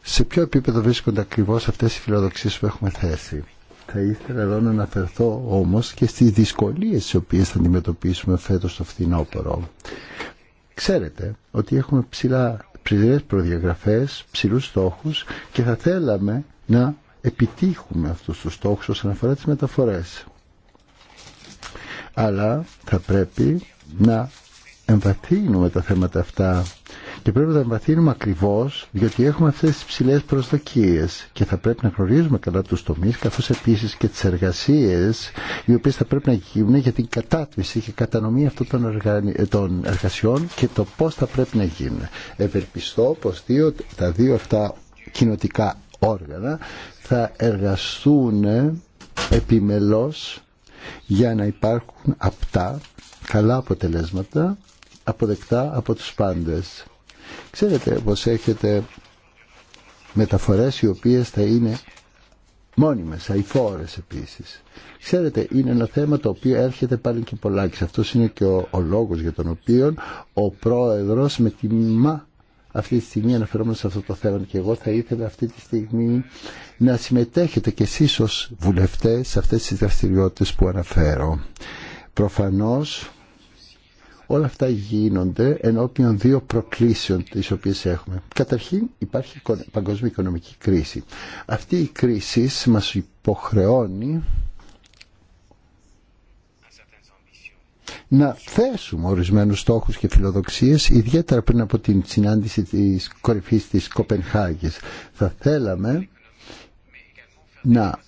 σε ποιο επίπεδο βρίσκονται ακριβώς αυτές οι φιλοδοξίες που έχουμε θέσει. Θα ήθελα εδώ να αναφερθώ όμως και στις δυσκολίες τις οποίες θα αντιμετωπίσουμε φέτος το φθινόπωρο. Ξέρετε ότι έχουμε ψηλά, ψηλές προδιαγραφές, ψηλούς στόχους και θα θέλαμε να επιτύχουμε αυτούς τους στόχους όσον αφορά τις μεταφορές. Αλλά θα πρέπει να εμβαθύνουμε τα θέματα αυτά και πρέπει να βαθύνουμε ακριβώ διότι έχουμε αυτέ τι ψηλέ προσδοκίε και θα πρέπει να γνωρίζουμε καλά του τομεί καθώ επίση και τι εργασίε οι οποίε θα πρέπει να γίνουν για την κατάτμιση και κατανομή αυτών των, εργασιών και το πώ θα πρέπει να γίνουν. Ευελπιστώ πω τα δύο αυτά κοινοτικά όργανα θα εργαστούν επιμελώς για να υπάρχουν απτά καλά αποτελέσματα αποδεκτά από τους πάντες. Ξέρετε πως έχετε μεταφορές οι οποίες θα είναι μόνιμες, αϊφόρες επίσης. Ξέρετε, είναι ένα θέμα το οποίο έρχεται πάλι και πολλά και αυτός είναι και ο, ο λόγος για τον οποίο ο πρόεδρος με μά αυτή τη στιγμή αναφερόμενο σε αυτό το θέμα και εγώ θα ήθελα αυτή τη στιγμή να συμμετέχετε κι εσείς ως βουλευτές σε αυτές τις δραστηριότητες που αναφέρω. Προφανώς Όλα αυτά γίνονται ενώπιον δύο προκλήσεων τις οποίες έχουμε. Καταρχήν υπάρχει παγκόσμια οικονομική κρίση. Αυτή η κρίση μας υποχρεώνει να θέσουμε ορισμένους στόχους και φιλοδοξίες, ιδιαίτερα πριν από την συνάντηση της κορυφής της Κοπενχάγης. Θα θέλαμε να,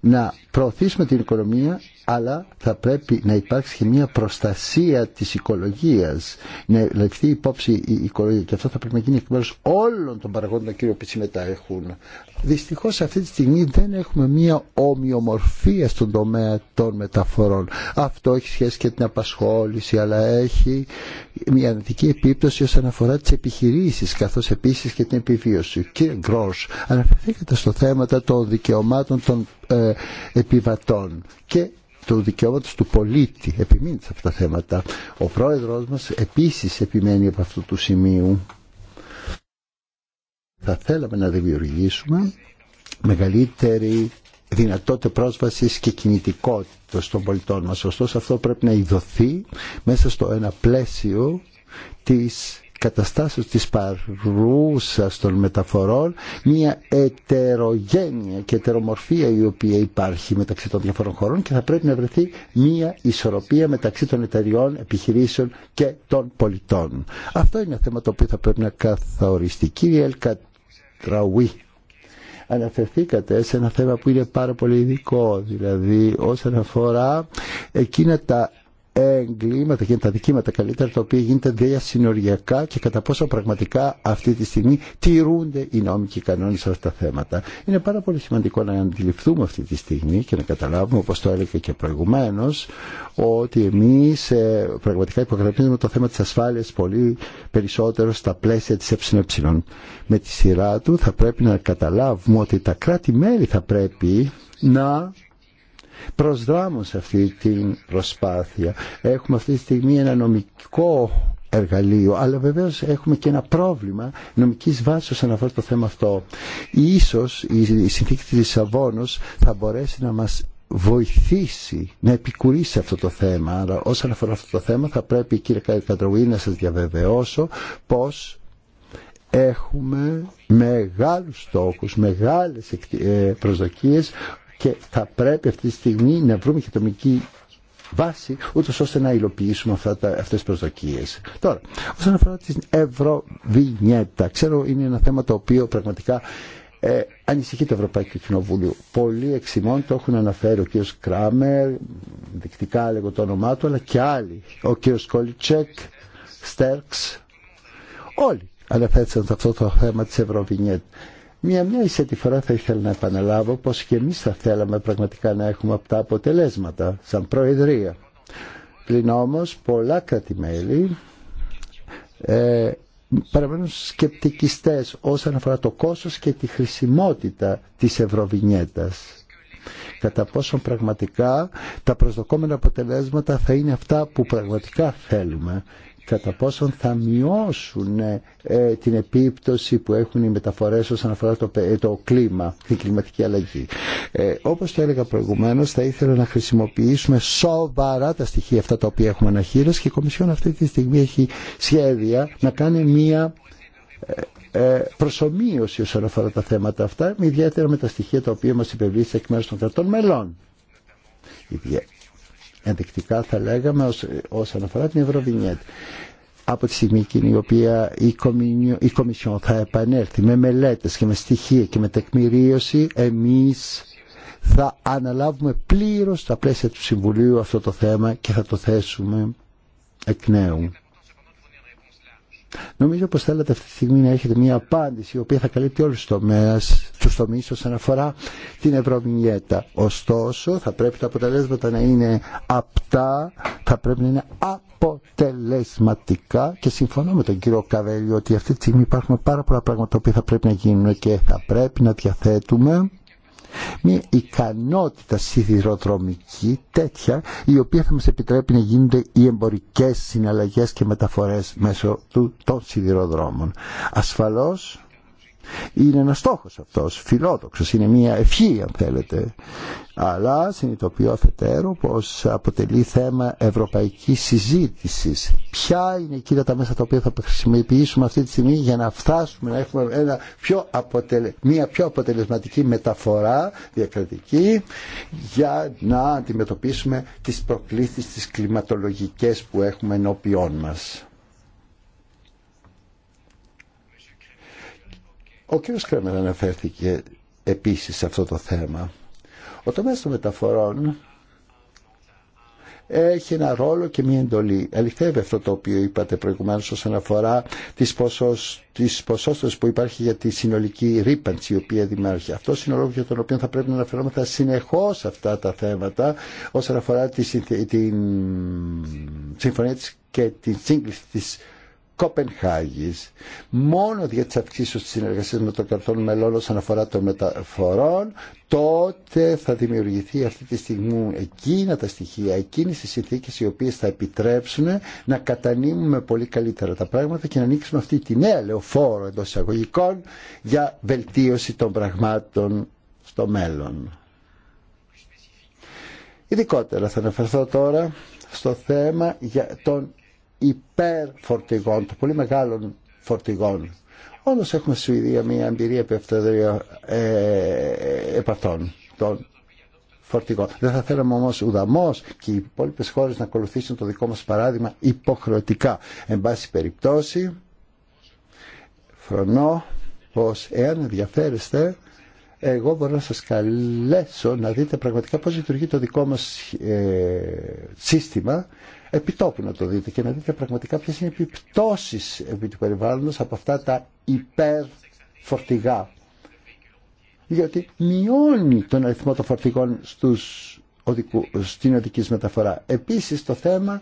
να προωθήσουμε την οικονομία αλλά θα πρέπει να υπάρξει και μια προστασία της οικολογίας, να λεφθεί υπόψη η οικολογία και αυτό θα πρέπει να γίνει εκ μέρους όλων των παραγόντων κύριο που συμμετέχουν. Δυστυχώς αυτή τη στιγμή δεν έχουμε μια ομοιομορφία στον τομέα των μεταφορών. Αυτό έχει σχέση και την απασχόληση, αλλά έχει μια αρνητική επίπτωση όσον αφορά τις επιχειρήσεις, καθώς επίσης και την επιβίωση. Κύριε Γκρός, αναφερθήκατε στο θέμα των δικαιωμάτων των ε, επιβατών του δικαιώματος του πολίτη. Επιμείνει σε αυτά τα θέματα. Ο πρόεδρος μας επίσης επιμένει από αυτού του σημείου. Θα θέλαμε να δημιουργήσουμε μεγαλύτερη δυνατότητα πρόσβασης και κινητικότητα των πολιτών μας. Ωστόσο αυτό πρέπει να ειδωθεί μέσα στο ένα πλαίσιο της καταστάσεως της παρούσας των μεταφορών μια ετερογένεια και ετερομορφία η οποία υπάρχει μεταξύ των διαφορών χωρών και θα πρέπει να βρεθεί μια ισορροπία μεταξύ των εταιριών, επιχειρήσεων και των πολιτών. Αυτό είναι ένα θέμα το οποίο θα πρέπει να καθοριστεί. Κύριε Ελκατραουή, αναφερθήκατε σε ένα θέμα που είναι πάρα πολύ ειδικό, δηλαδή όσον αφορά εκείνα τα εγκλήματα, και τα δικήματα καλύτερα, τα οποία γίνεται διασυνοριακά και κατά πόσο πραγματικά αυτή τη στιγμή τηρούνται οι νόμοι και οι κανόνες σε αυτά τα θέματα. Είναι πάρα πολύ σημαντικό να αντιληφθούμε αυτή τη στιγμή και να καταλάβουμε, όπως το έλεγε και προηγουμένως, ότι εμείς ε, πραγματικά υπογραμμίζουμε το θέμα της ασφάλειας πολύ περισσότερο στα πλαίσια της ΕΕ. Με τη σειρά του θα πρέπει να καταλάβουμε ότι τα κράτη-μέλη θα πρέπει να προσδράμουν σε αυτή την προσπάθεια. Έχουμε αυτή τη στιγμή ένα νομικό εργαλείο, αλλά βεβαίως έχουμε και ένα πρόβλημα νομικής βάσης όσον αφορά το θέμα αυτό. Ίσως η συνθήκη της Λισαβόνος θα μπορέσει να μας βοηθήσει να επικουρήσει αυτό το θέμα. Αλλά όσον αφορά αυτό το θέμα θα πρέπει κύριε Κατρογουή να σας διαβεβαιώσω πως έχουμε μεγάλους στόχους, μεγάλες ε, προσδοκίες και θα πρέπει αυτή τη στιγμή να βρούμε και τομική βάση ούτως ώστε να υλοποιήσουμε αυτά τα, αυτές τις προσδοκίες. Τώρα, όσον αφορά την Ευρωβινιέτα, ξέρω είναι ένα θέμα το οποίο πραγματικά ε, ανησυχεί το Ευρωπαϊκό Κοινοβούλιο. Πολλοί εξημών το έχουν αναφέρει ο κ. Κράμερ, δεικτικά λέγω το όνομά του, αλλά και άλλοι. Ο κ. Κόλιτσεκ, Στέρξ, όλοι αναφέρθησαν σε αυτό το θέμα της Ευρωβινιέτας. Μια μια εισέτη φορά θα ήθελα να επαναλάβω πως και εμείς θα θέλαμε πραγματικά να έχουμε αυτά αποτελέσματα σαν Προεδρία. Πλην όμως πολλά κρατημέλη ε, παραμένουν σκεπτικιστές όσον αφορά το κόστος και τη χρησιμότητα της Ευρωβινιέτας. Κατά πόσο πραγματικά τα προσδοκόμενα αποτελέσματα θα είναι αυτά που πραγματικά θέλουμε κατά πόσον θα μειώσουν ε, ε, την επίπτωση που έχουν οι μεταφορές όσον αφορά το, το κλίμα, την κλιματική αλλαγή. Ε, όπως το έλεγα προηγουμένως, θα ήθελα να χρησιμοποιήσουμε σοβαρά τα στοιχεία αυτά τα οποία έχουμε αναχείρες και η Κομισιόν αυτή τη στιγμή έχει σχέδια να κάνει μία ε, προσωμείωση όσον αφορά τα θέματα αυτά, ιδιαίτερα με τα στοιχεία τα οποία μας υπευλήθησαν εκ μέρους των κρατών μελών ενδεικτικά θα λέγαμε όσον αφορά την Ευρωβινιέτ. Από τη στιγμή εκείνη η οποία η Κομισιόν θα επανέλθει με μελέτες και με στοιχεία και με τεκμηρίωση, εμείς θα αναλάβουμε πλήρως στα πλαίσια του Συμβουλίου αυτό το θέμα και θα το θέσουμε εκ νέου. Νομίζω πως θέλετε αυτή τη στιγμή να έχετε μια απάντηση η οποία θα καλύπτει όλους τους τομείς, τους τομείς όσον αφορά την Ευρωμηνιέτα. Ωστόσο θα πρέπει τα αποτελέσματα να είναι απτά, θα πρέπει να είναι αποτελεσματικά και συμφωνώ με τον κύριο Καβέλιο ότι αυτή τη στιγμή υπάρχουν πάρα πολλά πράγματα που θα πρέπει να γίνουν και θα πρέπει να διαθέτουμε μια ικανότητα σιδηροδρομική τέτοια η οποία θα μας επιτρέπει να γίνονται οι εμπορικές συναλλαγές και μεταφορές μέσω του, των σιδηροδρόμων. Ασφαλώς είναι ένας στόχος αυτός, φιλόδοξος, είναι μια ευχή αν θέλετε. Αλλά συνειδητοποιώ αφετέρου πως αποτελεί θέμα ευρωπαϊκής συζήτησης. Ποια είναι εκείνα τα μέσα τα οποία θα χρησιμοποιήσουμε αυτή τη στιγμή για να φτάσουμε να έχουμε ένα πιο αποτελε... μια πιο αποτελεσματική μεταφορά διακρατική για να αντιμετωπίσουμε τις προκλήσεις τις κλιματολογικές που έχουμε ενώπιόν μας. Ο κύριος Κρέμερ αναφέρθηκε επίσης σε αυτό το θέμα. Ο τομέας των μεταφορών έχει ένα ρόλο και μια εντολή. Αληθεύει αυτό το οποίο είπατε προηγουμένως όσον αφορά τις, ποσός, τις που υπάρχει για τη συνολική ρήπανση η οποία δημιουργεί Αυτό είναι ο λόγος για τον οποίο θα πρέπει να αναφερόμαστε συνεχώς αυτά τα θέματα όσον αφορά τη, την συμφωνία της και την σύγκληση της Κοπενχάγης μόνο για τις αυξήσεις της συνεργασίας με το Καρτόν μελών όσον αφορά των μεταφορών τότε θα δημιουργηθεί αυτή τη στιγμή εκείνα τα στοιχεία, εκείνες οι συνθήκες οι οποίες θα επιτρέψουν να κατανείμουμε πολύ καλύτερα τα πράγματα και να ανοίξουμε αυτή τη νέα λεωφόρο εντό εισαγωγικών για βελτίωση των πραγμάτων στο μέλλον. Ειδικότερα θα αναφερθώ τώρα στο θέμα για τον φορτηγών, των πολύ μεγάλων φορτηγών. Όντω έχουμε στη Σουηδία μια εμπειρία επί ε, αυτών των φορτηγών. Δεν θα θέλαμε όμω ουδαμό και οι υπόλοιπε χώρε να ακολουθήσουν το δικό μα παράδειγμα υποχρεωτικά. Εν πάση περιπτώσει, φρονώ πω εάν ενδιαφέρεστε, εγώ μπορώ να σας καλέσω να δείτε πραγματικά πώς λειτουργεί το δικό μας ε, σύστημα επιτόπου να το δείτε και να δείτε πραγματικά ποιες είναι οι επιπτώσεις επί του περιβάλλοντος από αυτά τα υπερφορτηγά. Διότι μειώνει τον αριθμό των φορτηγών στους οδικού, στην οδική μεταφορά. Επίσης το θέμα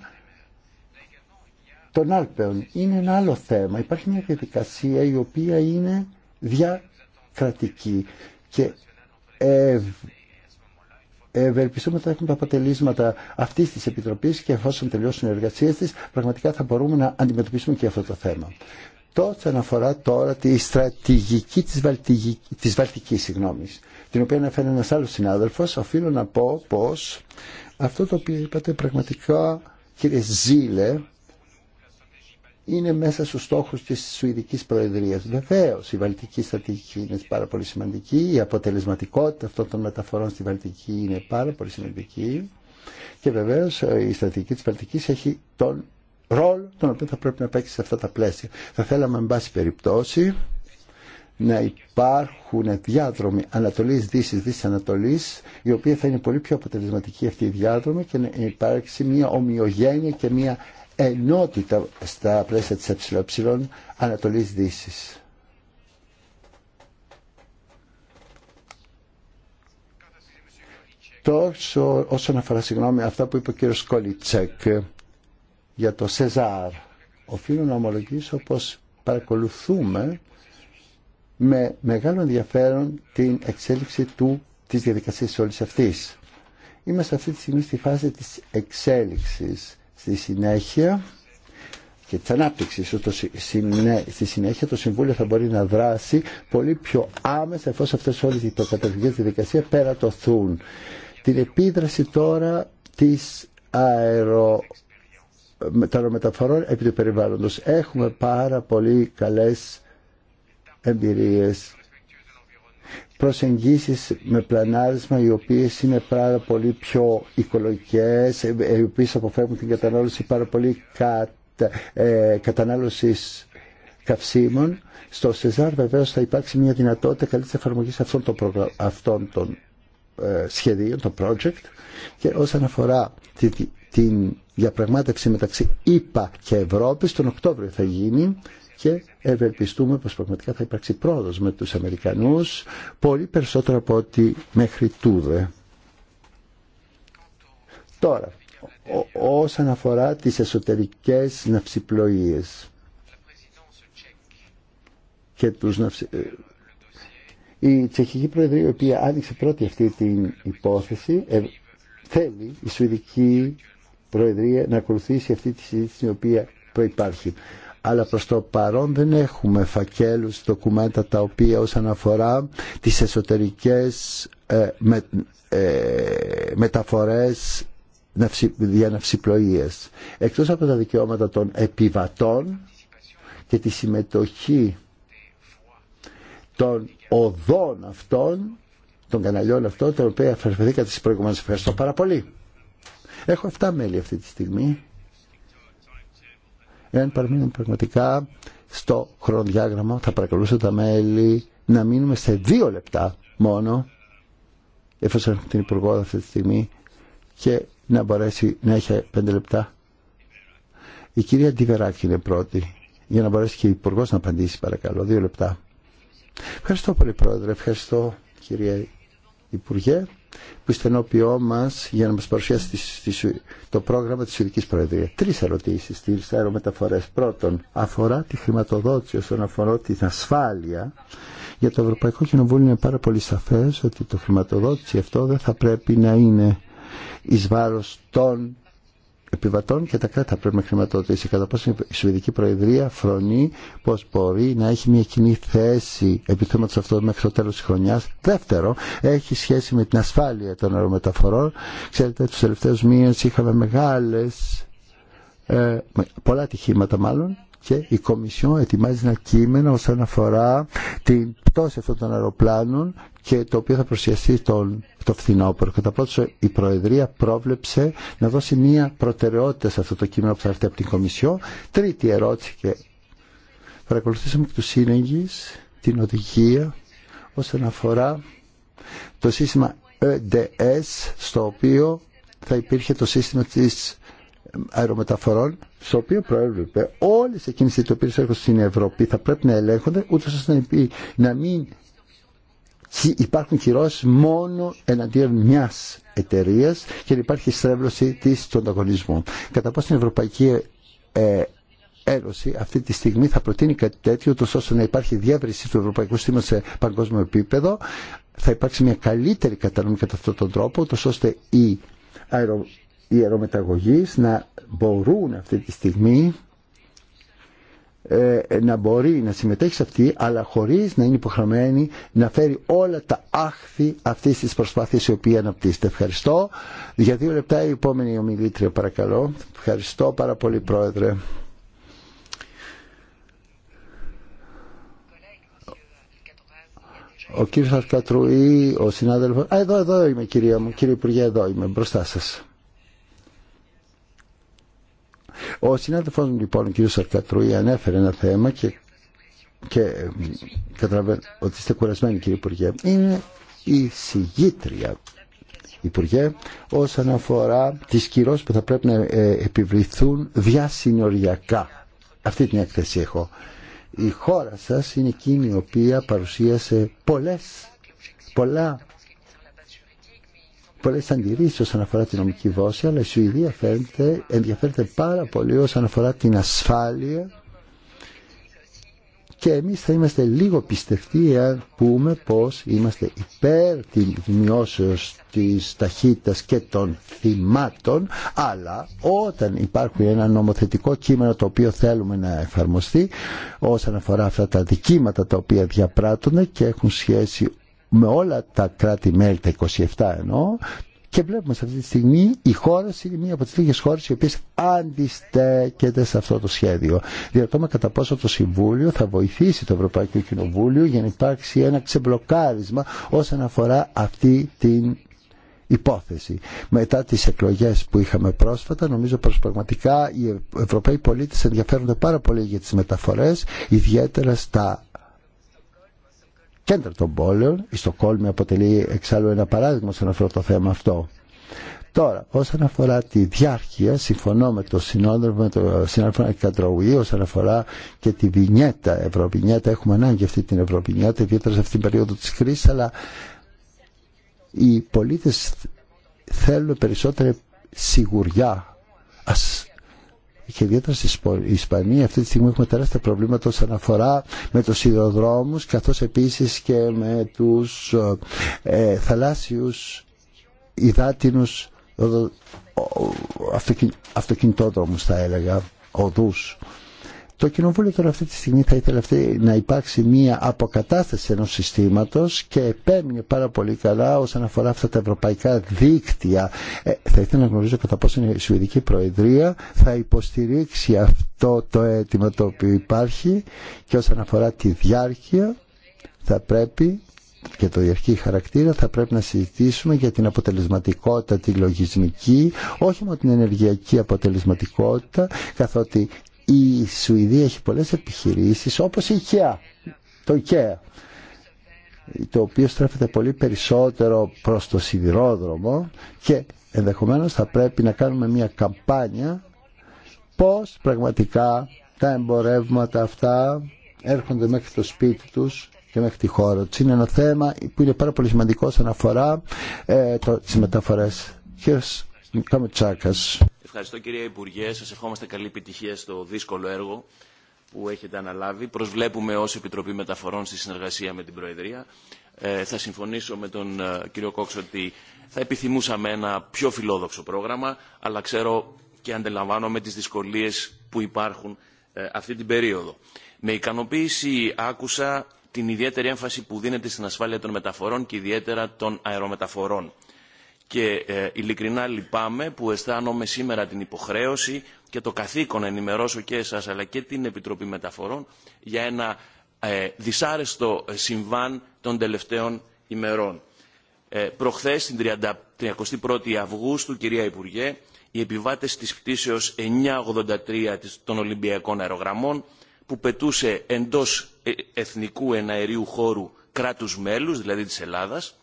των Άλπαιων είναι ένα άλλο θέμα. Υπάρχει μια διαδικασία η οποία είναι διακρατική και ευελπιστούμε ότι θα έχουμε τα αποτελέσματα αυτή τη Επιτροπή και εφόσον τελειώσουν οι εργασίε τη, πραγματικά θα μπορούμε να αντιμετωπίσουμε και αυτό το θέμα. Τότε αναφορά τώρα τη στρατηγική της, Βαλτική, Βαλτικής, συγγνώμη, την οποία αναφέρει ένας άλλος συνάδελφος, οφείλω να πω πως αυτό το οποίο είπατε πραγματικά κύριε Ζήλε είναι μέσα στους στόχους της Σουηδικής Προεδρίας. Βεβαίω, η βαλτική στρατηγική είναι πάρα πολύ σημαντική, η αποτελεσματικότητα αυτών των μεταφορών στη βαλτική είναι πάρα πολύ σημαντική και βεβαίω ε, η στρατηγική της βαλτικής έχει τον ρόλο τον οποίο θα πρέπει να παίξει σε αυτά τα πλαίσια. Θα θέλαμε, εν πάση περιπτώσει, να υπάρχουν διάδρομοι Ανατολής, Δύσης, Δύσης, Ανατολής οι οποίοι θα είναι πολύ πιο αποτελεσματικοί αυτοί οι διάδρομοι και να υπάρξει μια ομοιογένεια και μια ενότητα στα πλαίσια της ΕΕ Ανατολής Δύσης. Τόσο όσον αφορά συγγνώμη αυτά που είπε ο κύριος Κολιτσέκ για το Σεζάρ, οφείλω να ομολογήσω πως παρακολουθούμε με μεγάλο ενδιαφέρον την εξέλιξη του, της διαδικασίας όλης αυτής. Είμαστε αυτή τη στιγμή στη φάση της εξέλιξης Στη συνέχεια και τη ανάπτυξη Στη συνέχεια το Συμβούλιο θα μπορεί να δράσει πολύ πιο άμεσα εφόσον αυτές όλες οι πέρα το περατωθούν. Την επίδραση τώρα της αερο των αερομεταφορών επί του περιβάλλοντος. Έχουμε πάρα πολύ καλές εμπειρίες προσεγγίσεις με πλανάρισμα οι οποίες είναι πάρα πολύ πιο οικολογικές, ε, ε, οι οποίες αποφεύγουν την κατανάλωση πάρα πολύ κα, ε, κατανάλωσης καυσίμων. Στο ΣΕΖΑΡ βεβαίως θα υπάρξει μια δυνατότητα καλύτερη εφαρμογή αυτών των, αυτών των σχεδίων, των project και όσον αφορά την διαπραγμάτευση μεταξύ ΙΠΑ και Ευρώπης τον Οκτώβριο θα γίνει και ευελπιστούμε πως πραγματικά θα υπάρξει πρόοδος με τους Αμερικανούς πολύ περισσότερο από ό,τι μέχρι τούδε. Τώρα, όσον αφορά τις εσωτερικές ναυσιπλοίες και τους ε, Η Τσεχική Προεδρία, η οποία άνοιξε πρώτη αυτή την υπόθεση, ε, θέλει η Σουηδική Προεδρία να ακολουθήσει αυτή τη συζήτηση η οποία προϋπάρχει αλλά προς το παρόν δεν έχουμε φακέλους, δοκουμέντα τα οποία όσον αφορά τις εσωτερικές ε, με, ε, μεταφορές Εκτός από τα δικαιώματα των επιβατών και τη συμμετοχή των οδών αυτών, των καναλιών αυτών, τα οποία αφαιρεθήκατε στις προηγούμενες. Ευχαριστώ πάρα πολύ. Έχω 7 μέλη αυτή τη στιγμή. Εάν παραμείνουμε πραγματικά στο χρονοδιάγραμμα θα παρακαλούσα τα μέλη να μείνουμε σε δύο λεπτά μόνο εφόσον έχουμε την Υπουργό αυτή τη στιγμή και να μπορέσει να έχει πέντε λεπτά. Η κυρία Ντιβεράκη είναι πρώτη για να μπορέσει και η Υπουργό να απαντήσει παρακαλώ. Δύο λεπτά. Ευχαριστώ πολύ Πρόεδρε. Ευχαριστώ κυρία Υπουργέ που στενοποιώ μα για να μα παρουσιάσει το πρόγραμμα τη Σουηδική Προεδρία. Τρει ερωτήσει στι αερομεταφορέ. Πρώτον, αφορά τη χρηματοδότηση όσον αφορά την ασφάλεια. Για το Ευρωπαϊκό Κοινοβούλιο είναι πάρα πολύ σαφέ ότι το χρηματοδότηση αυτό δεν θα πρέπει να είναι ει βάρο των επιβατών και τα κράτη πρέπει να χρηματοδοτήσει. Κατά πόσο η Σουηδική Προεδρία φρονεί πω μπορεί να έχει μια κοινή θέση επί θέματο αυτό μέχρι το τέλο τη χρονιά. Δεύτερο, έχει σχέση με την ασφάλεια των αερομεταφορών. Ξέρετε, του τελευταίου μήνε είχαμε μεγάλε. Ε, πολλά ατυχήματα μάλλον και η Κομισιόν ετοιμάζει ένα κείμενο όσον αφορά την πτώση αυτών των αεροπλάνων και το οποίο θα προσιαστεί τον, το φθινόπωρο. Κατά πρώτο, η Προεδρία πρόβλεψε να δώσει μία προτεραιότητα σε αυτό το κείμενο που θα έρθει από την Κομισιόν. Τρίτη ερώτηση και παρακολουθήσαμε του σύνεγγυ την οδηγία όσον αφορά το σύστημα EDS ε στο οποίο θα υπήρχε το σύστημα της αερομεταφορών στο οποίο προέβλεπε όλε εκείνε οι τοπίε που έρχονται στην Ευρώπη θα πρέπει να ελέγχονται, ούτω ώστε να μην υπάρχουν κυρώσει μόνο εναντίον μια εταιρεία και να υπάρχει στρέβλωση τη του ανταγωνισμού. Κατά πόσο στην Ευρωπαϊκή ε, Ένωση αυτή τη στιγμή θα προτείνει κάτι τέτοιο, ώστε να υπάρχει διεύρυνση του ευρωπαϊκού σύστηματο σε παγκόσμιο επίπεδο, θα υπάρξει μια καλύτερη κατανομή κατά αυτόν τον τρόπο, ούτω ώστε οι αερο οι να μπορούν αυτή τη στιγμή ε, να μπορεί να συμμετέχει σε αυτή αλλά χωρίς να είναι υποχρεωμένη να φέρει όλα τα άχθη αυτής της προσπάθειας η οποία αναπτύσσεται. Ευχαριστώ. Για δύο λεπτά η επόμενη ομιλήτρια παρακαλώ. Ευχαριστώ πάρα πολύ πρόεδρε. Ο κύριος Αρκατρουή, ο συνάδελφος... Α, εδώ, εδώ είμαι κυρία μου, κύριε Υπουργέ, εδώ είμαι, μπροστά σας. Ο συνάδελφό μου λοιπόν, ο κ. Σαρκατρούη, ανέφερε ένα θέμα και, και ε, καταλαβαίνω ότι είστε κουρασμένοι κύριε Υπουργέ. Είναι η συγγήτρια Υπουργέ, όσον αφορά τις κυρώσει που θα πρέπει να ε, επιβληθούν διασυνοριακά. Αυτή την έκθεση έχω. Η χώρα σας είναι εκείνη η οποία παρουσίασε πολλές, πολλά πολλέ αντιρρήσει όσον αφορά την νομική βόση, αλλά η Σουηδία φαίνεται, ενδιαφέρεται πάρα πολύ όσον αφορά την ασφάλεια και εμείς θα είμαστε λίγο πιστευτοί αν πούμε πως είμαστε υπέρ τη μειώσεως της ταχύτητας και των θυμάτων αλλά όταν υπάρχει ένα νομοθετικό κείμενο το οποίο θέλουμε να εφαρμοστεί όσον αφορά αυτά τα δικήματα τα οποία διαπράττονται και έχουν σχέση με όλα τα κράτη-μέλη, τα 27 ενώ, και βλέπουμε σε αυτή τη στιγμή η χώρα είναι μία από τι λίγε χώρε οι οποίε αντιστέκεται σε αυτό το σχέδιο. Διαρωτώμε κατά πόσο το Συμβούλιο θα βοηθήσει το Ευρωπαϊκό Κοινοβούλιο για να υπάρξει ένα ξεμπλοκάρισμα όσον αφορά αυτή την υπόθεση. Μετά τις εκλογές που είχαμε πρόσφατα, νομίζω πως πραγματικά οι Ευρωπαίοι πολίτες ενδιαφέρονται πάρα πολύ για τις μεταφορές, ιδιαίτερα στα Κέντρο των πόλεων. Η Στοκόλμη αποτελεί εξάλλου ένα παράδειγμα σε αυτό το θέμα αυτό. Τώρα, όσον αφορά τη διάρκεια, συμφωνώ με το συνόδευμα, με τον συνάδελφο Κατρογουή, όσον αφορά και τη βινιέτα, Ευρωβινιέτα, έχουμε ανάγκη αυτή την Ευρωβινιέτα, ιδιαίτερα σε αυτήν την περίοδο της κρίσης, αλλά οι πολίτες θέλουν περισσότερη σιγουριά. Ας και ιδιαίτερα στην Ισπανία αυτή τη στιγμή έχουμε τεράστια προβλήματα όσον αφορά με τους σιδηροδρόμους καθώς επίσης και με τους ε, θαλάσσιους υδάτινους αυτοκινητόδρομους θα έλεγα, οδούς. Το Κοινοβούλιο τώρα αυτή τη στιγμή θα ήθελε αυτή να υπάρξει μία αποκατάσταση ενός συστήματος και επέμεινε πάρα πολύ καλά όσον αφορά αυτά τα ευρωπαϊκά δίκτυα. Ε, θα ήθελα να γνωρίζω κατά πόσο η Σουηδική Προεδρία θα υποστηρίξει αυτό το αίτημα το οποίο υπάρχει και όσον αφορά τη διάρκεια θα πρέπει και το διαρκή χαρακτήρα θα πρέπει να συζητήσουμε για την αποτελεσματικότητα τη λογισμική, όχι μόνο την ενεργειακή αποτελεσματικότητα, καθότι η Σουηδία έχει πολλές επιχειρήσεις όπως η IKEA, το IKEA το οποίο στρέφεται πολύ περισσότερο προς το σιδηρόδρομο και ενδεχομένως θα πρέπει να κάνουμε μια καμπάνια πώς πραγματικά τα εμπορεύματα αυτά έρχονται μέχρι το σπίτι τους και μέχρι τη χώρα τους. Είναι ένα θέμα που είναι πάρα πολύ σημαντικό σαν αφορά ε, το, τις μεταφορές. Ευχαριστώ κύριε Υπουργέ. Σα ευχόμαστε καλή επιτυχία στο δύσκολο έργο που έχετε αναλάβει. Προσβλέπουμε ω Επιτροπή Μεταφορών στη συνεργασία με την Προεδρία. Ε, θα συμφωνήσω με τον ε, κύριο Κόξ ότι θα επιθυμούσαμε ένα πιο φιλόδοξο πρόγραμμα, αλλά ξέρω και αντιλαμβάνομαι τι δυσκολίε που υπάρχουν ε, αυτή την περίοδο. Με ικανοποίηση άκουσα την ιδιαίτερη έμφαση που δίνεται στην ασφάλεια των μεταφορών και ιδιαίτερα των αερομεταφορών και ε, ειλικρινά λυπάμαι που αισθάνομαι σήμερα την υποχρέωση και το καθήκον να ενημερώσω και εσάς αλλά και την Επιτροπή Μεταφορών για ένα ε, δυσάρεστο ε, συμβάν των τελευταίων ημερών. προχθές, την 31η Αυγούστου, κυρία Υπουργέ, οι επιβάτες της πτήσεως 983 των Ολυμπιακών Αερογραμμών που πετούσε εντός εθνικού εναερίου χώρου κράτους μέλους, δηλαδή της Ελλάδας,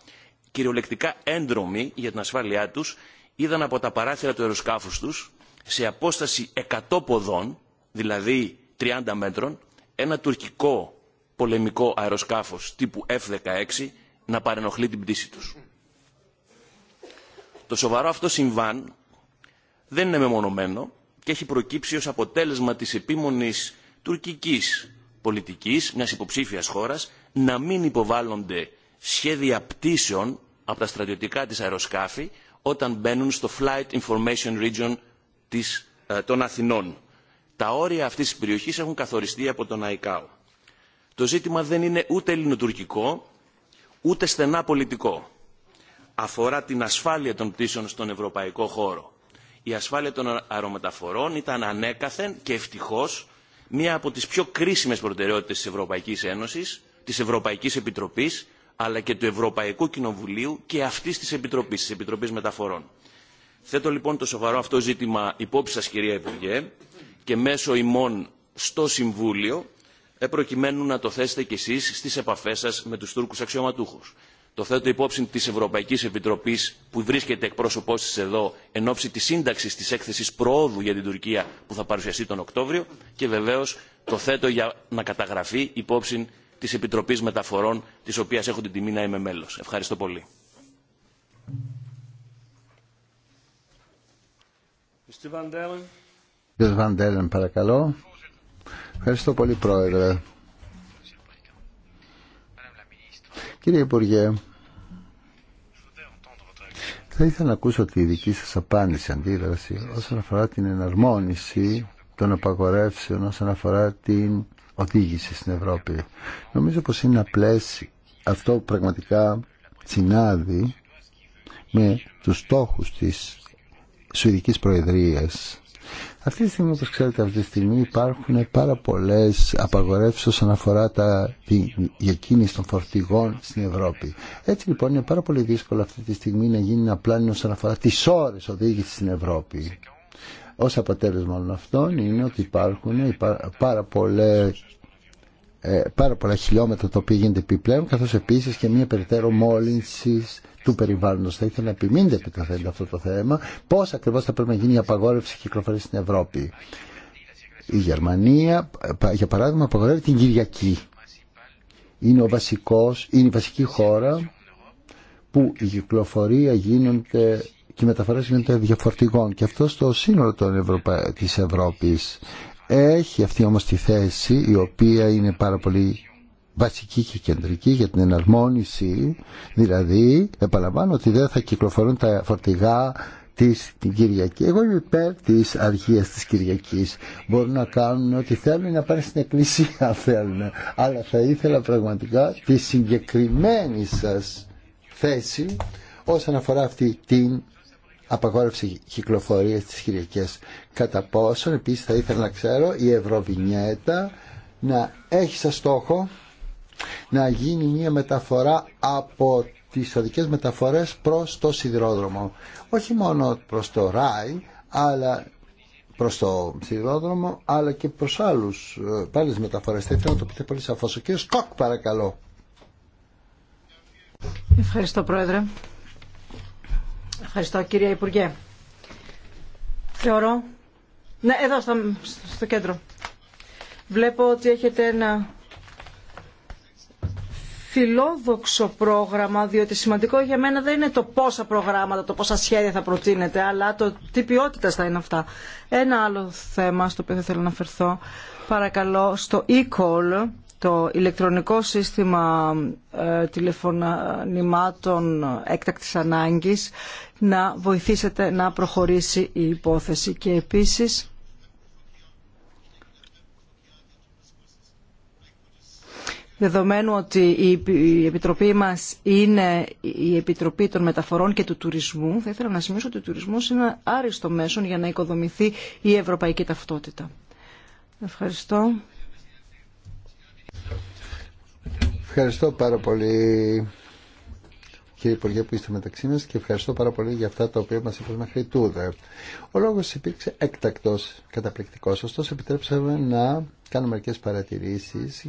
κυριολεκτικά έντρομοι για την ασφάλειά τους είδαν από τα παράθυρα του αεροσκάφους τους σε απόσταση 100 ποδών, δηλαδή 30 μέτρων, ένα τουρκικό πολεμικό αεροσκάφος τύπου F-16 να παρενοχλεί την πτήση τους. Το σοβαρό αυτό συμβάν δεν είναι μεμονωμένο και έχει προκύψει ως αποτέλεσμα της επίμονης τουρκικής πολιτικής μιας υποψήφιας χώρας να μην υποβάλλονται σχέδια πτήσεων από τα στρατιωτικά της αεροσκάφη όταν μπαίνουν στο Flight Information Region της, ε, των Αθηνών. Τα όρια αυτής της περιοχής έχουν καθοριστεί από τον ΑΙΚΑΟ. Το ζήτημα δεν είναι ούτε ελληνοτουρκικό, ούτε στενά πολιτικό. Αφορά την ασφάλεια των πτήσεων στον ευρωπαϊκό χώρο. Η ασφάλεια των αερομεταφορών ήταν ανέκαθεν και ευτυχώς μία από τις πιο κρίσιμες προτεραιότητες της Ευρωπαϊκής Ένωσης, της Ευρωπαϊκής Επιτροπής αλλά και του Ευρωπαϊκού Κοινοβουλίου και αυτής της Επιτροπής, της Επιτροπής Μεταφορών. Θέτω λοιπόν το σοβαρό αυτό ζήτημα υπόψη σας κυρία Υπουργέ και μέσω ημών στο Συμβούλιο ε, προκειμένου να το θέσετε κι εσείς στις επαφές σας με τους Τούρκους αξιωματούχους. Το θέτω υπόψη της Ευρωπαϊκής Επιτροπής που βρίσκεται εκπρόσωπός της εδώ εν ώψη της σύνταξης της έκθεσης προόδου για την Τουρκία που θα παρουσιαστεί τον Οκτώβριο και βεβαίω το θέτω για να καταγραφεί υπόψη της Επιτροπής Μεταφορών, της οποίας έχω την τιμή να είμαι μέλος. Ευχαριστώ πολύ. Κύριε Βαντέλεν, παρακαλώ. Ευχαριστώ πολύ, Πρόεδρε. Κύριε Υπουργέ, θα ήθελα να ακούσω τη δική σας απάντηση, αντίδραση όσον αφορά την εναρμόνιση των απαγορεύσεων, όσον αφορά την οδήγησε στην Ευρώπη. Νομίζω πως είναι απλές αυτό που πραγματικά συνάδει με τους στόχους της Σουηδικής Προεδρίας. Αυτή τη στιγμή, όπως ξέρετε, αυτή τη στιγμή υπάρχουν πάρα πολλές απαγορεύσεις όσον αφορά τα, διακίνηση των φορτηγών στην Ευρώπη. Έτσι λοιπόν είναι πάρα πολύ δύσκολο αυτή τη στιγμή να γίνει ένα πλάνο όσον αφορά τις ώρες οδήγησης στην Ευρώπη. Ως αποτέλεσμα όλων αυτών είναι ότι υπάρχουν πάρα, πολλέ, ε, πάρα πολλά χιλιόμετρα τα οποία γίνεται επιπλέον καθώς επίσης και μια περιττέρω μόλυνση του περιβάλλοντος. Θα ήθελα να επιμείνετε επιτραφέντε αυτό το θέμα πώς ακριβώς θα πρέπει να γίνει η απαγόρευση κυκλοφορίας στην Ευρώπη. Η Γερμανία, για παράδειγμα, απαγορεύει την Κυριακή. Είναι, ο βασικός, είναι η βασική χώρα που η κυκλοφορία γίνεται και οι μεταφορές γίνονται διαφορετικών και αυτό στο σύνολο των Ευρωπα... της Ευρώπης έχει αυτή όμως τη θέση η οποία είναι πάρα πολύ βασική και κεντρική για την εναρμόνιση δηλαδή επαναλαμβάνω ότι δεν θα κυκλοφορούν τα φορτηγά της, την Κυριακή. Εγώ είμαι υπέρ τη αρχεία τη Κυριακή. Μπορούν να κάνουν ό,τι θέλουν να πάνε στην εκκλησία θέλουν. Αλλά θα ήθελα πραγματικά τη συγκεκριμένη σα θέση όσον αφορά αυτή την απαγόρευση κυκλοφορία τη Κυριακές. Κατά πόσον επίσης θα ήθελα να ξέρω η Ευρωβινιέτα να έχει σαν στόχο να γίνει μια μεταφορά από τις οδικές μεταφορές προς το σιδηρόδρομο. Όχι μόνο προς το ΡΑΙ, αλλά προς το σιδηρόδρομο, αλλά και προς άλλους ε, πάλι μεταφορές. Θα ήθελα να το πείτε πολύ σαφώς. Ο κύριος Κοκ, παρακαλώ. Ευχαριστώ, Πρόεδρε. Ευχαριστώ κύριε Υπουργέ. Θεωρώ... Ναι, εδώ στο, κέντρο. Βλέπω ότι έχετε ένα φιλόδοξο πρόγραμμα, διότι σημαντικό για μένα δεν είναι το πόσα προγράμματα, το πόσα σχέδια θα προτείνετε, αλλά το τι ποιότητα θα είναι αυτά. Ένα άλλο θέμα στο οποίο θα θέλω να αφαιρθώ, παρακαλώ, στο e-call το ηλεκτρονικό σύστημα ε, τηλεφωνημάτων έκτακτης ανάγκης να βοηθήσετε να προχωρήσει η υπόθεση και επίσης δεδομένου ότι η Επιτροπή μας είναι η Επιτροπή των Μεταφορών και του Τουρισμού θα ήθελα να σημειώσω ότι ο τουρισμός είναι άριστο μέσο για να οικοδομηθεί η ευρωπαϊκή ταυτότητα. Ευχαριστώ. Ευχαριστώ πάρα πολύ κύριε Υπουργέ που είστε μεταξύ μας και ευχαριστώ πάρα πολύ για αυτά τα οποία μας είπες μέχρι τούδε. Ο λόγος υπήρξε έκτακτος, καταπληκτικός, ωστόσο επιτρέψαμε να κάνουμε μερικές παρατηρήσεις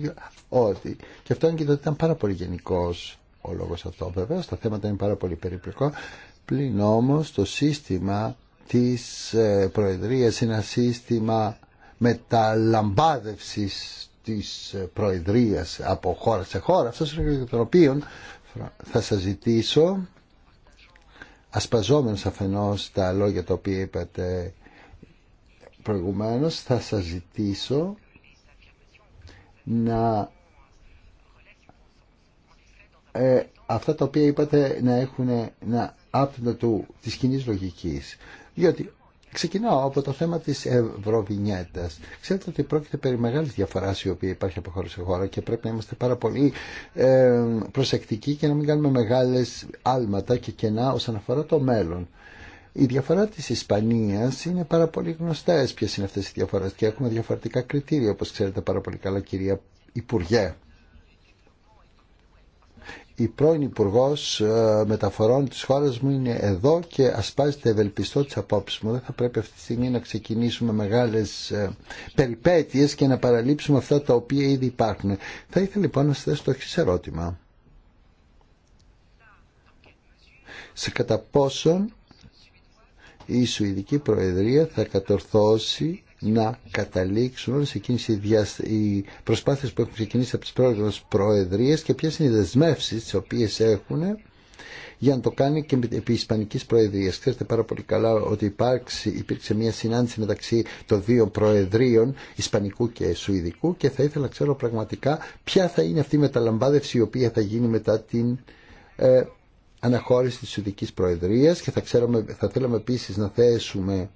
ότι και αυτό είναι και το ότι ήταν πάρα πολύ γενικό ο λόγος αυτό βέβαια, τα θέματα είναι πάρα πολύ περιπλοκό, πλην όμως το σύστημα της ε, Προεδρίας είναι ένα σύστημα μεταλαμπάδευσης της Προεδρίας από χώρα σε χώρα, αυτός είναι θα σας ζητήσω ασπαζόμενος αφενός τα λόγια τα οποία είπατε προηγουμένως θα σας ζητήσω να ε, αυτά τα οποία είπατε να έχουν να άπτονται του της κοινή λογικής διότι Ξεκινάω από το θέμα της Ευρωβινιέτας. Ξέρετε ότι πρόκειται περί μεγάλης διαφοράς η οποία υπάρχει από χώρα σε χώρα και πρέπει να είμαστε πάρα πολύ ε, προσεκτικοί και να μην κάνουμε μεγάλες άλματα και κενά όσον αφορά το μέλλον. Η διαφορά της Ισπανίας είναι πάρα πολύ γνωστές ποιες είναι αυτές οι διαφορές και έχουμε διαφορετικά κριτήρια όπως ξέρετε πάρα πολύ καλά κυρία Υπουργέ η πρώην Υπουργό ε, Μεταφορών της χώρας μου είναι εδώ και ασπάζεται ευελπιστό της απόψης μου. Δεν θα πρέπει αυτή τη στιγμή να ξεκινήσουμε μεγάλες ε, περιπέτειες και να παραλείψουμε αυτά τα οποία ήδη υπάρχουν. Θα ήθελα λοιπόν να σας θέσω το έχει ερώτημα. Σε κατά πόσον η Σουηδική Προεδρία θα κατορθώσει να καταλήξουν σε εκείνες οι, διασ... οι προσπάθειες που έχουν ξεκινήσει από τις πρόεδρες προεδρίες και ποιες είναι οι δεσμεύσεις τις οποίες έχουν για να το κάνει και επί Ισπανικής προεδρία. Ξέρετε πάρα πολύ καλά ότι υπάρξει, υπήρξε μια συνάντηση μεταξύ των δύο Προεδρίων, Ισπανικού και Σουηδικού και θα ήθελα να ξέρω πραγματικά ποια θα είναι αυτή η μεταλαμπάδευση η οποία θα γίνει μετά την ε, αναχώρηση της Σουηδικής Προεδρίας και θα, ξέρουμε, θα θέλαμε επίσης να θέσουμε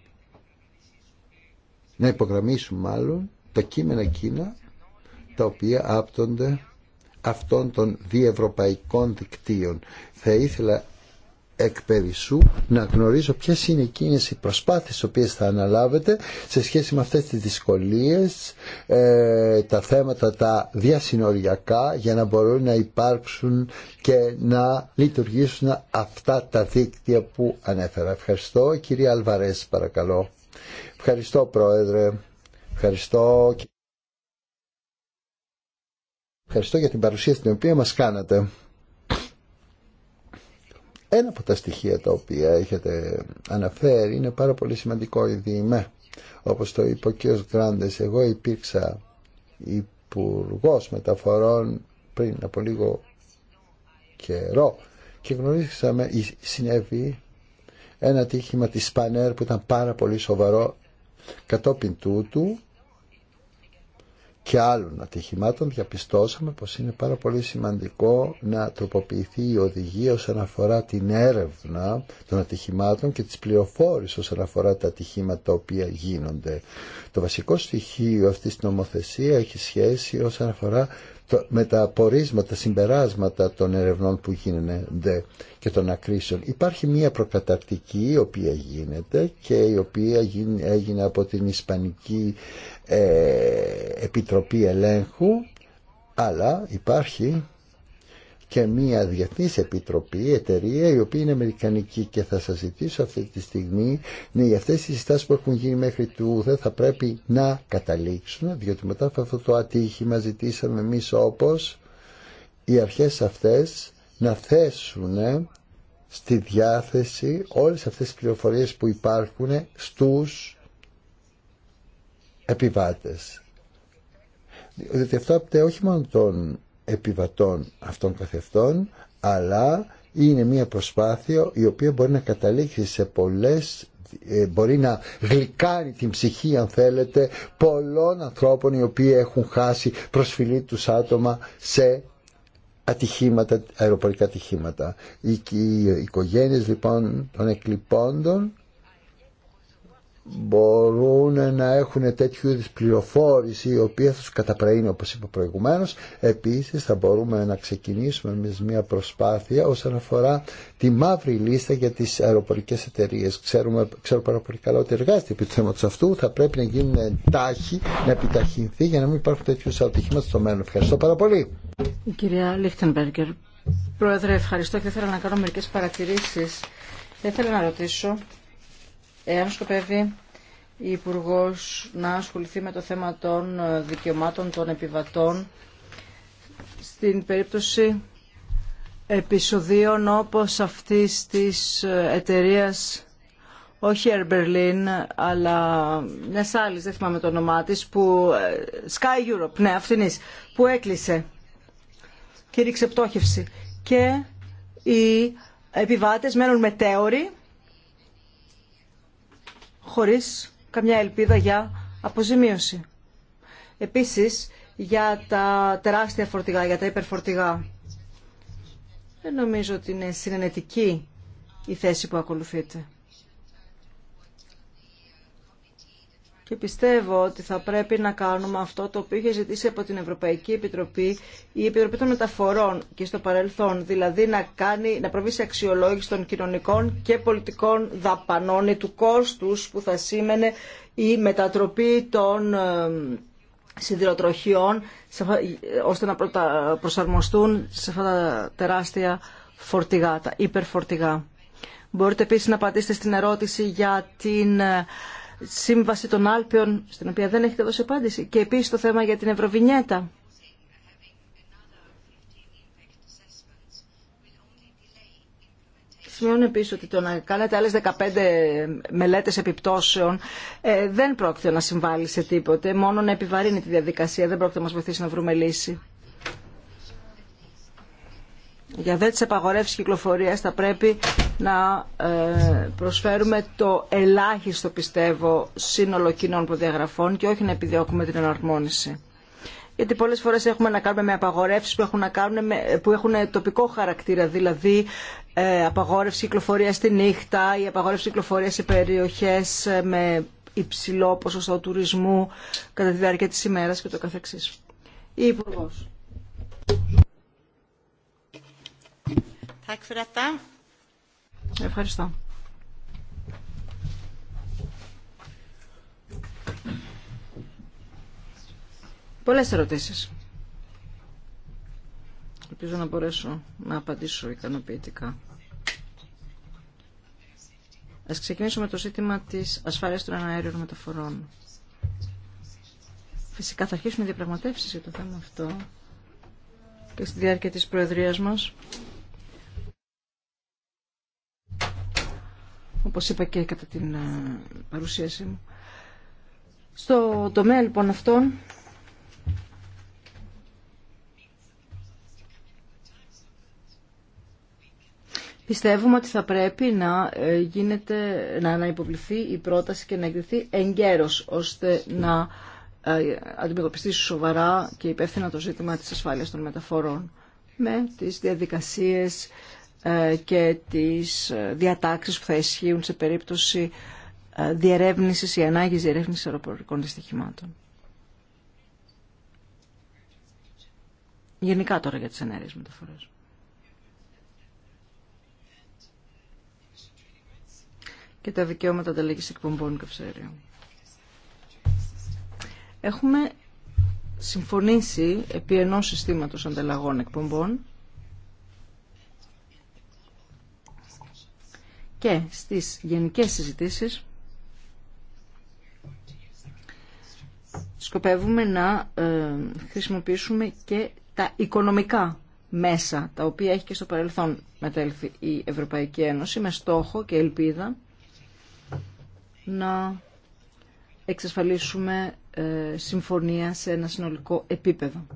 να υπογραμμίσουμε μάλλον τα κείμενα εκείνα τα οποία άπτονται αυτών των διευρωπαϊκών δικτύων. Θα ήθελα εκ περισσού να γνωρίζω ποιες είναι εκείνες οι προσπάθειες οποίες θα αναλάβετε σε σχέση με αυτές τις δυσκολίες ε, τα θέματα τα διασυνοριακά για να μπορούν να υπάρξουν και να λειτουργήσουν αυτά τα δίκτυα που ανέφερα. Ευχαριστώ. Κυρία Αλβαρέ, παρακαλώ. Ευχαριστώ Πρόεδρε. Ευχαριστώ. Ευχαριστώ για την παρουσία στην οποία μας κάνατε. Ένα από τα στοιχεία τα οποία έχετε αναφέρει είναι πάρα πολύ σημαντικό ήδη Όπως το είπε ο κ. Γκράντες, εγώ υπήρξα υπουργό μεταφορών πριν από λίγο καιρό και γνωρίσαμε, συνέβη ένα τύχημα της Σπανέρ που ήταν πάρα πολύ σοβαρό Κατόπιν τούτου και άλλων ατυχημάτων διαπιστώσαμε πως είναι πάρα πολύ σημαντικό να τροποποιηθεί η οδηγία όσον αφορά την έρευνα των ατυχημάτων και τις πληροφόρηση όσον αφορά τα ατυχήματα τα οποία γίνονται. Το βασικό στοιχείο αυτής της νομοθεσία έχει σχέση όσον αφορά με τα απορίσματα, συμπεράσματα των ερευνών που γίνονται και των ακρίσεων. Υπάρχει μια προκαταρτική η οποία γίνεται και η οποία έγινε από την Ισπανική ε, Επιτροπή Ελέγχου αλλά υπάρχει και μια διεθνής επιτροπή, εταιρεία, η οποία είναι αμερικανική και θα σας ζητήσω αυτή τη στιγμή, ναι, για αυτές τις συστάσεις που έχουν γίνει μέχρι τούδε θα πρέπει να καταλήξουν, διότι μετά από αυτό το ατύχημα ζητήσαμε εμεί όπως οι αρχές αυτές να θέσουν ε, στη διάθεση όλες αυτές τις πληροφορίες που υπάρχουν στους επιβάτες. Διότι αυτό απαιτεί όχι μόνο τον επιβατών αυτών καθευτών, αλλά είναι μια προσπάθεια η οποία μπορεί να καταλήξει σε πολλές ε, μπορεί να γλυκάνει την ψυχή αν θέλετε πολλών ανθρώπων οι οποίοι έχουν χάσει προσφυλή τους άτομα σε ατυχήματα, αεροπορικά ατυχήματα. Οι, οι οικογένειες λοιπόν των εκλειπώντων μπορούν να έχουν τέτοιου είδους πληροφόρηση η οποία θα τους καταπραίνει όπως είπα προηγουμένως επίσης θα μπορούμε να ξεκινήσουμε με μια προσπάθεια όσον αφορά τη μαύρη λίστα για τις αεροπορικές εταιρείες Ξέρουμε, ξέρω πάρα πολύ καλά ότι εργάζεται επί του θέματος αυτού θα πρέπει να γίνουν τάχοι να επιταχυνθεί για να μην υπάρχουν τέτοιου ατυχήματα στο μέλλον Ευχαριστώ πάρα πολύ Η κυρία Λίχτενμπεργκερ Πρόεδρε ευχαριστώ και θέλω να κάνω μερικές παρατηρήσεις θα ήθελα να ρωτήσω εάν σκοπεύει η Υπουργό να ασχοληθεί με το θέμα των ε, δικαιωμάτων των επιβατών στην περίπτωση επεισοδίων όπως αυτής της ε, εταιρείας όχι Air Berlin, αλλά μια άλλη, δεν θυμάμαι το όνομά τη, που. Ε, Sky Europe, ναι, αυτήν που έκλεισε και ρίξε πτώχευση. Και οι επιβάτες μένουν μετέωροι χωρίς καμιά ελπίδα για αποζημίωση. Επίσης, για τα τεράστια φορτηγά, για τα υπερφορτηγά. Δεν νομίζω ότι είναι συνενετική η θέση που ακολουθείτε. και πιστεύω ότι θα πρέπει να κάνουμε αυτό το οποίο είχε ζητήσει από την Ευρωπαϊκή Επιτροπή η Επιτροπή των Μεταφορών και στο παρελθόν, δηλαδή να, κάνει, να προβεί σε αξιολόγηση των κοινωνικών και πολιτικών δαπανών ή του κόστους που θα σήμαινε η μετατροπή των ε, σιδηροτροχιών ε, ώστε να προσαρμοστούν σε αυτά τα τεράστια φορτηγά, τα υπερφορτηγά. Μπορείτε επίσης να απαντήσετε στην ερώτηση για την ε, σύμβαση των Άλπιων, στην οποία δεν έχετε δώσει απάντηση. Και επίσης το θέμα για την Ευρωβινιέτα. Σημειώνω επίση ότι το να κάνετε άλλε 15 μελέτε επιπτώσεων ε, δεν πρόκειται να συμβάλλει σε τίποτε. Μόνο να επιβαρύνει τη διαδικασία. Δεν πρόκειται να μα βοηθήσει να βρούμε λύση για δε τις απαγορεύσεις κυκλοφορίας θα πρέπει να ε, προσφέρουμε το ελάχιστο πιστεύω σύνολο κοινών προδιαγραφών και όχι να επιδιώκουμε την εναρμόνιση. Γιατί πολλές φορές έχουμε να κάνουμε με απαγορεύσεις που έχουν, να που έχουν τοπικό χαρακτήρα, δηλαδή ε, απαγόρευση κυκλοφορίας στη νύχτα ή απαγόρευση κυκλοφορία σε περιοχές ε, με υψηλό ποσοστό τουρισμού κατά τη διάρκεια της ημέρας και το καθεξής. Ευχαριστώ. Πολλές ερωτήσεις. Ελπίζω να μπορέσω να απαντήσω ικανοποιητικά. Ας ξεκινήσουμε με το ζήτημα της ασφάλειας των αέριων μεταφορών. Φυσικά θα αρχίσουν οι διαπραγματεύσεις για το θέμα αυτό και στη διάρκεια της Προεδρίας μας όπως είπα και κατά την ε, παρουσίασή μου. Στο τομέα λοιπόν αυτών Πιστεύουμε ότι θα πρέπει να, ε, γίνεται, να, να υποβληθεί η πρόταση και να εκδηθεί εγκαίρως, ώστε να ε, αντιμετωπιστεί σοβαρά και υπεύθυνα το ζήτημα της ασφάλειας των μεταφορών με τις διαδικασίες ε, και τις διατάξεις που θα ισχύουν σε περίπτωση ε, διερεύνησης ή ανάγκης διερεύνησης αεροπορικών δυστυχημάτων. Γενικά τώρα για τις ενέργειες μεταφορές. και τα δικαιώματα ανταλλαγή εκπομπών καυσαερίων. Έχουμε συμφωνήσει επί ενός συστήματος ανταλλαγών εκπομπών και στις γενικές συζητήσεις σκοπεύουμε να ε, χρησιμοποιήσουμε και τα οικονομικά μέσα τα οποία έχει και στο παρελθόν μετέλθει η Ευρωπαϊκή Ένωση με στόχο και ελπίδα να εξασφαλίσουμε ε, συμφωνία σε ένα συνολικό επίπεδο.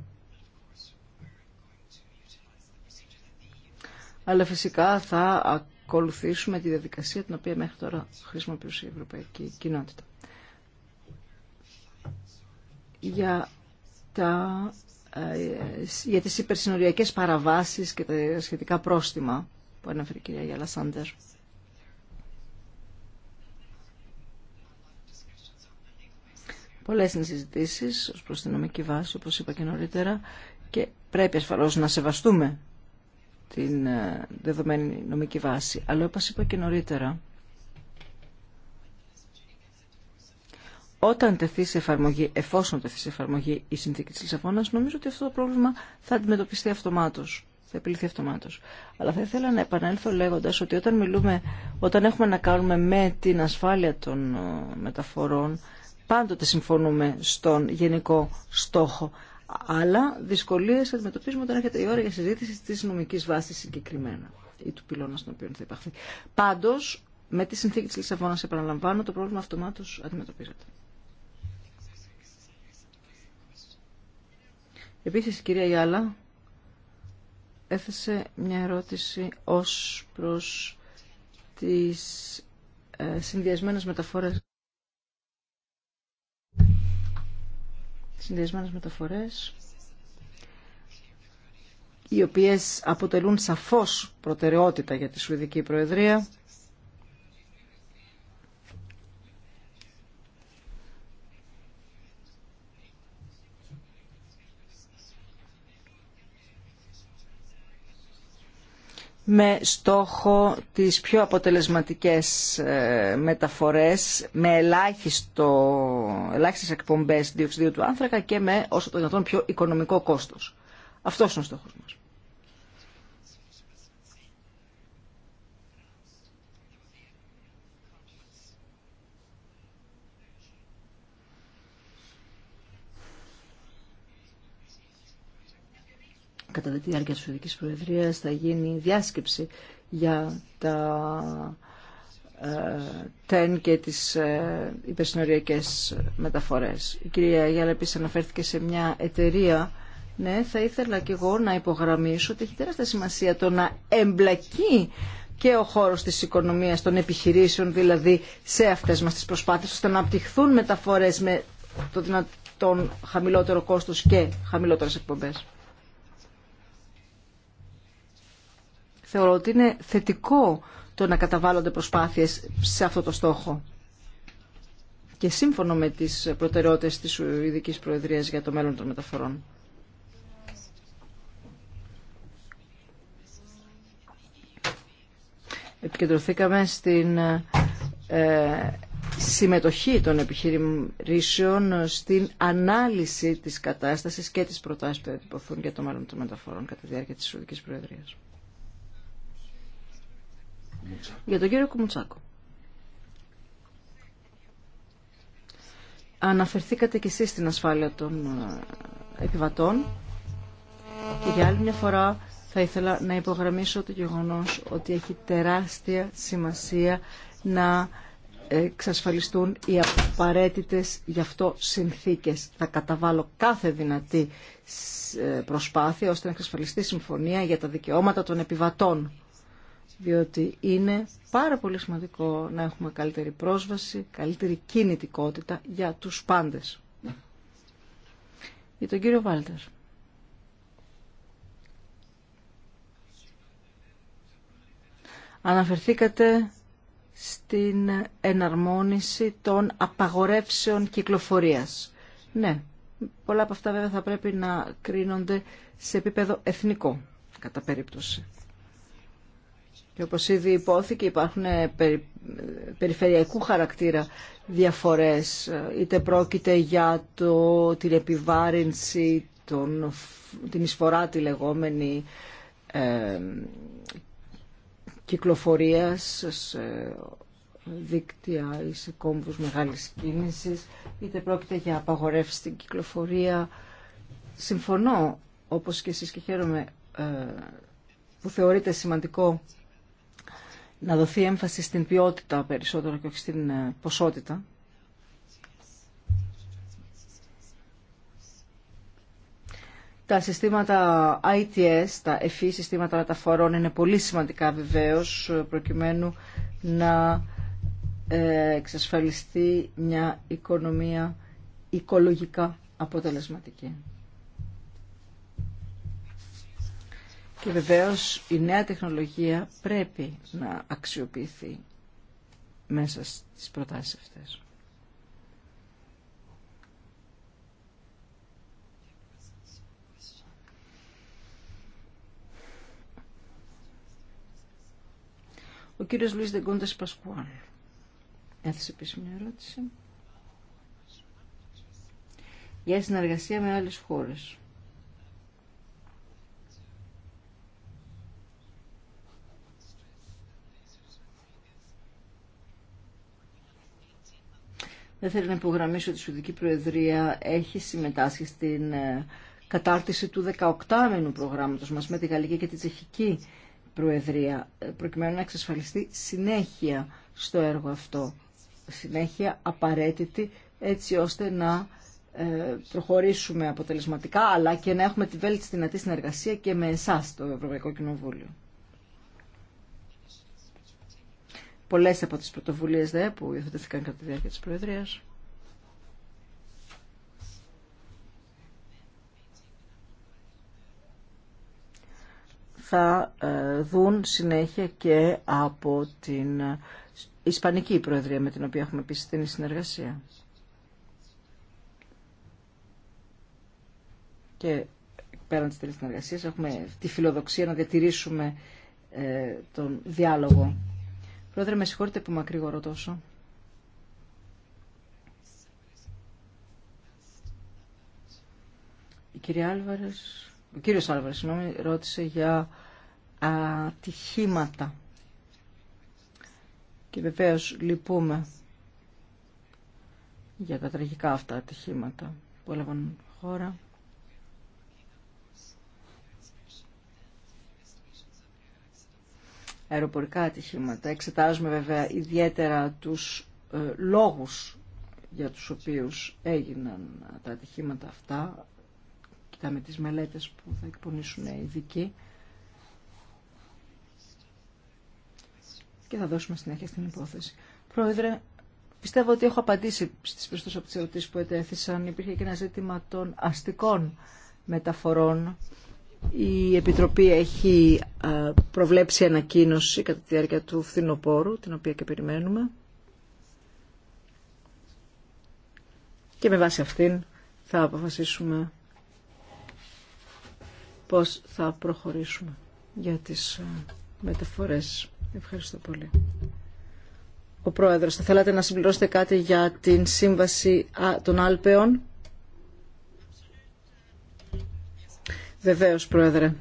Αλλά φυσικά θα ακολουθήσουμε τη διαδικασία την οποία μέχρι τώρα χρησιμοποιούσε η Ευρωπαϊκή Κοινότητα. Για, τα, ε, για τις υπερσυνοριακές παραβάσεις και τα σχετικά πρόστιμα που αναφέρει η κυρία Γιάλα Σάντερ. Πολλές είναι συζητήσεις ως προς την νομική βάση, όπως είπα και νωρίτερα, και πρέπει ασφαλώς να σεβαστούμε την ε, δεδομένη νομική βάση. Αλλά όπως είπα και νωρίτερα, όταν τεθεί σε εφαρμογή, εφόσον τεθεί σε εφαρμογή η συνθήκη της Λισαβόνας, νομίζω ότι αυτό το πρόβλημα θα αντιμετωπιστεί αυτομάτως. Θα επιληθεί αυτομάτως. Αλλά θα ήθελα να επανέλθω λέγοντας ότι όταν μιλούμε, όταν έχουμε να κάνουμε με την ασφάλεια των ε, μεταφορών, πάντοτε συμφωνούμε στον γενικό στόχο. Αλλά δυσκολίε αντιμετωπίζουμε όταν έρχεται η ώρα για συζήτηση τη νομική βάση συγκεκριμένα ή του πυλώνα στον οποίο θα υπαχθεί. Πάντως, με τη συνθήκη της Λισαβόνα, επαναλαμβάνω, το πρόβλημα αυτομάτως αντιμετωπίζεται. Επίσης, η κυρία Γιάλα έθεσε μια ερώτηση ως προς τις ε, συνδυασμένες μεταφορές συνδυασμένες μεταφορές οι οποίες αποτελούν σαφώς προτεραιότητα για τη Σουηδική Προεδρία με στόχο τις πιο αποτελεσματικές ε, μεταφορές με ελάχιστο, ελάχιστες εκπομπές διοξιδίου του άνθρακα και με όσο το δυνατόν πιο οικονομικό κόστος. Αυτός είναι ο στόχος μας. κατά τη διάρκεια της Σουηδικής Προεδρίας θα γίνει διάσκεψη για τα ε, ΤΕΝ και τις ε, υπερσυνοριακές μεταφορές. Η κυρία Γιάλα επίσης αναφέρθηκε σε μια εταιρεία. Ναι, θα ήθελα και εγώ να υπογραμμίσω ότι έχει τεράστια σημασία το να εμπλακεί και ο χώρος της οικονομίας των επιχειρήσεων, δηλαδή σε αυτές μας τις προσπάθειες, ώστε να απτυχθούν μεταφορές με το δυνατόν χαμηλότερο κόστος και χαμηλότερες εκπομπές. θεωρώ ότι είναι θετικό το να καταβάλλονται προσπάθειες σε αυτό το στόχο. Και σύμφωνο με τις προτεραιότητες της Ειδικής Προεδρίας για το μέλλον των μεταφορών. Επικεντρωθήκαμε στην ε, συμμετοχή των επιχειρήσεων στην ανάλυση της κατάστασης και της προτάσεις που θα για το μέλλον των μεταφορών κατά τη διάρκεια της Ουδικής Προεδρίας. Για τον κύριο Κουμουτσάκο. Αναφερθήκατε κι εσείς στην ασφάλεια των ε, επιβατών και για άλλη μια φορά θα ήθελα να υπογραμμίσω το γεγονός ότι έχει τεράστια σημασία να εξασφαλιστούν οι απαραίτητες γι' αυτό συνθήκες. Θα καταβάλω κάθε δυνατή ε, προσπάθεια ώστε να εξασφαλιστεί συμφωνία για τα δικαιώματα των επιβατών διότι είναι πάρα πολύ σημαντικό να έχουμε καλύτερη πρόσβαση, καλύτερη κινητικότητα για τους πάντες. Για τον κύριο Βάλτερ. Αναφερθήκατε στην εναρμόνιση των απαγορεύσεων κυκλοφορίας. Ναι, πολλά από αυτά βέβαια θα πρέπει να κρίνονται σε επίπεδο εθνικό, κατά περίπτωση. Και όπως ήδη υπόθηκε υπάρχουν ε, ε, περιφερειακού χαρακτήρα διαφορές. Ε, είτε πρόκειται για το, την επιβάρυνση, τον, την εισφορά τη λεγόμενη ε, κυκλοφορίας σε δίκτυα ή σε κόμβους μεγάλης κίνησης, είτε πρόκειται για απαγορεύσει στην κυκλοφορία. Συμφωνώ, όπως και εσείς και χαίρομαι, που θεωρείται σημαντικό να δοθεί έμφαση στην ποιότητα περισσότερο και όχι στην ε, ποσότητα. Τα συστήματα ITS, τα εφή e, συστήματα μεταφορών είναι πολύ σημαντικά βεβαίως προκειμένου να ε, εξασφαλιστεί μια οικονομία οικολογικά αποτελεσματική. Και βεβαίως η νέα τεχνολογία πρέπει να αξιοποιηθεί μέσα στις προτάσεις αυτές. Ο κύριος Λουίς Δεγκόντας Πασκουάλ έθεσε επίση μια ερώτηση για συνεργασία με άλλες χώρες. Δεν θέλει να υπογραμμίσω ότι η Σουηδική Προεδρία έχει συμμετάσχει στην ε, κατάρτιση του 18 ου προγράμματος μας με τη Γαλλική και τη Τσεχική Προεδρία, ε, προκειμένου να εξασφαλιστεί συνέχεια στο έργο αυτό. Συνέχεια απαραίτητη έτσι ώστε να ε, προχωρήσουμε αποτελεσματικά αλλά και να έχουμε τη βέλτιστη δυνατή συνεργασία και με εσάς το Ευρωπαϊκό Κοινοβούλιο. πολλές από τις πρωτοβουλίες δε, που υιοθετήθηκαν κατά τη διάρκεια της Προεδρίας. θα ε, δουν συνέχεια και από την Ισπανική Προεδρία με την οποία έχουμε επίσης την συνεργασία. Και πέραν της τελής συνεργασίας έχουμε τη φιλοδοξία να διατηρήσουμε ε, τον διάλογο Πρόεδρε, με συγχωρείτε που μακρύγορο τόσο. ο κύριος Άλβαρες, ρώτησε για ατυχήματα. Και βεβαίως λυπούμε για τα τραγικά αυτά ατυχήματα που έλαβαν χώρα. αεροπορικά ατυχήματα. Εξετάζουμε βέβαια ιδιαίτερα τους ε, λόγους για τους οποίους έγιναν τα ατυχήματα αυτά. Κοιτάμε τις μελέτες που θα εκπονήσουν οι ειδικοί. Και θα δώσουμε συνέχεια στην υπόθεση. Πρόεδρε, πιστεύω ότι έχω απαντήσει στις περισσότερες από τις ερωτήσεις που ετέθησαν. Υπήρχε και ένα ζήτημα των αστικών μεταφορών η Επιτροπή έχει ε, προβλέψει ανακοίνωση κατά τη διάρκεια του φθινοπόρου, την οποία και περιμένουμε. Και με βάση αυτήν θα αποφασίσουμε πώς θα προχωρήσουμε για τις ε, μεταφορές. Ευχαριστώ πολύ. Ο Πρόεδρος, θα θέλατε να συμπληρώσετε κάτι για την Σύμβαση των Άλπαιων. Βεβαίω, Πρόεδρε.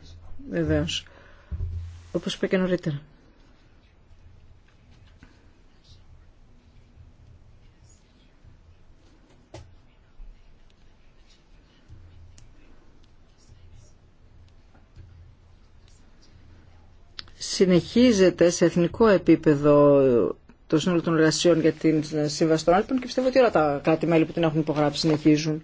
Βεβαίω. Όπως είπα και νωρίτερα. συνεχίζεται σε εθνικό επίπεδο το σύνολο των εργασιών για την Σύμβαση των Άλπων και πιστεύω ότι όλα τα κράτη-μέλη που την έχουν υπογράψει συνεχίζουν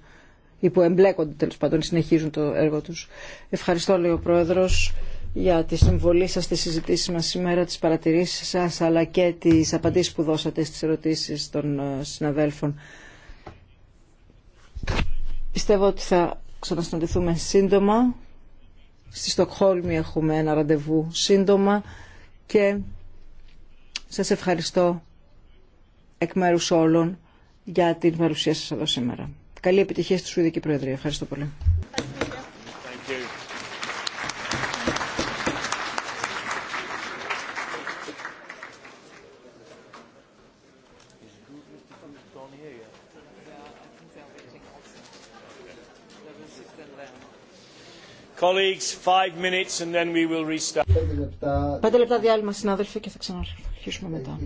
ή που εμπλέκονται τέλο πάντων, συνεχίζουν το έργο τους. Ευχαριστώ, λέει ο Πρόεδρος, για τη συμβολή σας, τι συζητήσει μα σήμερα, τι παρατηρήσεις σα, αλλά και τις απαντήσεις που δώσατε στις ερωτήσεις των ε, συναδέλφων. Πιστεύω ότι θα ξανασυναντηθούμε σύντομα. Στη Στοκχόλμη έχουμε ένα ραντεβού σύντομα και σας ευχαριστώ εκ μέρους όλων για την παρουσία σας εδώ σήμερα. Καλή επιτυχία στη Σουηδική Προεδρία. Ευχαριστώ πολύ. Πέντε λεπτά διάλειμμα συνάδελφοι και θα ξαναρχίσουμε μετά.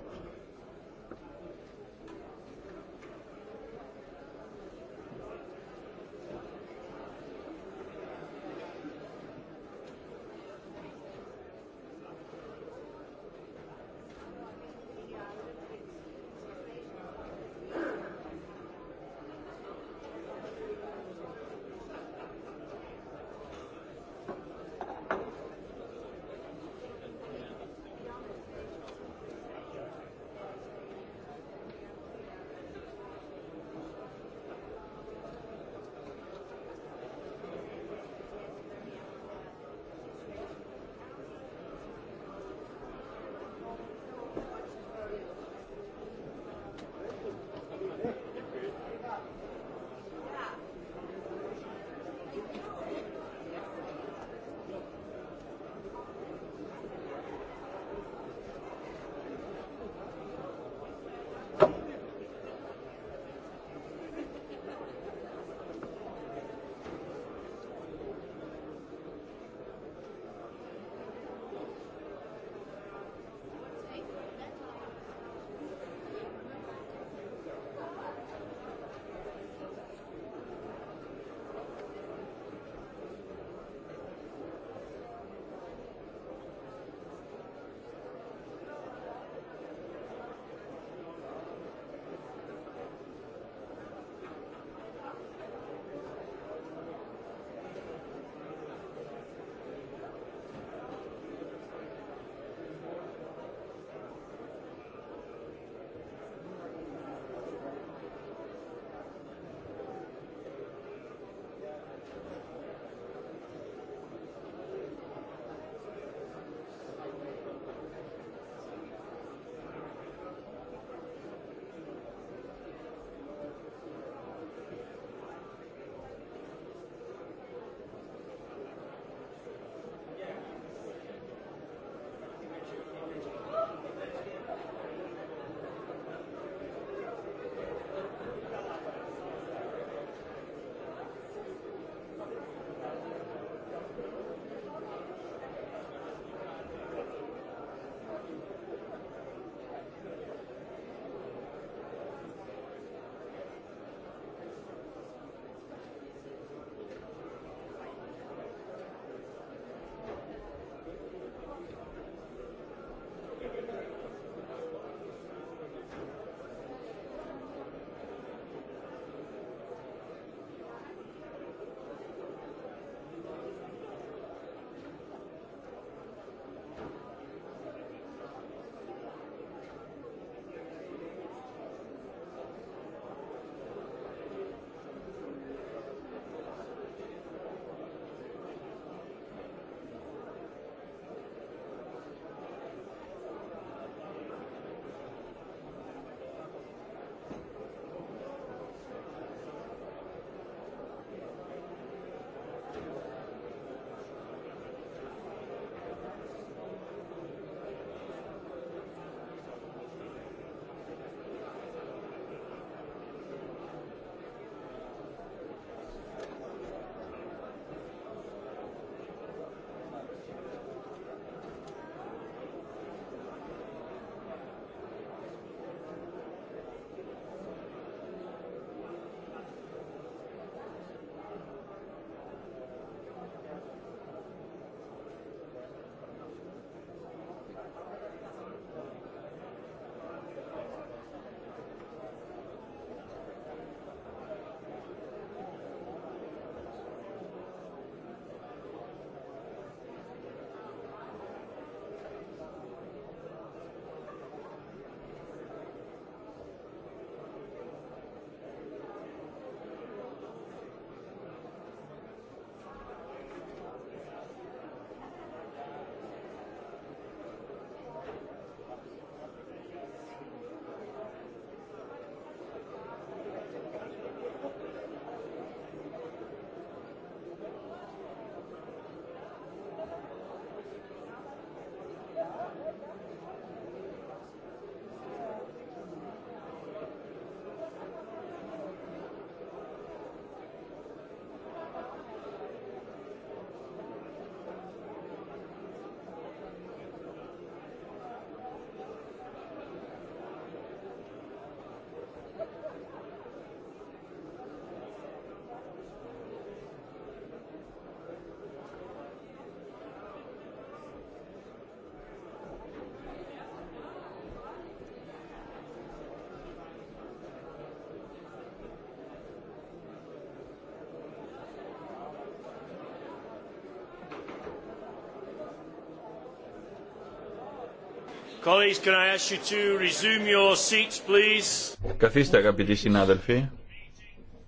Καθίστε αγαπητοί συνάδελφοι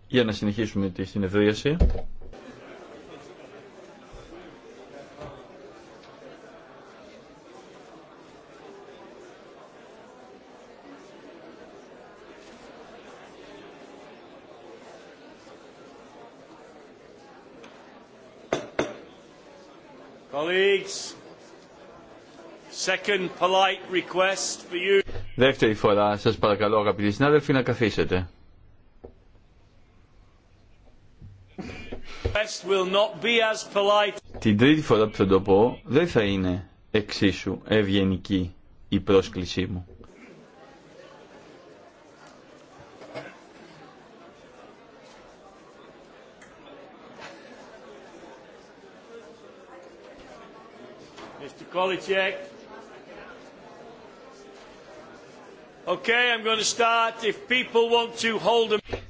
για να συνεχίσουμε τη συνεδρίαση. Δεύτερη φορά σας παρακαλώ αγαπητοί συνάδελφοι να καθίσετε. Την τρίτη φορά που θα το πω δεν θα είναι εξίσου ευγενική η πρόσκλησή μου. Mr. Kolicek.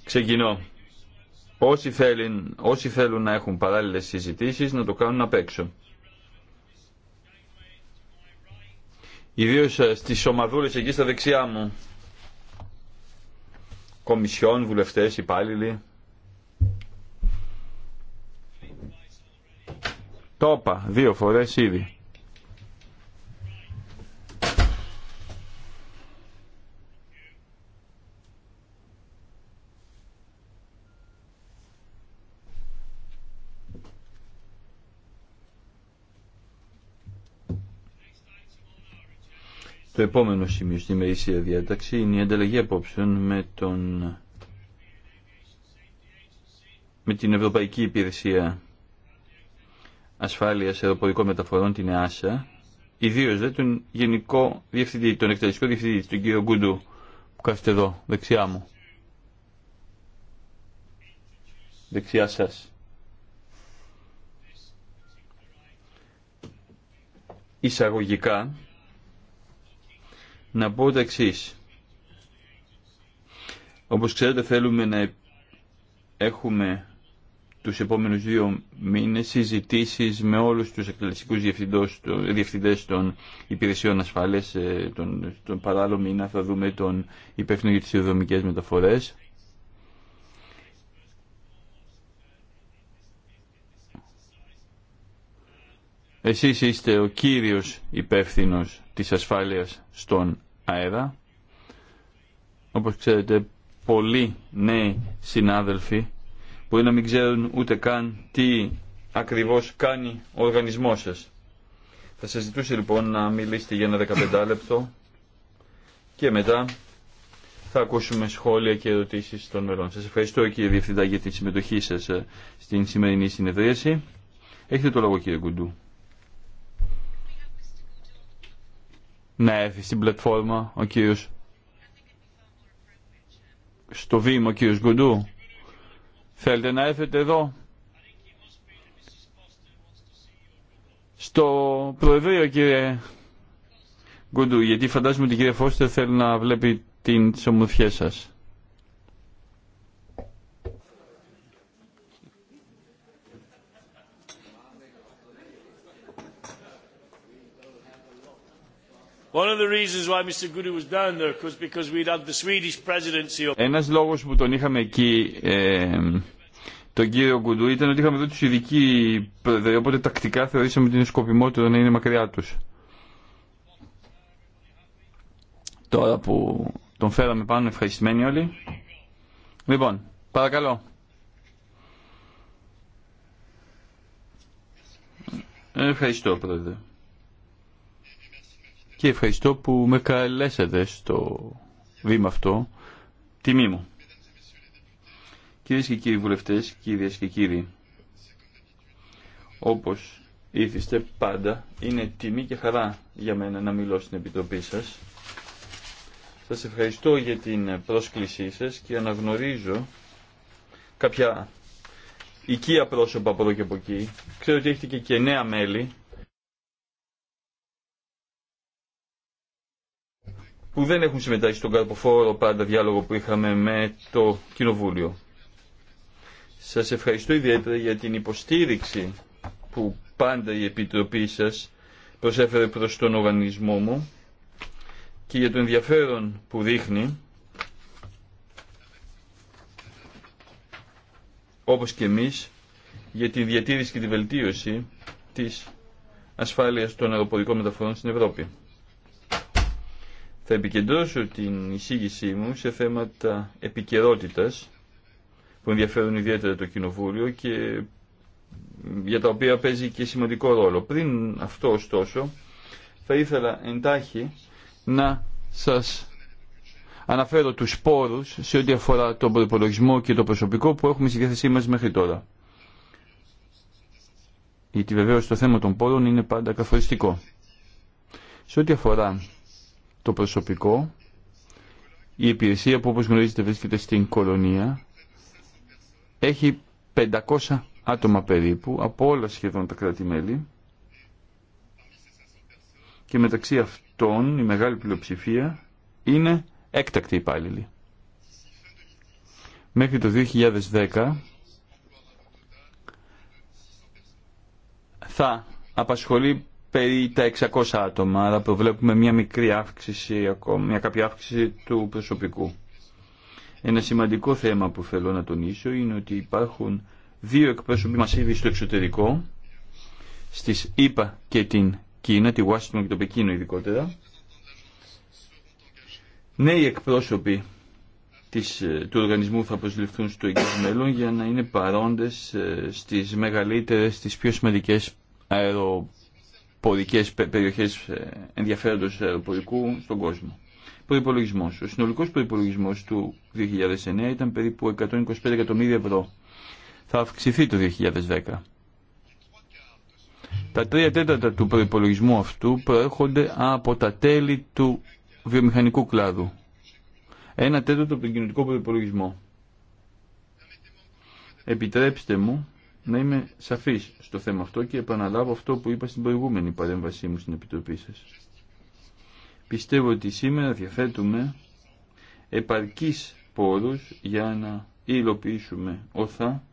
Ξεκινώ. Όσοι θέλουν, όσοι θέλουν να έχουν παράλληλες συζητήσεις να το κάνουν απ' έξω. Ιδίως ε, στις ομαδούλες εκεί στα δεξιά μου. Κομισιόν, βουλευτές, υπάλληλοι. Το δύο φορές ήδη. Το επόμενο σημείο στην ημερήσια διάταξη είναι η ανταλλαγή απόψεων με, τον... με την Ευρωπαϊκή Υπηρεσία Ασφάλειας Αεροπορικών Μεταφορών, την ΕΑΣΑ, ιδίως δε τον Γενικό Διευθυντή, τον Εκτελεστικό Διευθυντή, τον κύριο Γκούντου, που κάθεται εδώ, δεξιά μου. Δεξιά σας. Εισαγωγικά, να πω τα εξή. Όπως ξέρετε θέλουμε να έχουμε τους επόμενους δύο μήνες συζητήσεις με όλους τους εκτελεστικούς διευθυντές των υπηρεσιών ασφάλειας. Ε, τον, τον παράλληλο μήνα θα δούμε τον υπεύθυνο για τις μεταφορές. Εσείς είστε ο κύριος υπεύθυνο της ασφάλειας στον αέρα. Όπως ξέρετε, πολλοί νέοι συνάδελφοι μπορεί να μην ξέρουν ούτε καν τι ακριβώς κάνει ο οργανισμός σας. Θα σας ζητούσε λοιπόν να μιλήσετε για ένα 15 λεπτό και μετά θα ακούσουμε σχόλια και ερωτήσεις των μελών. Σας ευχαριστώ κύριε Διευθυντά για τη συμμετοχή σας ε, στην σημερινή συνεδρίαση. Έχετε το λόγο κύριε Κουντού. να έρθει στην πλατφόρμα ο κύριος στο βήμα ο κύριος Γκουντού. Θέλετε να έρθετε εδώ. Στο Προεδρείο κύριε Γκουντού, γιατί φαντάζομαι ότι η κυρία Φώστερ θέλει να βλέπει τι ομορφιές σας. Ένας λόγος που τον είχαμε εκεί τον κύριο Γκουντού ήταν ότι είχαμε εδώ τους ειδικοί δηλαδή πρόεδροι, οπότε τακτικά θεωρήσαμε είναι σκοπιμότερο να είναι μακριά τους. Τώρα που τον φέραμε πάνω ευχαριστημένοι όλοι. Λοιπόν, παρακαλώ. Ε, ευχαριστώ πρόεδρε και ευχαριστώ που με καλέσατε στο βήμα αυτό. Τιμή μου. Κυρίες και κύριοι βουλευτές, κυρίες και κύριοι, όπως ήθιστε πάντα, είναι τιμή και χαρά για μένα να μιλώ στην Επιτροπή σας. Σας ευχαριστώ για την πρόσκλησή σας και αναγνωρίζω κάποια οικία πρόσωπα από εδώ και από εκεί. Ξέρω ότι έχετε και νέα μέλη που δεν έχουν συμμετάσχει στον καρποφόρο πάντα διάλογο που είχαμε με το Κοινοβούλιο. Σας ευχαριστώ ιδιαίτερα για την υποστήριξη που πάντα η Επιτροπή σας προσέφερε προς τον οργανισμό μου και για το ενδιαφέρον που δείχνει όπως και εμείς για τη διατήρηση και τη βελτίωση της ασφάλειας των αεροπορικών μεταφορών στην Ευρώπη. Θα επικεντρώσω την εισήγησή μου σε θέματα επικαιρότητα που ενδιαφέρουν ιδιαίτερα το Κοινοβούλιο και για τα οποία παίζει και σημαντικό ρόλο. Πριν αυτό ωστόσο θα ήθελα εντάχει να σας αναφέρω τους πόρους σε ό,τι αφορά τον προπολογισμό και το προσωπικό που έχουμε στη διάθεσή μας μέχρι τώρα. Γιατί βεβαίως το θέμα των πόρων είναι πάντα καθοριστικό. Σε ό,τι αφορά το προσωπικό, η υπηρεσία που όπως γνωρίζετε βρίσκεται στην κολονία, έχει 500 άτομα περίπου από όλα σχεδόν τα κράτη-μέλη και μεταξύ αυτών η μεγάλη πλειοψηφία είναι έκτακτη υπάλληλη Μέχρι το 2010 θα απασχολεί περί τα 600 άτομα, άρα προβλέπουμε μια μικρή αύξηση ακόμα, μια κάποια αύξηση του προσωπικού. Ένα σημαντικό θέμα που θέλω να τονίσω είναι ότι υπάρχουν δύο εκπρόσωποι μας ήδη στο εξωτερικό, στις ΗΠΑ και την Κίνα, τη Washington και το Πεκίνο ειδικότερα. Νέοι εκπρόσωποι της, του οργανισμού θα προσληφθούν στο εγγύς μέλλον για να είναι παρόντες ε, στις μεγαλύτερες, στις πιο σημαντικές αερο πορικές περιοχές ε, ενδιαφέροντος αεροπορικού στον κόσμο. Προϋπολογισμός. Ο συνολικός προϋπολογισμός του 2009 ήταν περίπου 125 εκατομμύρια ευρώ. Θα αυξηθεί το 2010. Τα τρία τέταρτα του προϋπολογισμού αυτού προέρχονται από τα τέλη του βιομηχανικού κλάδου. Ένα τέταρτο από τον κοινωνικό προϋπολογισμό. Επιτρέψτε μου να είμαι σαφής στο θέμα αυτό και επαναλάβω αυτό που είπα στην προηγούμενη παρέμβασή μου στην Επιτροπή σας. Πιστεύω ότι σήμερα διαθέτουμε επαρκείς πόρους για να υλοποιήσουμε όθα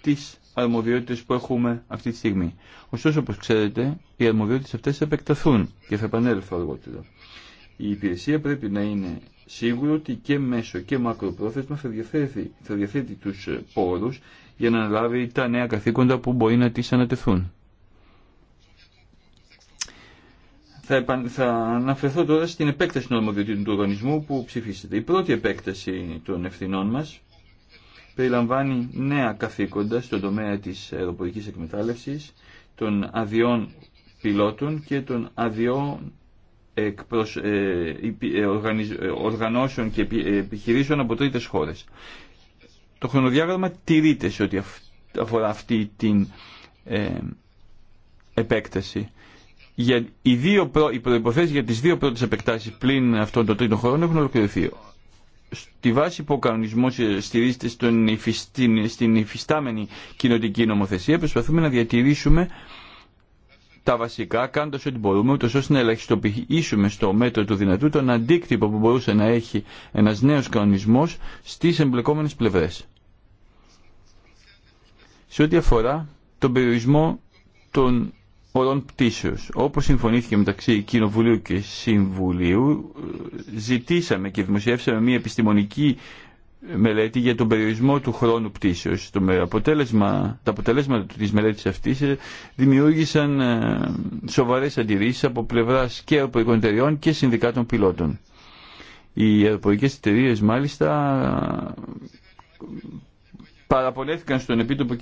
τις αρμοδιότητες που έχουμε αυτή τη στιγμή. Ωστόσο, όπως ξέρετε, οι αρμοδιότητες αυτές θα επεκταθούν και θα επανέλθω αργότερα. Η υπηρεσία πρέπει να είναι σίγουρο ότι και μέσο και μακροπρόθεσμα θα διαθέτει, θα διαθέτει τους ε, πόρους για να λάβει τα νέα καθήκοντα που μπορεί να τις ανατεθούν. θα, αναφερθώ τώρα στην επέκταση των του οργανισμού που ψηφίσετε. Η πρώτη επέκταση των ευθυνών μας περιλαμβάνει νέα καθήκοντα στον τομέα της αεροπορικής εκμετάλλευσης, των αδειών πιλότων και των αδειών ε, ε, ε, οργανώσεων και επιχειρήσεων από τρίτες χώρες το χρονοδιάγραμμα τηρείται σε ό,τι αφορά αυτή την ε, επέκταση. Για, οι, δύο οι προϋποθέσεις για τις δύο πρώτες επεκτάσεις πλην αυτών των τρίτων χρόνο έχουν ολοκληρωθεί. Στη βάση που ο κανονισμό ε, στηρίζεται στον στην, στην υφιστάμενη κοινοτική νομοθεσία, προσπαθούμε να διατηρήσουμε τα βασικά κάνοντα ό,τι μπορούμε ούτως ώστε να ελαχιστοποιήσουμε στο μέτρο του δυνατού τον αντίκτυπο που μπορούσε να έχει ένας νέος κανονισμός στις εμπλεκόμενες πλευρές. Σε ό,τι αφορά τον περιορισμό των ορών πτήσεως. Όπως συμφωνήθηκε μεταξύ Κοινοβουλίου και Συμβουλίου, ζητήσαμε και δημοσιεύσαμε μια επιστημονική μελέτη για τον περιορισμό του χρόνου πτήσεως. Το αποτέλεσμα, τα αποτελέσματα της μελέτης αυτής ε, δημιούργησαν ε, σοβαρές αντιρρήσεις από πλευράς και αεροπορικών εταιριών και συνδικάτων πιλότων. Οι αεροπορικές εταιρείε μάλιστα παραπολέθηκαν στον επίτροπο κ.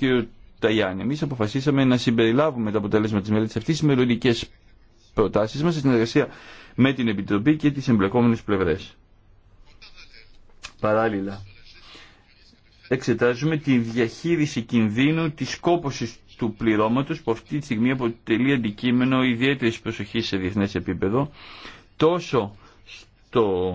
Ταγιάννη. Εμεί αποφασίσαμε να συμπεριλάβουμε τα αποτελέσματα της μελέτης αυτής στις μελλοντικέ προτάσεις μας σε συνεργασία με την Επιτροπή και τις εμπλεκόμενες πλευρές. Παράλληλα, εξετάζουμε τη διαχείριση κινδύνου τη κόπωσης του πληρώματος που αυτή τη στιγμή αποτελεί αντικείμενο ιδιαίτερη προσοχή σε διεθνέ επίπεδο τόσο στο,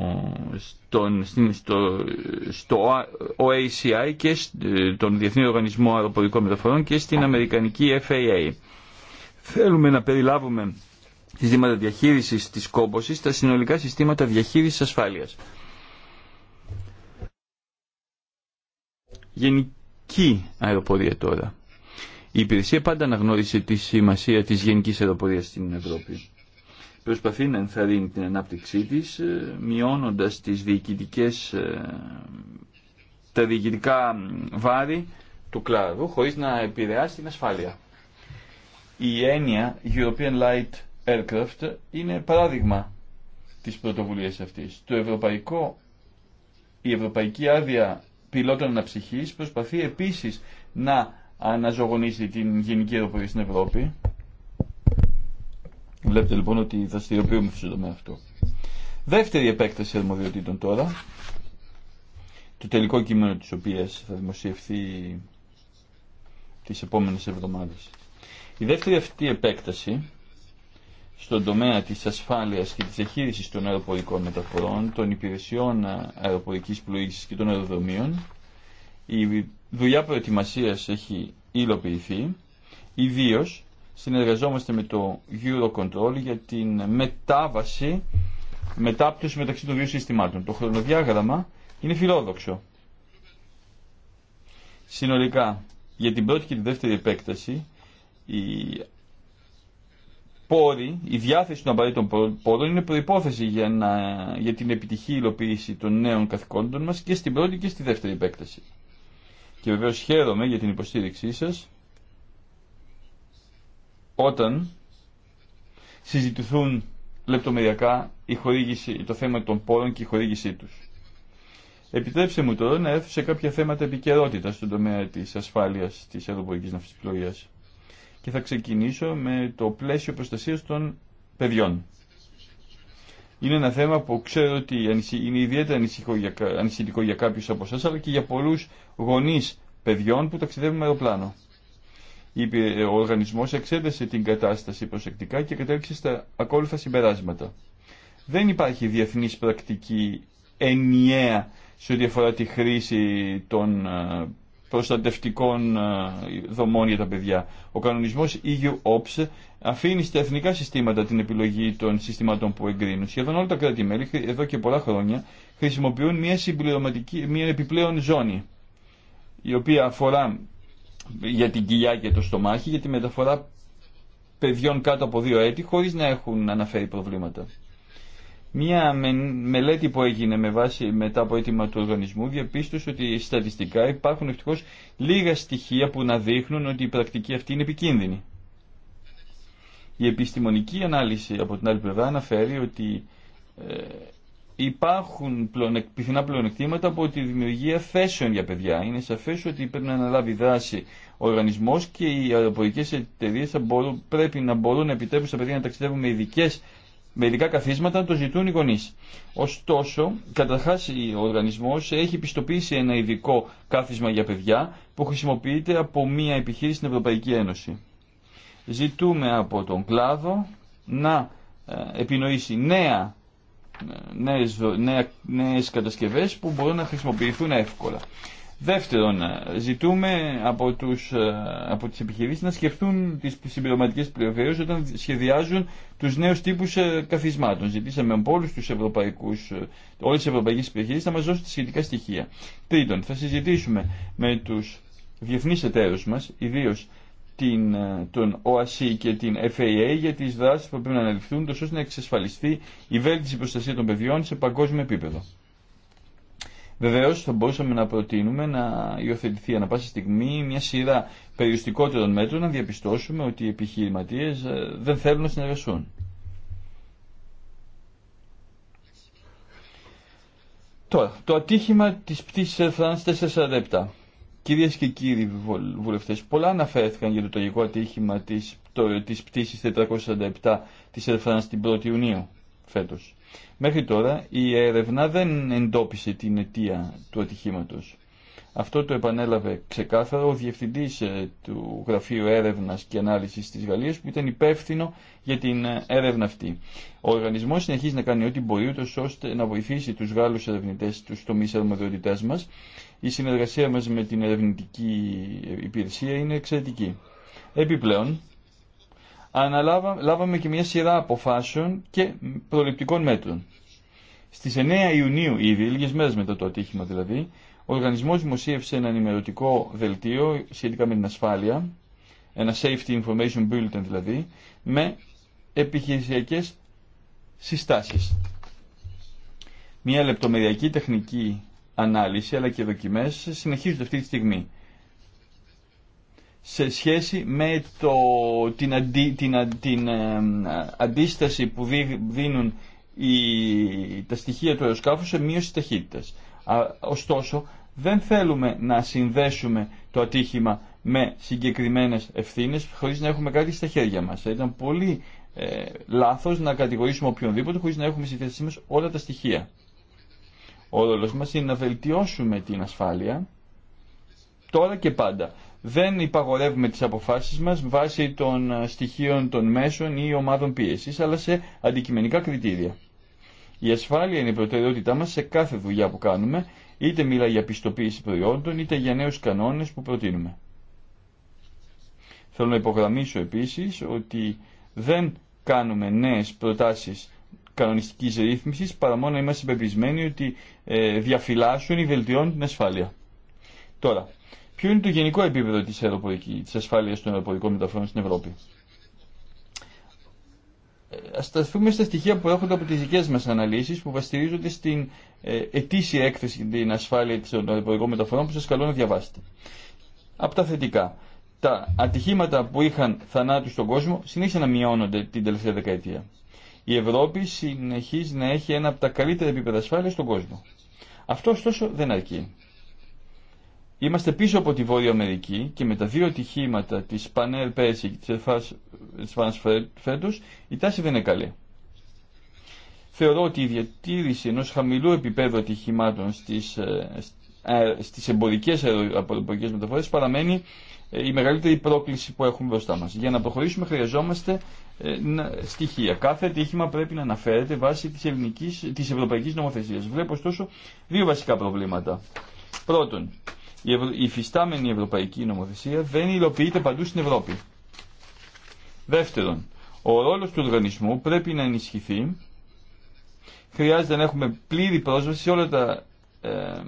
στο, στο OACI και στον Διεθνή Οργανισμό Αεροπορικών Μεταφορών και στην Αμερικανική FAA. Θέλουμε να περιλάβουμε συστήματα διαχείρισης της κόμπωσης στα συνολικά συστήματα διαχείρισης ασφάλειας. γενική αεροπορία τώρα. Η υπηρεσία πάντα αναγνώρισε τη σημασία της γενικής αεροπορίας στην Ευρώπη. Προσπαθεί να ενθαρρύνει την ανάπτυξή της, ε, μειώνοντας τις διοικητικές, ε, τα διοικητικά βάρη του κλάδου, χωρίς να επηρεάσει την ασφάλεια. Η έννοια European Light Aircraft είναι παράδειγμα της πρωτοβουλίας αυτής. Το ευρωπαϊκό, η ευρωπαϊκή άδεια πιλότων αναψυχής προσπαθεί επίσης να αναζωογονήσει την γενική αεροπορία στην Ευρώπη. Βλέπετε λοιπόν ότι δραστηριοποιούμε στον τομέα αυτό. Δεύτερη επέκταση αρμοδιοτήτων τώρα, το τελικό κείμενο της οποίας θα δημοσιευθεί τις επόμενες εβδομάδες. Η δεύτερη αυτή επέκταση στον τομέα της ασφάλειας και της εχείρησης των αεροπορικών μεταφορών, των υπηρεσιών αεροπορικής πλοήγησης και των αεροδρομίων. Η δουλειά προετοιμασίας έχει υλοποιηθεί. ιδίω συνεργαζόμαστε με το Eurocontrol για την μετάβαση, μετάπτωση μεταξύ των δύο συστημάτων. Το χρονοδιάγραμμα είναι φιλόδοξο. Συνολικά, για την πρώτη και τη δεύτερη επέκταση, η πόροι, η διάθεση των απαραίτητων πόρων είναι προπόθεση για, να, για την επιτυχή υλοποίηση των νέων καθηκόντων μας και στην πρώτη και στη δεύτερη επέκταση. Και βεβαίως χαίρομαι για την υποστήριξή σας όταν συζητηθούν λεπτομεριακά η χορήγηση, το θέμα των πόρων και η χορήγησή τους. Επιτρέψτε μου τώρα να έρθω σε κάποια θέματα επικαιρότητα στον τομέα της ασφάλειας της αεροπορικής ναυσιπλοείας και θα ξεκινήσω με το πλαίσιο προστασίας των παιδιών. Είναι ένα θέμα που ξέρω ότι είναι ιδιαίτερα ανησυχητικό για κάποιους από εσάς, αλλά και για πολλούς γονείς παιδιών που ταξιδεύουν με αεροπλάνο. Ο οργανισμός εξέτασε την κατάσταση προσεκτικά και κατέληξε στα ακόλουθα συμπεράσματα. Δεν υπάρχει διεθνής πρακτική ενιαία σε ό,τι αφορά τη χρήση των ε, προστατευτικών ε, δομών για τα παιδιά. Ο κανονισμός EU Ops αφήνει στα εθνικά συστήματα την επιλογή των συστημάτων που εγκρίνουν. Σχεδόν όλα τα κράτη-μέλη εδώ και πολλά χρόνια χρησιμοποιούν μια, συμπληρωματική, μια επιπλέον ζώνη η οποία αφορά για την κοιλιά και το στομάχι για τη μεταφορά παιδιών κάτω από δύο έτη χωρίς να έχουν αναφέρει προβλήματα. Μία μελέτη που έγινε με βάση μετά από αίτημα του οργανισμού διαπίστωσε ότι στατιστικά υπάρχουν ευτυχώ λίγα στοιχεία που να δείχνουν ότι η πρακτική αυτή είναι επικίνδυνη. Η επιστημονική ανάλυση από την άλλη πλευρά αναφέρει ότι ε, υπάρχουν πλονεκ, πιθανά πλεονεκτήματα από τη δημιουργία θέσεων για παιδιά. Είναι σαφές ότι πρέπει να αναλάβει δράση ο οργανισμός και οι αεροπορικές εταιρείε πρέπει να μπορούν να επιτρέπουν στα παιδιά να ταξιδεύουν με ειδικέ με ειδικά καθίσματα το ζητούν οι γονεί. Ωστόσο, καταρχά ο οργανισμό έχει πιστοποιήσει ένα ειδικό κάθισμα για παιδιά που χρησιμοποιείται από μία επιχείρηση στην Ευρωπαϊκή Ένωση. Ζητούμε από τον κλάδο να ε, επινοήσει νέα, ε, νέες, νέες κατασκευές που μπορούν να χρησιμοποιηθούν εύκολα. Δεύτερον, ε, ζητούμε από, τους, ε, από τις επιχειρήσεις να σκεφτούν τις συμπληρωματικές πληροφορίες όταν σχεδιάζουν τους νέους τύπους ε, καθισμάτων. Ζητήσαμε από όλους τους ευρωπαϊκούς, όλες τις ευρωπαϊκές επιχειρήσεις να μας δώσουν τα σχετικά στοιχεία. Τρίτον, θα συζητήσουμε με τους διεθνείς εταίρους μας, ιδίως τον ΟΑΣΥ και την FAA για τις δράσεις που πρέπει να αναλυφθούν τόσο ώστε να εξασφαλιστεί η βέλτιση προστασία των παιδιών σε παγκόσμιο επίπεδο. Βεβαίως θα μπορούσαμε να προτείνουμε να υιοθετηθεί ανα πάσα στιγμή μια σειρά περιοριστικότερων μέτρων να διαπιστώσουμε ότι οι επιχειρηματίε ε, δεν θέλουν να συνεργαστούν. Τώρα, το ατύχημα της πτήσης Air France 447. Κυρίε και κύριοι βουλευτέ, πολλά αναφέρθηκαν για το τραγικό ατύχημα τη πτήση της πτήσης 447 τη Air France την 1η Ιουνίου φέτο. Μέχρι τώρα η έρευνα δεν εντόπισε την αιτία του ατυχήματος. Αυτό το επανέλαβε ξεκάθαρο ο διευθυντής ε, του Γραφείου Έρευνας και Ανάλυσης της Γαλλίας που ήταν υπεύθυνο για την ε, έρευνα αυτή. Ο οργανισμός συνεχίζει να κάνει ό,τι μπορεί ούτως ώστε να βοηθήσει τους Γάλλους ερευνητές στους τομείς αρμοδιότητάς μας. Η συνεργασία μας με την ερευνητική ε, υπηρεσία είναι εξαιρετική. Επιπλέον, αναλάβαμε, λάβαμε και μια σειρά αποφάσεων και προληπτικών μέτρων. Στις 9 Ιουνίου ήδη, λίγε μέρε μετά το ατύχημα δηλαδή, ο οργανισμός δημοσίευσε ένα ενημερωτικό δελτίο σχετικά με την ασφάλεια, ένα safety information bulletin δηλαδή, με επιχειρησιακέ συστάσεις. Μια λεπτομεριακή τεχνική ανάλυση αλλά και δοκιμές συνεχίζονται αυτή τη στιγμή σε σχέση με το, την, την, την ε, αντίσταση που δίνουν τα στοιχεία του αεροσκάφου σε μείωση ταχύτητας. ωστόσο, δεν θέλουμε να συνδέσουμε το ατύχημα με συγκεκριμένες ευθύνες χωρίς να έχουμε κάτι στα χέρια μας. Θα ήταν πολύ ε, λάθος να κατηγορήσουμε οποιονδήποτε χωρίς να έχουμε στη θέση μας όλα τα στοιχεία. Ο ρόλος μας είναι να βελτιώσουμε την ασφάλεια τώρα και πάντα δεν υπαγορεύουμε τις αποφάσεις μας βάσει των στοιχείων των μέσων ή ομάδων πίεσης, αλλά σε αντικειμενικά κριτήρια. Η ασφάλεια είναι η προτεραιότητά μας σε κάθε δουλειά που κάνουμε, είτε μιλά για πιστοποίηση προϊόντων, είτε για νέους κανόνες που προτείνουμε. Θέλω να υπογραμμίσω επίσης ότι δεν κάνουμε νέες προτάσεις κανονιστικής ρύθμισης παρά μόνο είμαστε πεπισμένοι ότι ε, διαφυλάσσουν ή βελτιώνουν την ασφάλεια. Τώρα, Ποιο είναι το γενικό επίπεδο της, της ασφάλειας των αεροπορικών μεταφορών στην Ευρώπη. Ε, Α σταθούμε στα στοιχεία που έρχονται από τι δικέ μα αναλύσει που βασίζονται στην ε, ετήσια έκθεση για την ασφάλεια των αεροπορικών μεταφορών που σα καλώ να διαβάσετε. Από τα θετικά. Τα ατυχήματα που είχαν θανάτου στον κόσμο συνέχισαν να μειώνονται την τελευταία δεκαετία. Η Ευρώπη συνεχίζει να έχει ένα από τα καλύτερα επίπεδα ασφάλεια στον κόσμο. Αυτό ωστόσο δεν αρκεί. Είμαστε πίσω από τη Βόρεια Αμερική και με τα δύο ατυχήματα τη Πανέλ πέρσι και τη Φανς Φέτο, η τάση δεν είναι καλή. Θεωρώ ότι η διατήρηση ενό χαμηλού επίπεδου ατυχημάτων στις, ε, ε, στις εμπορικές μεταφορέ μεταφορές παραμένει ε, η μεγαλύτερη πρόκληση που έχουμε μπροστά μα. Για να προχωρήσουμε χρειαζόμαστε στοιχεία. Κάθε ατύχημα πρέπει να αναφέρεται βάσει τη ευρωπαϊκή της Βλέπω ωστόσο δύο βασικά προβλήματα. Πρώτον, η, φυστάμενη ευρωπαϊκή νομοθεσία δεν υλοποιείται παντού στην Ευρώπη. Δεύτερον, ο ρόλος του οργανισμού πρέπει να ενισχυθεί. Χρειάζεται να έχουμε πλήρη πρόσβαση σε όλα τα, ε,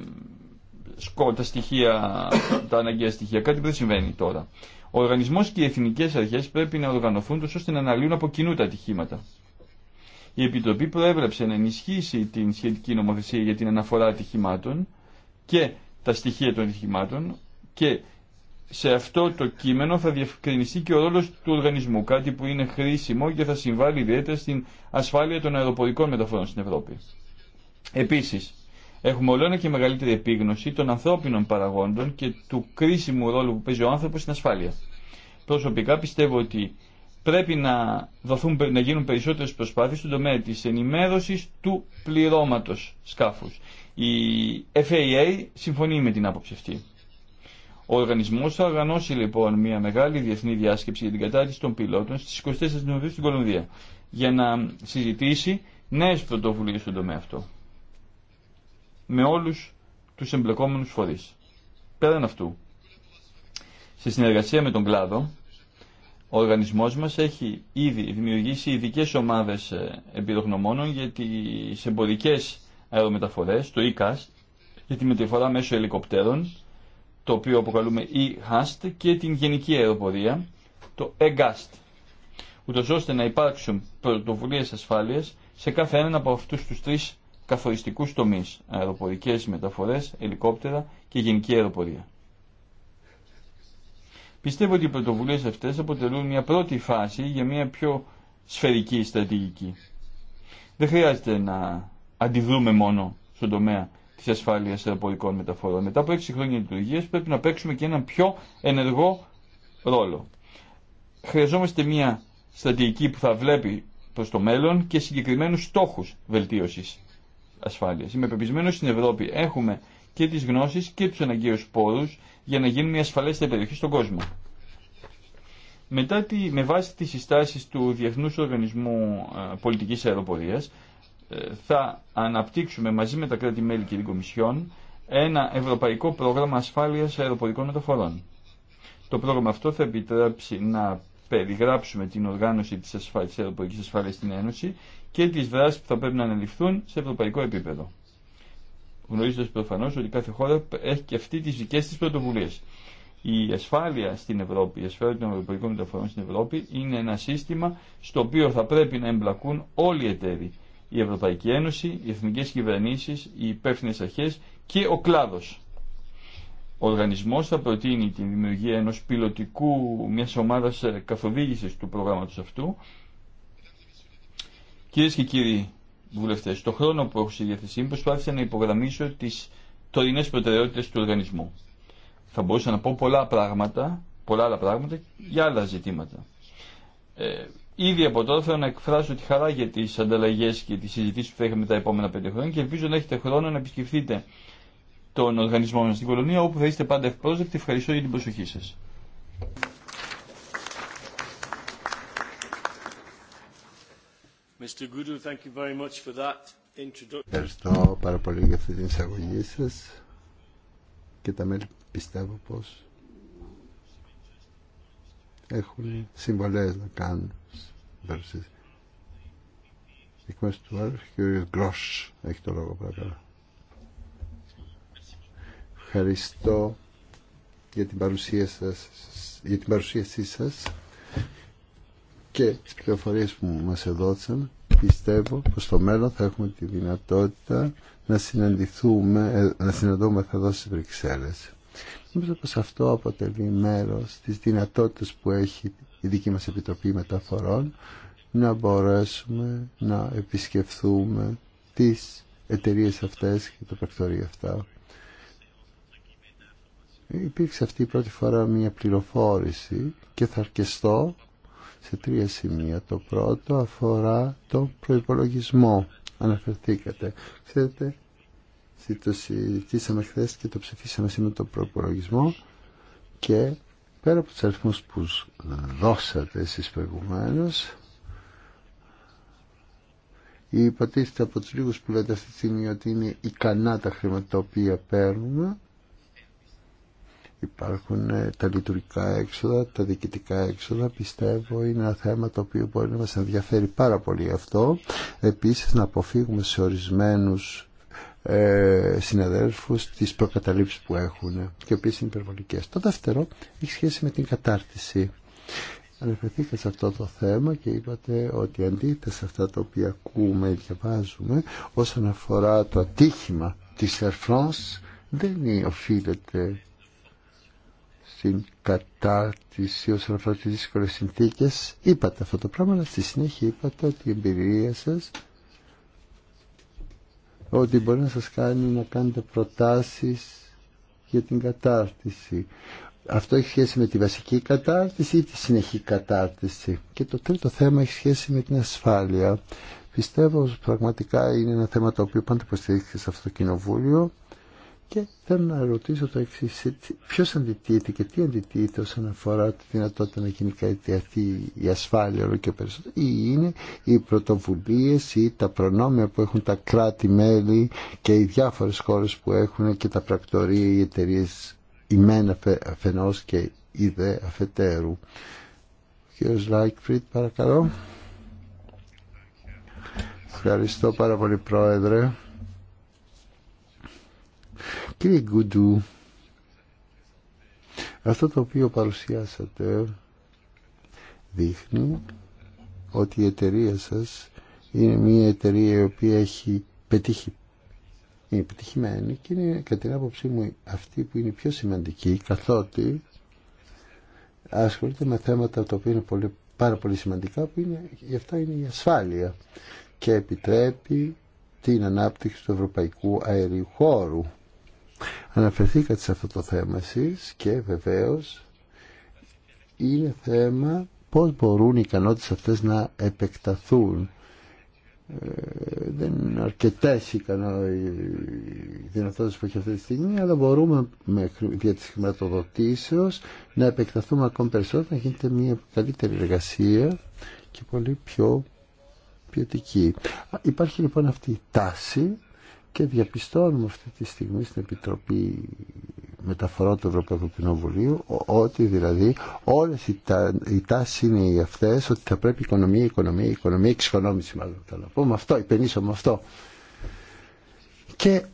σκο, στοιχεία, τα αναγκαία στοιχεία. Κάτι που δεν συμβαίνει τώρα. Ο οργανισμός και οι εθνικές αρχές πρέπει να οργανωθούν τόσο ώστε να αναλύουν από κοινού τα ατυχήματα. Η Επιτροπή προέβλεψε να ενισχύσει την σχετική νομοθεσία για την αναφορά ατυχημάτων και τα στοιχεία των δυστυχημάτων και σε αυτό το κείμενο θα διευκρινιστεί και ο ρόλος του οργανισμού, κάτι που είναι χρήσιμο και θα συμβάλλει ιδιαίτερα στην ασφάλεια των αεροπορικών μεταφορών στην Ευρώπη. Επίσης, έχουμε όλο και μεγαλύτερη επίγνωση των ανθρώπινων παραγόντων και του κρίσιμου ρόλου που παίζει ο άνθρωπος στην ασφάλεια. Προσωπικά πιστεύω ότι πρέπει να, δοθούν, να γίνουν περισσότερες προσπάθειες στον τομέα της ενημέρωσης του πληρώματος σκάφους. Η FAA συμφωνεί με την άποψη αυτή. Ο οργανισμός θα οργανώσει λοιπόν μια μεγάλη διεθνή διάσκεψη για την κατάρτιση των πιλότων στις 24 Νοεμβρίου στην Κολομβία για να συζητήσει νέες πρωτοβουλίες στον τομέα αυτό με όλους τους εμπλεκόμενους φορείς. Πέραν αυτού, σε συνεργασία με τον κλάδο, ο οργανισμός μας έχει ήδη δημιουργήσει ειδικέ ομάδες ε, εμπειρογνωμόνων για τις εμπορικές αερομεταφορές, το E-Cast για τη μεταφορά μέσω ελικοπτέρων, το οποίο αποκαλούμε E-Hast και την γενική αεροπορία, το EGAST, ούτως ώστε να υπάρξουν πρωτοβουλίε ασφάλειας σε κάθε έναν από αυτούς τους τρεις καθοριστικού τομεί: αεροπορικέ μεταφορές, ελικόπτερα και γενική αεροπορία. Πιστεύω ότι οι πρωτοβουλίε αυτές αποτελούν μια πρώτη φάση για μια πιο σφαιρική στρατηγική. Δεν χρειάζεται να αντιδρούμε μόνο στον τομέα τη ασφάλεια αεροπορικών μεταφορών. Μετά από 6 χρόνια λειτουργία πρέπει να παίξουμε και έναν πιο ενεργό ρόλο. Χρειαζόμαστε μια στρατηγική που θα βλέπει προ το μέλλον και συγκεκριμένου στόχου βελτίωση ασφάλεια. Είμαι πεπισμένο στην Ευρώπη έχουμε και τι γνώσει και του αναγκαίου πόρου για να γίνουμε μια ασφαλέστερη περιοχή στον κόσμο. Μετά με βάση τις συστάσεις του Διεθνούς Οργανισμού ε, Πολιτικής Αεροπορίας θα αναπτύξουμε μαζί με τα κράτη-μέλη και την Κομισιόν ένα ευρωπαϊκό πρόγραμμα ασφάλεια αεροπορικών μεταφορών. Το πρόγραμμα αυτό θα επιτρέψει να περιγράψουμε την οργάνωση τη ασφάλειας, ασφάλεια αεροπορικής στην Ένωση και τι δράσει που θα πρέπει να αναλυφθούν σε ευρωπαϊκό επίπεδο. Γνωρίζοντα προφανώ ότι κάθε χώρα έχει και αυτή τι δικέ τη πρωτοβουλίε. Η ασφάλεια στην Ευρώπη, η ασφάλεια των ευρωπαϊκών μεταφορών στην Ευρώπη είναι ένα σύστημα στο οποίο θα πρέπει να εμπλακούν όλοι οι εταίροι η Ευρωπαϊκή Ένωση, οι Εθνικέ κυβερνήσει, οι υπεύθυνε αρχέ και ο κλάδο. Ο οργανισμό θα προτείνει τη δημιουργία ενό πιλωτικού, μια ομάδα ε, καθοδήγηση του προγράμματο αυτού. Κυρίε και κύριοι βουλευτές, το χρόνο που έχω στη διαθεσή μου προσπάθησα να υπογραμμίσω τι τωρινέ προτεραιότητε του οργανισμού. Θα μπορούσα να πω πολλά πράγματα, πολλά άλλα πράγματα για άλλα ζητήματα. Ε, Ήδη από τώρα θέλω να εκφράσω τη χαρά για τι ανταλλαγέ και τι συζητήσει που θα είχαμε τα επόμενα πέντε χρόνια και ελπίζω να έχετε χρόνο να επισκεφτείτε τον οργανισμό μα στην κολονία όπου θα είστε πάντα ευπρόσδεκτοι. Ευχαριστώ για την προσοχή σα. Ευχαριστώ πάρα πολύ για αυτή την εισαγωγή σα και τα μέλη πιστεύω πως έχουν συμβολές να κάνουν εκ μέρους του Άλφ και ο Γκρός έχει το λόγο παρακαλώ ευχαριστώ για την παρουσία σας για την παρουσίασή σας και τις πληροφορίες που μας έδωσαν πιστεύω πως στο μέλλον θα έχουμε τη δυνατότητα να συναντηθούμε ε, να συναντούμε θα στις Βρυξέλλες Νομίζω πως αυτό αποτελεί μέρος της δυνατότητας που έχει η δική μας Επιτροπή Μεταφορών να μπορέσουμε να επισκεφθούμε τις εταιρείε αυτές και το πρακτορία αυτά. Υπήρξε αυτή η πρώτη φορά μια πληροφόρηση και θα αρκεστώ σε τρία σημεία. Το πρώτο αφορά τον προϋπολογισμό. Αναφερθήκατε. Ξέρετε, το συζητήσαμε χθε και το ψηφίσαμε σήμερα το προπολογισμό και πέρα από τους αριθμούς που δώσατε εσείς προηγουμένως υποτίθεται από τους λίγους που λέτε αυτή τη στιγμή ότι είναι ικανά τα χρήματα τα οποία παίρνουμε υπάρχουν ε, τα λειτουργικά έξοδα, τα διοικητικά έξοδα πιστεύω είναι ένα θέμα το οποίο μπορεί να μας ενδιαφέρει πάρα πολύ αυτό επίσης να αποφύγουμε σε ορισμένους ε, συναδέλφους τις προκαταλήψεις που έχουν και οι οποίες είναι υπερβολικές. Το δεύτερο έχει σχέση με την κατάρτιση. Αναφερθήκατε σε αυτό το θέμα και είπατε ότι αντίθετα σε αυτά τα οποία ακούμε ή διαβάζουμε όσον αφορά το ατύχημα της Air France δεν οφείλεται στην κατάρτιση όσον αφορά τις δύσκολες συνθήκες είπατε αυτό το πράγμα αλλά στη συνέχεια είπατε ότι η εμπειρία σας ότι μπορεί να σας κάνει να κάνετε προτάσεις για την κατάρτιση. Αυτό έχει σχέση με τη βασική κατάρτιση ή τη συνεχή κατάρτιση. Και το τρίτο θέμα έχει σχέση με την ασφάλεια. Πιστεύω πραγματικά είναι ένα θέμα το οποίο πάντα υποστηρίχθηκε σε αυτό το κοινοβούλιο και θέλω να ρωτήσω το εξή. Ποιο αντιτίθεται και τι αντιτίθεται όσον αφορά τη δυνατότητα να γίνει κάτι αυτή η ασφάλεια όλο και περισσότερο. Ή είναι οι πρωτοβουλίε ή τα προνόμια που έχουν τα κράτη-μέλη και οι διάφορε χώρε που έχουν και τα πρακτορία, οι εταιρείε ημένα αφενό και η δε αφετέρου. Κύριο Λάικφριτ, παρακαλώ. Ευχαριστώ πάρα πολύ, Πρόεδρε. Κύριε Γκουντού, αυτό το οποίο παρουσιάσατε δείχνει ότι η εταιρεία σας είναι μια εταιρεία η οποία έχει πετύχει είναι επιτυχημένη και είναι κατά την άποψή μου αυτή που είναι πιο σημαντική καθότι ασχολείται με θέματα τα οποία είναι πολύ, πάρα πολύ σημαντικά που είναι, γι' αυτά είναι η ασφάλεια και επιτρέπει την ανάπτυξη του ευρωπαϊκού αερίου χώρου. Αναφερθήκατε σε αυτό το θέμα εσείς και βεβαίως είναι θέμα πώς μπορούν οι ικανότητες αυτές να επεκταθούν. Ε, δεν είναι αρκετές οι δυνατότητες που έχει αυτή τη στιγμή, αλλά μπορούμε με, δια της χρηματοδοτήσεως να επεκταθούμε ακόμη περισσότερο, να γίνεται μια καλύτερη εργασία και πολύ πιο ποιοτική. Υπάρχει λοιπόν αυτή η τάση και διαπιστώνουμε αυτή τη στιγμή στην Επιτροπή Μεταφορών του Ευρωπαϊκού Κοινοβουλίου ότι δηλαδή όλες οι, τα, τάσεις είναι οι αυτές ότι θα πρέπει οικονομία, οικονομία, οικονομία, εξοικονόμηση μάλλον θα να πούμε αυτό, υπενήσω αυτό. Και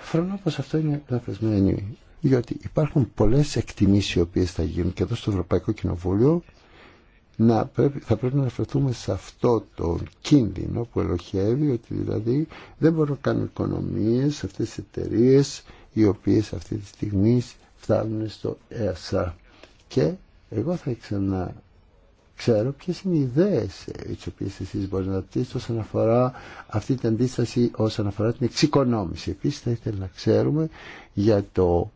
φρονώ πως αυτό είναι λαθασμένο διότι υπάρχουν πολλές εκτιμήσεις οι οποίες θα γίνουν και εδώ στο Ευρωπαϊκό Κοινοβούλιο να πρέπει, θα πρέπει να αναφερθούμε σε αυτό το κίνδυνο που ελοχεύει ότι δηλαδή δεν μπορούν να κάνουν οικονομίες σε αυτές τις εταιρείε οι οποίες αυτή τη στιγμή φτάνουν στο ΕΑΣΑ και εγώ θα ξανά ξέρω ποιες είναι οι ιδέες τις οποίες εσείς μπορείτε να πτήσετε όσον αφορά αυτή την αντίσταση όσον αφορά την εξοικονόμηση. Επίσης θα ήθελα να ξέρουμε για το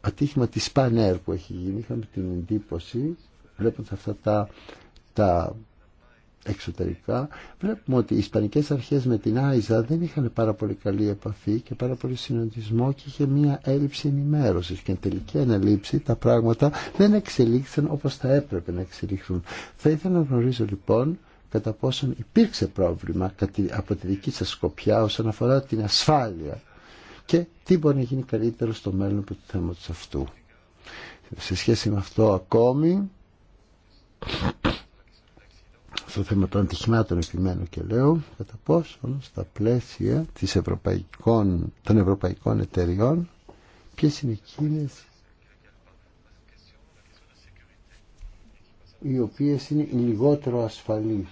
ατύχημα της Πανέρ που έχει γίνει είχαμε την εντύπωση βλέποντας αυτά τα, τα εξωτερικά βλέπουμε ότι οι Ισπανικές αρχές με την Άιζα δεν είχαν πάρα πολύ καλή επαφή και πάρα πολύ συνοντισμό και είχε μία έλλειψη ενημέρωσης και εν τελική αναλήψη τα πράγματα δεν εξελίχθηκαν όπως θα έπρεπε να εξελίχθουν. Θα ήθελα να γνωρίζω λοιπόν κατά πόσον υπήρξε πρόβλημα από τη δική σας σκοπιά όσον αφορά την ασφάλεια και τι μπορεί να γίνει καλύτερο στο μέλλον από το θέμα του αυτού. Σε σχέση με αυτό ακόμη στο θέμα των ατυχημάτων επιμένω και λέω κατά πόσο στα πλαίσια της ευρωπαϊκών, των ευρωπαϊκών εταιριών ποιες είναι εκείνες οι οποίες είναι λιγότερο ασφαλείς.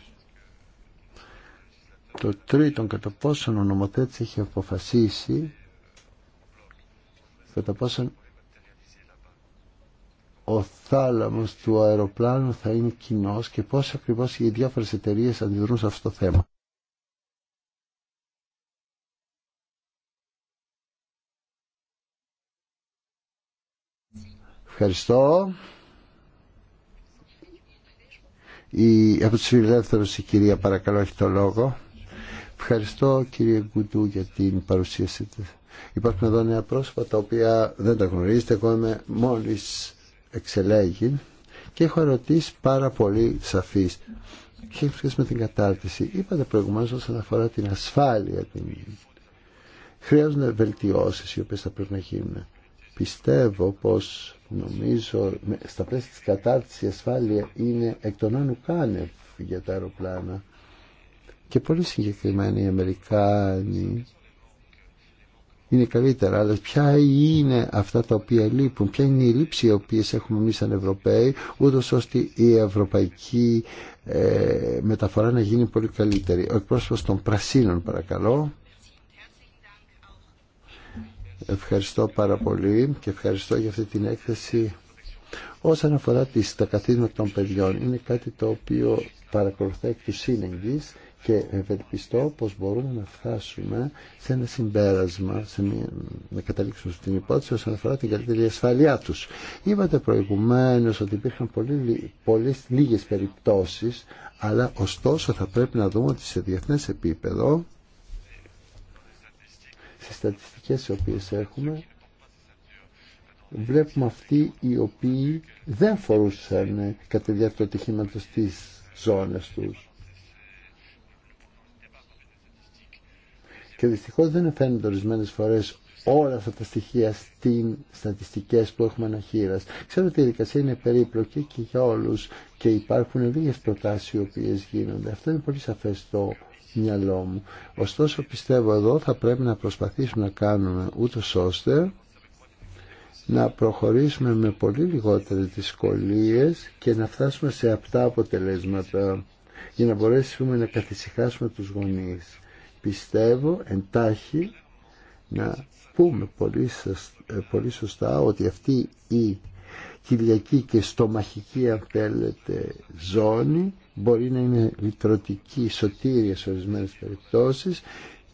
Το τρίτον, κατά πόσον ο νομοθέτης έχει αποφασίσει κατά πόσον ο θάλαμος του αεροπλάνου θα είναι κοινό και πώς ακριβώς οι διάφορες εταιρείες αντιδρούν σε αυτό το θέμα. Ευχαριστώ. Η, από τους φιλελεύθερους η κυρία παρακαλώ έχει το λόγο. Ευχαριστώ κύριε Γκουντού για την παρουσίαση της. Υπάρχουν εδώ νέα πρόσωπα τα οποία δεν τα γνωρίζετε. Εγώ είμαι μόλις εξελέγει και έχω ερωτήσει πάρα πολύ σαφείς και σχέση με την κατάρτιση. Είπατε προηγουμένως όσον αφορά την ασφάλεια. Χρειάζονται βελτιώσεις οι οποίες θα πρέπει να γίνουν. Πιστεύω πως νομίζω στα πλαίσια της κατάρτισης η ασφάλεια είναι εκ των για τα αεροπλάνα και πολύ συγκεκριμένοι οι Αμερικάνοι είναι καλύτερα. Αλλά ποια είναι αυτά τα οποία λείπουν, ποια είναι η λήψη οι οποίες έχουμε εμείς σαν Ευρωπαίοι, ούτω ώστε η ευρωπαϊκή ε, μεταφορά να γίνει πολύ καλύτερη. Ο εκπρόσωπο των Πρασίνων παρακαλώ. Ευχαριστώ πάρα πολύ και ευχαριστώ για αυτή την έκθεση. Όσον αφορά τις, τα καθήκοντα των παιδιών, είναι κάτι το οποίο παρακολουθεί εκ του σύνεγγυς και ευελπιστώ πως μπορούμε να φτάσουμε σε ένα συμπέρασμα, σε μια, να καταλήξουμε στην υπόθεση όσον αφορά την καλύτερη ασφαλειά τους. Είπατε προηγουμένως ότι υπήρχαν πολύ, πολλές λίγες περιπτώσεις, αλλά ωστόσο θα πρέπει να δούμε ότι σε διεθνές επίπεδο, στις στατιστικές οι οποίες έχουμε, βλέπουμε αυτοί οι οποίοι δεν φορούσαν κατά τη διάρκεια του ζώνες τους και δυστυχώς δεν φαίνονται ορισμένες φορές όλα αυτά τα στοιχεία στην στατιστικές που έχουμε αναχείρας. Ξέρω ότι η δικασία είναι περίπλοκη και για όλους και υπάρχουν λίγες προτάσεις οι οποίες γίνονται. Αυτό είναι πολύ σαφές στο μυαλό μου. Ωστόσο πιστεύω εδώ θα πρέπει να προσπαθήσουμε να κάνουμε ούτω ώστε να προχωρήσουμε με πολύ λιγότερες δυσκολίες και να φτάσουμε σε αυτά αποτελέσματα για να μπορέσουμε να καθησυχάσουμε τους γονείς πιστεύω εντάχει να πούμε πολύ, ε, πολύ σωστά ότι αυτή η κυλιακή και στομαχική αν θέλετε ζώνη μπορεί να είναι λυτρωτική σωτήρια σε ορισμένε περιπτώσεις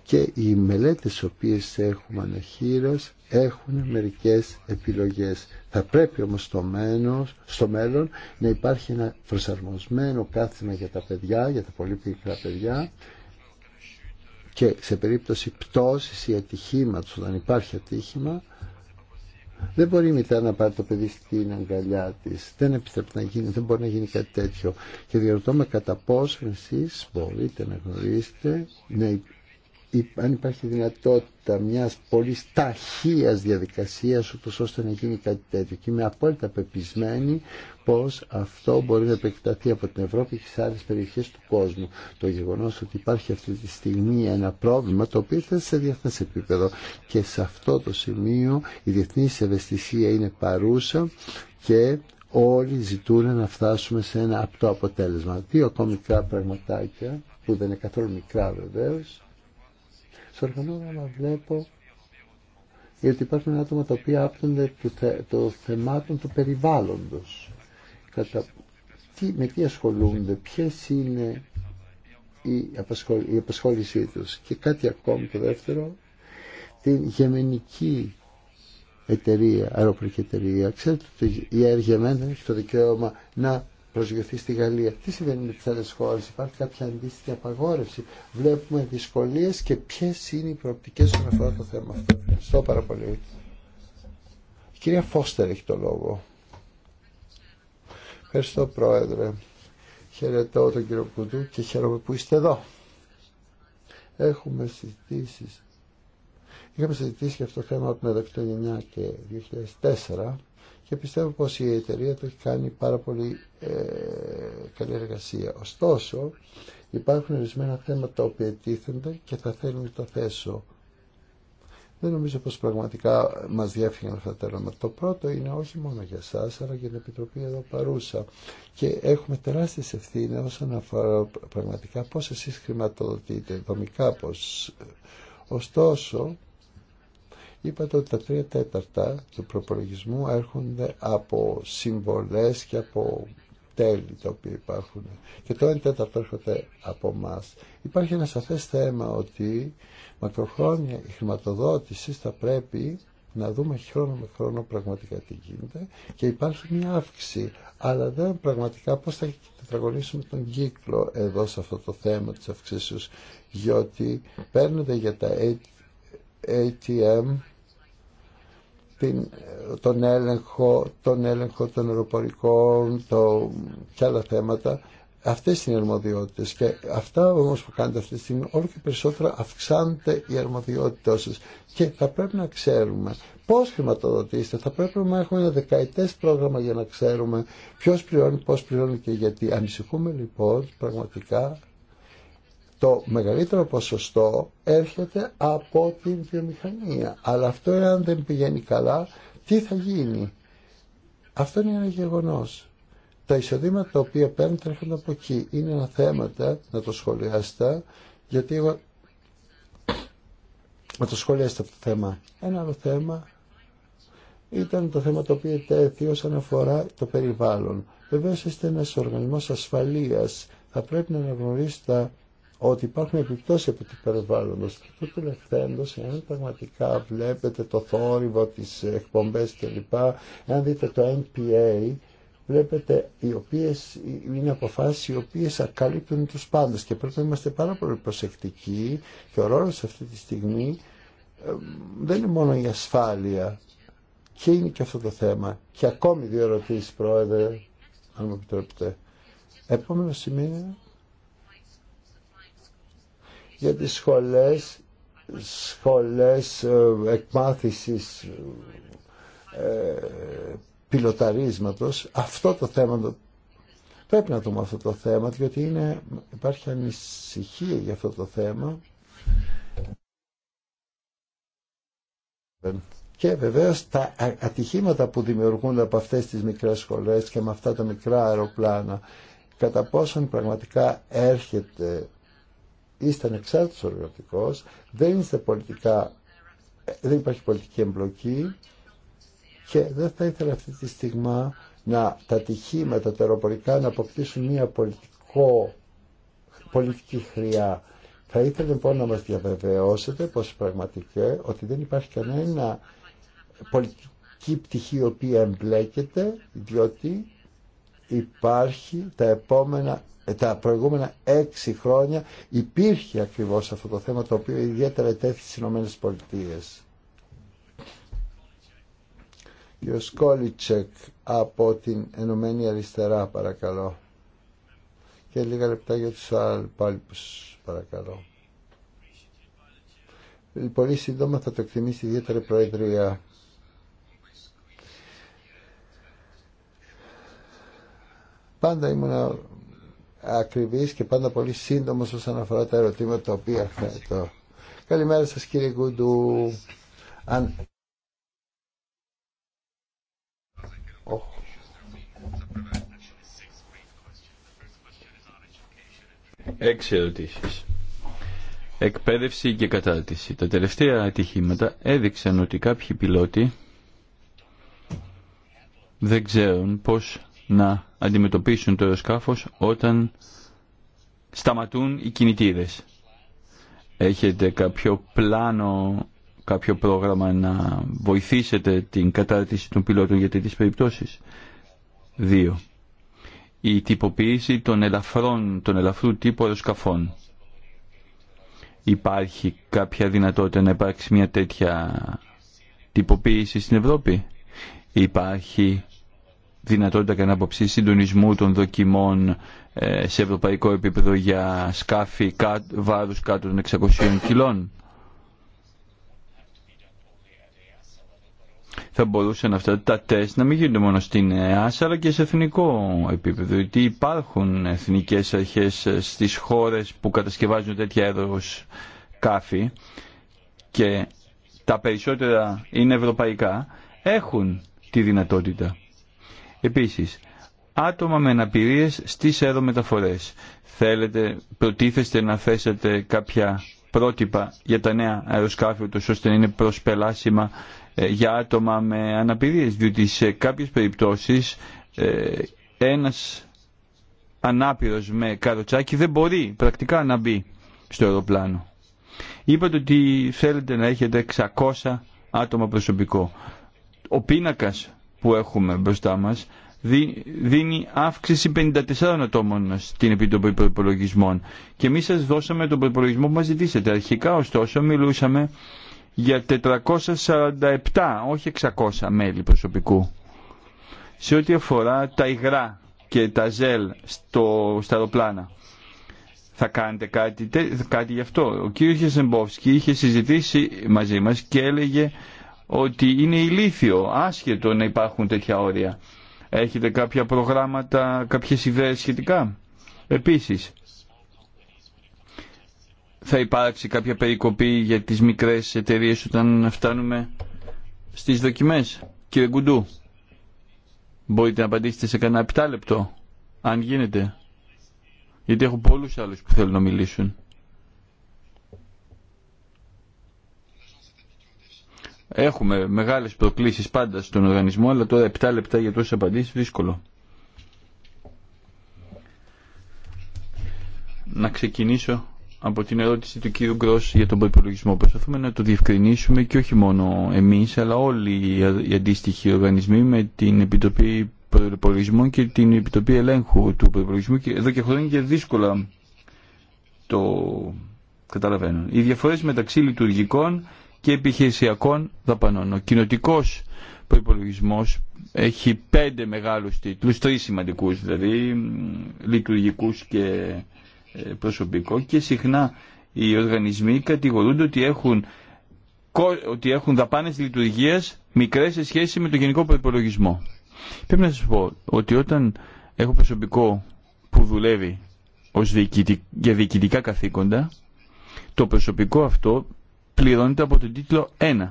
και οι μελέτες οποίες έχουμε αναχείρας έχουν μερικές επιλογές. Θα πρέπει όμως στο, μένος, στο μέλλον να υπάρχει ένα προσαρμοσμένο κάθισμα για τα παιδιά, για τα πολύ παιδιά και σε περίπτωση πτώσης ή ατυχήματος όταν υπάρχει ατύχημα δεν μπορεί η μητέρα να πάρει το παιδί στην αγκαλιά τη. Δεν επιτρέπει να γίνει, δεν μπορεί να γίνει κάτι τέτοιο. Και διαρωτώ με κατά πόσο εσεί μπορείτε να γνωρίσετε, να αν υπάρχει δυνατότητα μιας πολύ ταχείας διαδικασίας ούτως ώστε να γίνει κάτι τέτοιο και είμαι απόλυτα πεπισμένη πως αυτό μπορεί να επεκταθεί από την Ευρώπη και σε άλλες περιοχές του κόσμου. Το γεγονός ότι υπάρχει αυτή τη στιγμή ένα πρόβλημα το οποίο ήταν σε διεθνές επίπεδο και σε αυτό το σημείο η διεθνή ευαισθησία είναι παρούσα και όλοι ζητούν να φτάσουμε σε ένα απτό αποτέλεσμα. Δύο ακόμη μικρά πραγματάκια που δεν είναι καθόλου μικρά βεβαίως στο οργανόγραμμα βλέπω γιατί υπάρχουν άτομα τα οποία άπτονται του το θεμάτων του περιβάλλοντος. Κατά, τι, με τι ασχολούνται, ποιε είναι η, η απασχόλησή τους. Και κάτι ακόμη το δεύτερο, την γεμενική εταιρεία, αεροπορική εταιρεία. Ξέρετε ότι η ΑΕΡ έχει το δικαίωμα να προσγειωθεί στη Γαλλία. Τι συμβαίνει με τι άλλε χώρε, υπάρχει κάποια αντίστοιχη απαγόρευση. Βλέπουμε δυσκολίε και ποιε είναι οι προοπτικέ όσον αφορά το θέμα αυτό. Ευχαριστώ πάρα πολύ. Η κυρία Φώστερ έχει το λόγο. Ευχαριστώ Πρόεδρε. Χαιρετώ τον κύριο Κουντού και χαίρομαι που είστε εδώ. Έχουμε συζητήσει. Είχαμε συζητήσει για αυτό το θέμα από την 2009 και 2004 και πιστεύω πως η εταιρεία το έχει κάνει πάρα πολύ ε, καλή εργασία. Ωστόσο, υπάρχουν ορισμένα θέματα τα οποία τίθενται και θα θέλουν να τα θέσω. Δεν νομίζω πως πραγματικά μας διέφυγαν αυτά τα θέματα. Το πρώτο είναι όχι μόνο για σας, αλλά για την Επιτροπή εδώ παρούσα. Και έχουμε τεράστιες ευθύνες όσον αφορά πραγματικά πώς εσείς χρηματοδοτείτε, δομικά Ωστόσο, είπατε ότι τα τρία τέταρτα του προπολογισμού έρχονται από συμβολές και από τέλη τα οποία υπάρχουν και το ένα τέταρτο έρχονται από εμά. Υπάρχει ένα σαφές θέμα ότι μακροχρόνια η χρηματοδότηση θα πρέπει να δούμε χρόνο με χρόνο πραγματικά τι γίνεται και υπάρχει μια αύξηση αλλά δεν πραγματικά πώς θα τετραγωνίσουμε τον κύκλο εδώ σε αυτό το θέμα της αυξήσεως διότι παίρνονται για τα ATM την, τον, έλεγχο, τον έλεγχο των αεροπορικών το, και άλλα θέματα. Αυτές είναι οι αρμοδιότητες και αυτά όμως που κάνετε αυτή τη στιγμή όλο και περισσότερα αυξάνεται η αρμοδιότητά σας και θα πρέπει να ξέρουμε πώς χρηματοδοτήσετε, θα πρέπει να έχουμε ένα δεκαετές πρόγραμμα για να ξέρουμε ποιος πληρώνει, πώς πληρώνει και γιατί. Ανησυχούμε λοιπόν πραγματικά το μεγαλύτερο ποσοστό έρχεται από την βιομηχανία. Αλλά αυτό εάν δεν πηγαίνει καλά, τι θα γίνει. Αυτό είναι ένα γεγονός. Τα εισοδήματα τα οποία παίρνουν έρχονται από εκεί. Είναι ένα θέμα να το σχολιάσετε, γιατί εγώ να το σχολιάσετε αυτό το θέμα. Ένα άλλο θέμα ήταν το θέμα το οποίο τέθη όσον αφορά το περιβάλλον. Βεβαίω είστε ένας οργανισμός ασφαλείας. Θα πρέπει να αναγνωρίσετε ότι υπάρχουν επιπτώσεις από το περιβάλλοντος και το τελευταίο εάν πραγματικά βλέπετε το θόρυβο της εκπομπές κλπ εάν δείτε το NPA βλέπετε οι οποίες είναι αποφάσεις οι οποίες ακαλύπτουν τους πάντες και πρέπει να είμαστε πάρα πολύ προσεκτικοί και ο ρόλος αυτή τη στιγμή ε, δεν είναι μόνο η ασφάλεια και είναι και αυτό το θέμα και ακόμη δύο ερωτήσεις πρόεδρε αν μου επιτρέπετε επόμενο σημείο για τις σχολές, σχολές ε, εκμάθησης ε, πιλοταρίσματος. Αυτό το θέμα το, πρέπει να δούμε αυτό το θέμα, διότι είναι, υπάρχει ανησυχία για αυτό το θέμα. Και βεβαίως τα ατυχήματα που δημιουργούνται από αυτές τις μικρές σχολές και με αυτά τα μικρά αεροπλάνα, κατά πόσον πραγματικά έρχεται είστε ανεξάρτητος οργανωτικός, δεν πολιτικά, δεν υπάρχει πολιτική εμπλοκή και δεν θα ήθελα αυτή τη στιγμή να τα τυχήματα τα αεροπορικά να αποκτήσουν μια πολιτικό, πολιτική χρειά. Θα ήθελα λοιπόν να μας διαβεβαιώσετε πως πραγματικά ότι δεν υπάρχει κανένα πολιτική πτυχή η οποία εμπλέκεται διότι υπάρχει τα επόμενα ε, τα προηγούμενα έξι χρόνια υπήρχε ακριβώς αυτό το θέμα το οποίο ιδιαίτερα ετέθη στις Ηνωμένες Πολιτείες. Κύριο Σκόλιτσεκ από την Ενωμένη Αριστερά παρακαλώ και λίγα λεπτά για τους άλλους παρακαλώ. Πολύ σύντομα θα το εκτιμήσει ιδιαίτερη ιδιαίτερη Προεδρία. Πάντα ήμουν ακριβής και πάντα πολύ σύντομος όσον αφορά τα ερωτήματα τα οποία θέτω. Καλημέρα σας κύριε Γκούντου. Αν... Έξι Εκπαίδευση και κατάρτιση. Τα τελευταία ατυχήματα έδειξαν ότι κάποιοι πιλότοι δεν ξέρουν πώς να αντιμετωπίσουν το αεροσκάφος όταν σταματούν οι κινητήρες. Έχετε κάποιο πλάνο, κάποιο πρόγραμμα να βοηθήσετε την κατάρτιση των πιλότων για τέτοιες περιπτώσεις. Δύο. Η τυποποίηση των ελαφρών, των ελαφρού τύπου αεροσκαφών. Υπάρχει κάποια δυνατότητα να υπάρξει μια τέτοια τυποποίηση στην Ευρώπη. Υπάρχει δυνατότητα και ανάποψη συντονισμού των δοκιμών ε, σε ευρωπαϊκό επίπεδο για σκάφη βάρους κάτω των 600 κιλών. θα μπορούσαν αυτά τα τεστ να μην γίνονται μόνο στην ΕΑΣ αλλά και σε εθνικό επίπεδο. Γιατί υπάρχουν εθνικές αρχές στις χώρες που κατασκευάζουν τέτοια έδρος σκάφη και τα περισσότερα είναι ευρωπαϊκά, έχουν τη δυνατότητα Επίσης, άτομα με αναπηρίες στις αερομεταφορές. Θέλετε, προτίθεστε να θέσετε κάποια πρότυπα για τα νέα αεροσκάφη ώστε να είναι προσπελάσιμα ε, για άτομα με αναπηρίες διότι σε κάποιες περιπτώσεις ε, ένας ανάπηρος με καροτσάκι δεν μπορεί πρακτικά να μπει στο αεροπλάνο. Είπατε ότι θέλετε να έχετε 600 άτομα προσωπικό. Ο πίνακας που έχουμε μπροστά μας δίνει αύξηση 54 ατόμων στην Επιτροπή Προπολογισμών. Και εμεί σα δώσαμε τον προπολογισμό που μα ζητήσατε. Αρχικά, ωστόσο, μιλούσαμε για 447, όχι 600 μέλη προσωπικού. Σε ό,τι αφορά τα υγρά και τα ζέλ στο, στα Θα κάνετε κάτι, κάτι γι' αυτό. Ο κύριος Χεσεμπόφσκι είχε συζητήσει μαζί μας και έλεγε ότι είναι ηλίθιο, άσχετο να υπάρχουν τέτοια όρια. Έχετε κάποια προγράμματα, κάποιες ιδέες σχετικά. Επίσης, θα υπάρξει κάποια περικοπή για τις μικρές εταιρείες όταν φτάνουμε στις δοκιμές. Κύριε Κουντού, μπορείτε να απαντήσετε σε κανένα λεπτό αν γίνεται. Γιατί έχω πολλούς άλλους που θέλουν να μιλήσουν. Έχουμε μεγάλες προκλήσεις πάντα στον οργανισμό, αλλά τώρα 7 λεπτά για τόσες απαντήσεις δύσκολο. Να ξεκινήσω από την ερώτηση του κύριου Γκρός για τον προπολογισμό. Προσπαθούμε να το διευκρινίσουμε και όχι μόνο εμείς, αλλά όλοι οι αντίστοιχοι οργανισμοί με την Επιτροπή Προπολογισμών και την Επιτροπή Ελέγχου του Προπολογισμού. Εδώ και χρόνια και δύσκολα το καταλαβαίνω. Οι διαφορές μεταξύ λειτουργικών και επιχειρησιακών δαπανών. Ο κοινοτικό προπολογισμό έχει πέντε μεγάλους τίτλους, τρεις σημαντικούς δηλαδή, λειτουργικούς και ε, προσωπικό και συχνά οι οργανισμοί κατηγορούνται ότι έχουν, ότι έχουν δαπάνες λειτουργίας μικρές σε σχέση με το γενικό προπολογισμό. Πρέπει να σας πω ότι όταν έχω προσωπικό που δουλεύει ως διοικητικ... για διοικητικά καθήκοντα, το προσωπικό αυτό πληρώνεται από τον τίτλο 1.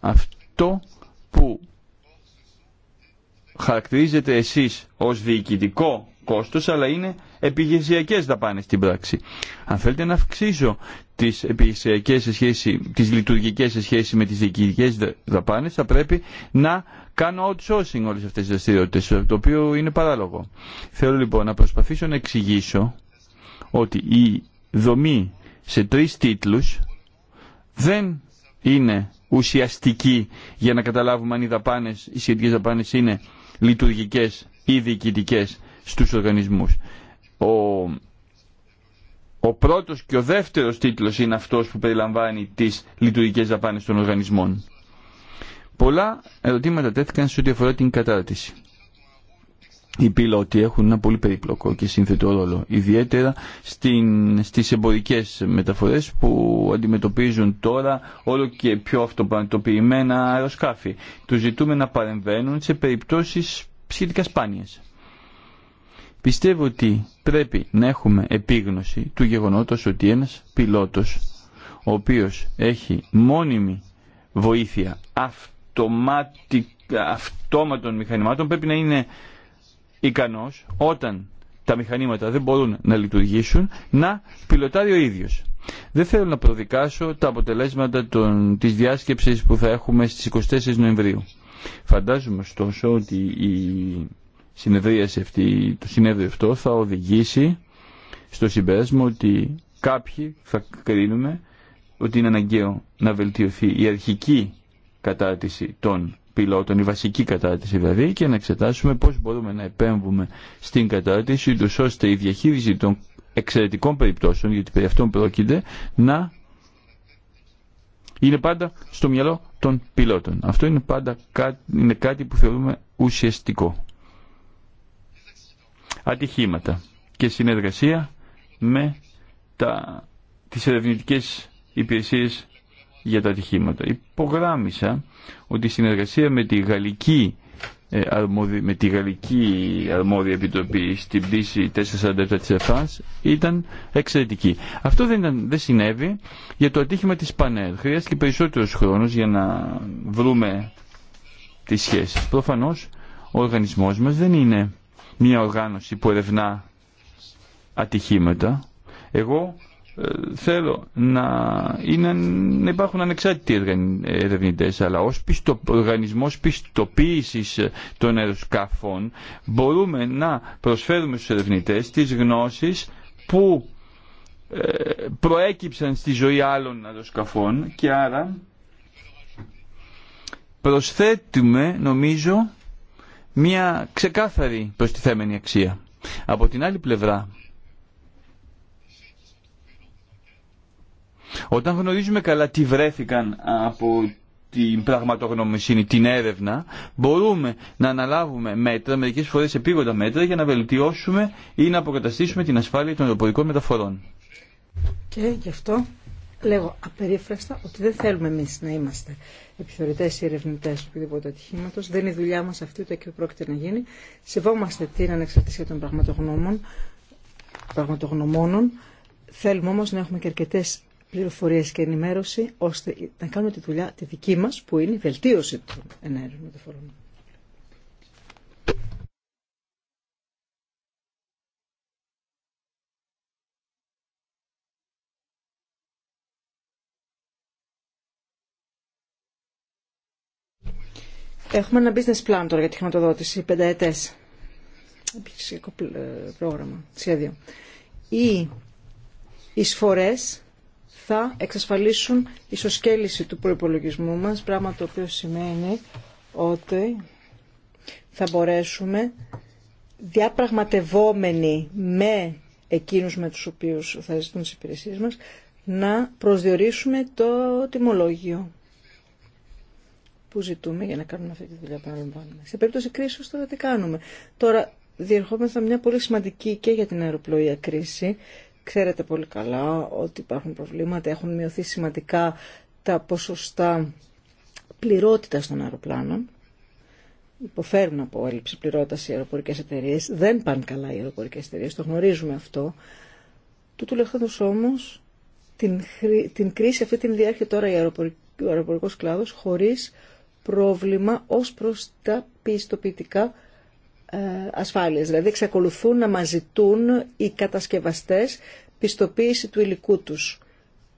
Αυτό που χαρακτηρίζεται εσείς ως διοικητικό κόστος, αλλά είναι επιχειρησιακές δαπάνες στην πράξη. Αν θέλετε να αυξήσω τις επιχειρησιακές σε σχέση, τις λειτουργικές σε σχέση με τις διοικητικές δαπάνες, θα πρέπει να κάνω outsourcing όλες αυτές τις δραστηριότητε, το οποίο είναι παράλογο. Θέλω λοιπόν να προσπαθήσω να εξηγήσω ότι η δομή σε τρεις τίτλους δεν είναι ουσιαστική για να καταλάβουμε αν οι δαπάνες, οι σχετικές δαπάνες είναι λειτουργικές ή διοικητικέ στους οργανισμούς. Ο, ο πρώτος και ο δεύτερος τίτλος είναι αυτός που περιλαμβάνει τις λειτουργικές δαπάνες των οργανισμών. Πολλά ερωτήματα τέθηκαν σε ό,τι αφορά την κατάρτιση οι πιλότοι έχουν ένα πολύ περίπλοκο και σύνθετο ρόλο, ιδιαίτερα στην, στις εμπορικές μεταφορές που αντιμετωπίζουν τώρα όλο και πιο αυτοπανετοποιημένα αεροσκάφη. Τους ζητούμε να παρεμβαίνουν σε περιπτώσεις σχετικά σπάνιες. Πιστεύω ότι πρέπει να έχουμε επίγνωση του γεγονότος ότι ένας πιλότος ο οποίος έχει μόνιμη βοήθεια αυτόματων μηχανημάτων πρέπει να είναι ικανός όταν τα μηχανήματα δεν μπορούν να λειτουργήσουν να πιλωτάρει ο ίδιος. Δεν θέλω να προδικάσω τα αποτελέσματα των, της διάσκεψης που θα έχουμε στις 24 Νοεμβρίου. Φαντάζομαι ωστόσο ότι η συνεδρίαση αυτή, το συνέδριο αυτό θα οδηγήσει στο συμπέρασμα ότι κάποιοι θα κρίνουμε ότι είναι αναγκαίο να βελτιωθεί η αρχική κατάρτιση των πιλότων, η βασική κατάρτιση δηλαδή, και να εξετάσουμε πώς μπορούμε να επέμβουμε στην κατάρτιση, ώστε η διαχείριση των εξαιρετικών περιπτώσεων, γιατί περί αυτών πρόκειται, να είναι πάντα στο μυαλό των πιλότων. Αυτό είναι πάντα κάτι, είναι κάτι που θεωρούμε ουσιαστικό. Ατυχήματα και συνεργασία με τα, τις ερευνητικές υπηρεσίες για τα ατυχήματα. Υπογράμμισα ότι η συνεργασία με τη γαλλική ε, με τη Γαλλική Αρμόδια Επιτροπή στην πτήση 447 της ΕΦΑΣ ήταν εξαιρετική. Αυτό δεν, ήταν, δεν συνέβη για το ατύχημα της Πανέρ. Χρειάστηκε περισσότερος χρόνος για να βρούμε τις σχέσεις. Προφανώς ο οργανισμός μας δεν είναι μια οργάνωση που ερευνά ατυχήματα. Εγώ θέλω να, είναι, να υπάρχουν ανεξάρτητοι ερευνητέ, αλλά ω πιστο, οργανισμός πιστοποίησης των αεροσκαφών μπορούμε να προσφέρουμε στους ερευνητέ τις γνώσεις που ε, προέκυψαν στη ζωή άλλων αεροσκαφών και άρα προσθέτουμε νομίζω μια ξεκάθαρη προστιθέμενη αξία. Από την άλλη πλευρά Όταν γνωρίζουμε καλά τι βρέθηκαν από την πραγματογνωμοσύνη, την έρευνα, μπορούμε να αναλάβουμε μέτρα, μερικέ φορέ επίγοντα μέτρα, για να βελτιώσουμε ή να αποκαταστήσουμε την ασφάλεια των αεροπορικών μεταφορών. Και γι' αυτό λέγω απερίφραστα ότι δεν θέλουμε εμεί να είμαστε επιθεωρητέ ή ερευνητέ του οποιοδήποτε ατυχήματο. Δεν είναι η δουλειά μα αυτή, ούτε και πρόκειται να γίνει. Σεβόμαστε την ανεξαρτησία των πραγματογνώμων, πραγματογνωμόνων. Θέλουμε όμω να έχουμε και αρκετέ πληροφορίε και ενημέρωση ώστε να κάνουμε τη δουλειά τη δική μα που είναι η βελτίωση του ενεργού μεταφορών. Έχουμε ένα business plan τώρα για τη χρηματοδότηση, πενταετές. Επιχειρησιακό πρόγραμμα, σχέδιο. Οι εισφορές θα εξασφαλίσουν ισοσκέληση του προϋπολογισμού μας, πράγμα το οποίο σημαίνει ότι θα μπορέσουμε διαπραγματευόμενοι με εκείνους με τους οποίους θα ζητούν τις υπηρεσίες μας, να προσδιορίσουμε το τιμολόγιο που ζητούμε για να κάνουμε αυτή τη δουλειά που αναλαμβάνουμε. Σε περίπτωση κρίσης τώρα τι κάνουμε. Τώρα διερχόμεθα μια πολύ σημαντική και για την αεροπλοεία κρίση Ξέρετε πολύ καλά ότι υπάρχουν προβλήματα, έχουν μειωθεί σημαντικά τα ποσοστά πληρότητας των αεροπλάνων. Υποφέρουν από έλλειψη πληρότητας οι αεροπορικές εταιρείες. Δεν πάνε καλά οι αεροπορικές εταιρείες, το γνωρίζουμε αυτό. Τούτου τουλάχιστον όμως την, την κρίση αυτή την διέρχεται τώρα ο αεροπορικός κλάδος χωρίς πρόβλημα ως προς τα πιστοποιητικά ε, ασφάλειες. Δηλαδή εξακολουθούν να μας ζητούν οι κατασκευαστές πιστοποίηση του υλικού τους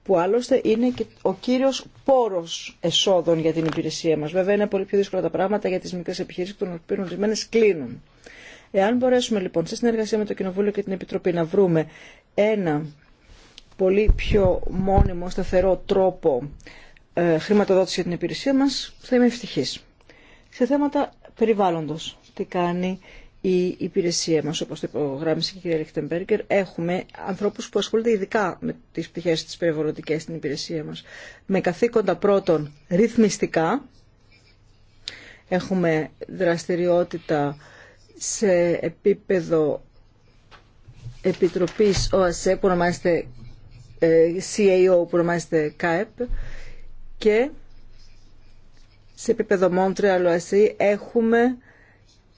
που άλλωστε είναι και ο κύριος πόρος εσόδων για την υπηρεσία μας. Βέβαια είναι πολύ πιο δύσκολα τα πράγματα για τις μικρές επιχειρήσεις των οποίων ορισμένε κλείνουν. Εάν μπορέσουμε λοιπόν σε συνεργασία με το Κοινοβούλιο και την Επιτροπή να βρούμε ένα πολύ πιο μόνιμο, σταθερό τρόπο ε, χρηματοδότηση για την υπηρεσία μας, θα είμαι ευτυχής. Σε θέματα περιβάλλοντος τι κάνει η υπηρεσία μας, όπως το υπογράμμισε και η κυρία Λεχτεμπέργκερ. Έχουμε ανθρώπους που ασχολούνται ειδικά με τις πτυχές της περιβαλλοντικές στην υπηρεσία μας. Με καθήκοντα πρώτον ρυθμιστικά, έχουμε δραστηριότητα σε επίπεδο Επιτροπής ΟΑΣΕ που ονομάζεται ε, CAO που ονομάζεται ΚΑΕΠ και σε επίπεδο Montreal ΟΑΣΕ έχουμε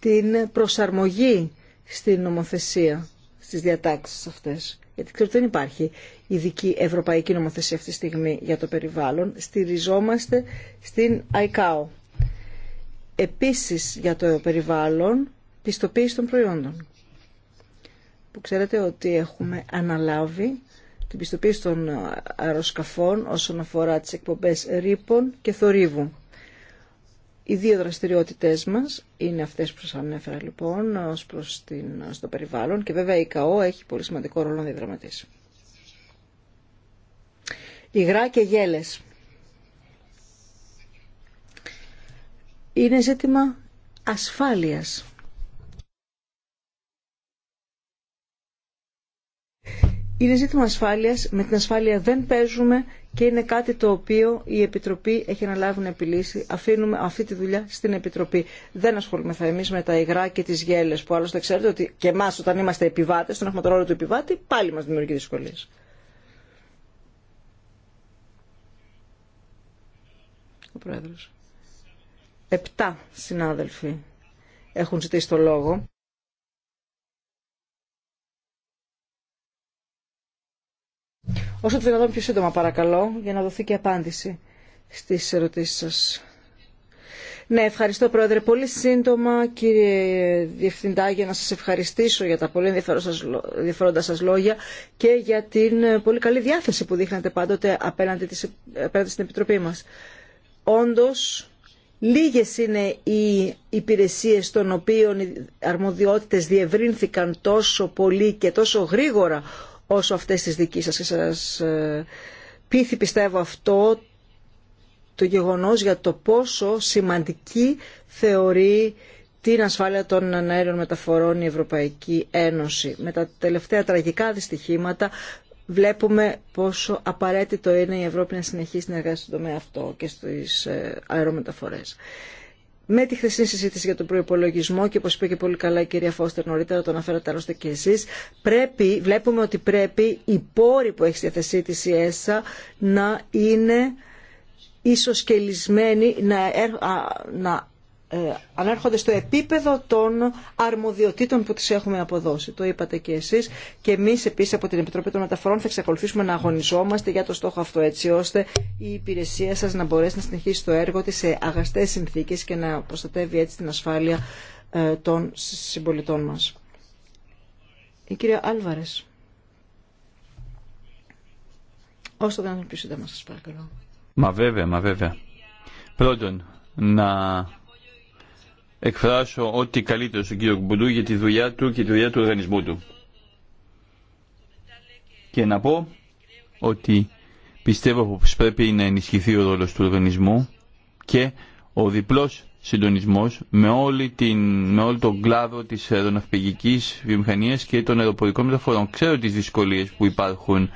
την προσαρμογή στην νομοθεσία, στις διατάξεις αυτές. Γιατί ξέρω ότι δεν υπάρχει ειδική ευρωπαϊκή νομοθεσία αυτή τη στιγμή για το περιβάλλον. Στηριζόμαστε στην ICAO. Επίσης για το περιβάλλον, πιστοποίηση των προϊόντων. Που ξέρετε ότι έχουμε αναλάβει την πιστοποίηση των αεροσκαφών όσον αφορά τις εκπομπές ρήπων και θορύβου. Οι δύο δραστηριότητές μας είναι αυτές που σας ανέφερα λοιπόν ως προς την, στο περιβάλλον και βέβαια η ΚΑΟ έχει πολύ σημαντικό ρόλο να διαδραματίσει. Υγρά και γέλες. Είναι ζήτημα ασφάλειας. Είναι ζήτημα ασφάλειας. Με την ασφάλεια δεν παίζουμε και είναι κάτι το οποίο η Επιτροπή έχει αναλάβει να επιλύσει. Αφήνουμε αυτή τη δουλειά στην Επιτροπή. Δεν ασχολούμεθα εμείς με τα υγρά και τι γέλε που άλλωστε ξέρετε ότι και εμά όταν είμαστε επιβάτε, όταν έχουμε τον ρόλο του επιβάτη, πάλι μα δημιουργεί δυσκολίε. Ο Πρόεδρος. Επτά συνάδελφοι έχουν ζητήσει το λόγο. Όσο το δυνατόν πιο σύντομα παρακαλώ, για να δοθεί και απάντηση στις ερωτήσεις σας. Ναι, ευχαριστώ Πρόεδρε. Πολύ σύντομα κύριε Διευθυντά για να σας ευχαριστήσω για τα πολύ ενδιαφέροντα σας λόγια και για την πολύ καλή διάθεση που δείχνατε πάντοτε απέναντι, της, απέναντι στην Επιτροπή μας. Όντως, λίγες είναι οι υπηρεσίες των οποίων οι αρμοδιότητες διευρύνθηκαν τόσο πολύ και τόσο γρήγορα όσο αυτές τις δικής σας και σας ε, πείθει πιστεύω αυτό το γεγονός για το πόσο σημαντική θεωρεί την ασφάλεια των αερομεταφορών μεταφορών η Ευρωπαϊκή Ένωση. Με τα τελευταία τραγικά δυστυχήματα βλέπουμε πόσο απαραίτητο είναι η Ευρώπη να συνεχίσει να εργάζεται στον τομέα αυτό και στις ε, αερομεταφορές με τη χρυσή συζήτηση για τον προπολογισμό και όπω είπε και πολύ καλά η κυρία Φώστερ νωρίτερα, το αναφέρατε άλλωστε και εσεί, βλέπουμε ότι πρέπει οι πόροι που έχει στη διαθεσή τη η ΕΣΑ να είναι λυσμένοι να, να ε, ανέρχονται στο επίπεδο των αρμοδιοτήτων που τις έχουμε αποδώσει. Το είπατε και εσείς και εμείς επίσης από την Επιτροπή των Μεταφορών θα εξακολουθήσουμε να αγωνιζόμαστε για το στόχο αυτό έτσι ώστε η υπηρεσία σας να μπορέσει να συνεχίσει το έργο της σε αγαστές συνθήκες και να προστατεύει έτσι την ασφάλεια ε, των συμπολιτών μας. Η κυρία Άλβαρες. Όσο δεν πείσετε, μας σας παρακαλώ. Μα βέβαια, μα βέβαια. Πρώτον, να εκφράσω ό,τι καλύτερο στον κύριο Κουμπουντού για τη δουλειά του και τη δουλειά του οργανισμού του. Και να πω ότι πιστεύω πως πρέπει να ενισχυθεί ο ρόλος του οργανισμού και ο διπλός συντονισμός με, όλη με όλο τον κλάδο της αεροναυπηγικής βιομηχανίας και των αεροπορικών μεταφορών. Ξέρω τις δυσκολίες που υπάρχουν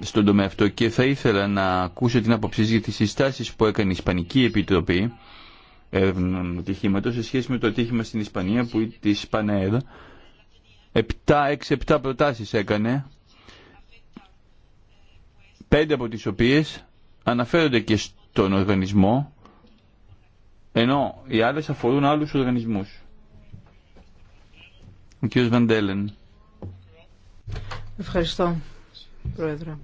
στον τομέα αυτό και θα ήθελα να ακούσω την άποψή για τις συστάσεις που έκανε η Ισπανική Επιτροπή ε, ατυχήματο σε σχέση με το ατύχημα στην Ισπανία που τη Σπανέρ 6-7 προτάσεις έκανε, πέντε από τις οποίες αναφέρονται και στον οργανισμό, ενώ οι άλλες αφορούν άλλους οργανισμούς. Ο κ. Βαντέλεν. Ευχαριστώ, Πρόεδρε.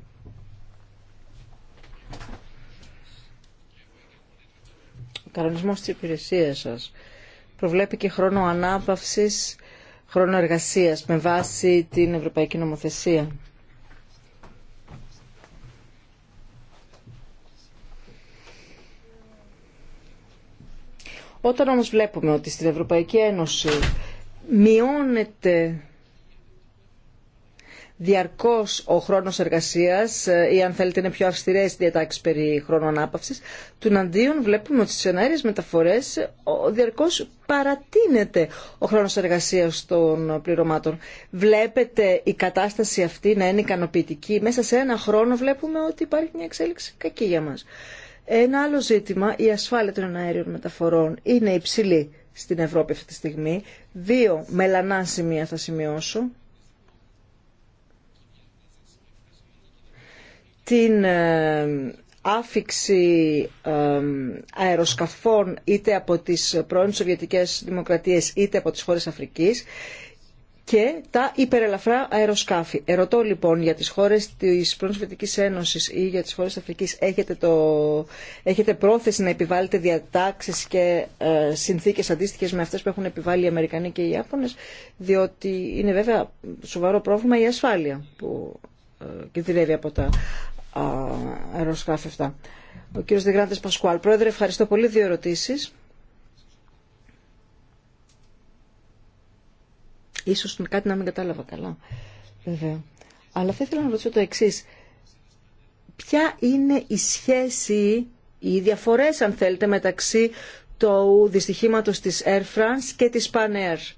κανονισμός της υπηρεσίας σας προβλέπει και χρόνο ανάπαυσης, χρόνο εργασίας με βάση την Ευρωπαϊκή Νομοθεσία. Όταν όμως βλέπουμε ότι στην Ευρωπαϊκή Ένωση μειώνεται διαρκώς ο χρόνος εργασίας ε, ή αν θέλετε είναι πιο αυστηρές διατάξεις περί χρόνου ανάπαυσης. Του αντίον βλέπουμε ότι στις εναέρειες μεταφορές ε, διαρκώς παρατείνεται ο χρόνος εργασίας των πληρωμάτων. Βλέπετε η αν θελετε ειναι πιο αυστηρες διαταξεις περι χρονου αναπαυσης τουναντιον βλεπουμε οτι στις αυτή να είναι ικανοποιητική. Μέσα σε ένα χρόνο βλέπουμε ότι υπάρχει μια εξέλιξη κακή για μας. Ένα άλλο ζήτημα, η ασφάλεια των εναέριων μεταφορών είναι υψηλή στην Ευρώπη αυτή τη στιγμή. Δύο μελανά σημεία θα σημειώσω. την ε, άφηξη ε, αεροσκαφών είτε από τις πρώην Σοβιετικές Δημοκρατίες είτε από τις χώρες Αφρικής και τα υπερελαφρά αεροσκάφη. Ερωτώ λοιπόν για τις χώρες της πρώην Σοβιετικής Ένωσης ή για τις χώρες της Αφρικής έχετε, το... έχετε πρόθεση να επιβάλλετε διατάξεις και ε, συνθήκες αντίστοιχες με αυτές που έχουν επιβάλει οι Αμερικανοί και οι Ιάπωνες διότι είναι βέβαια σοβαρό πρόβλημα η ασφάλεια που κινδυνεύει από τα αεροσκάφη αυτά. Ο κύριος Δηγράντες Πασκουάλ. Πρόεδρε, ευχαριστώ πολύ. Δύο ερωτήσεις. Ίσως κάτι να μην κατάλαβα καλά. Βέβαια. Αλλά θα ήθελα να ρωτήσω το εξή: Ποια είναι η σχέση, οι διαφορές αν θέλετε μεταξύ του δυστυχήματος της Air France και της Pan Air.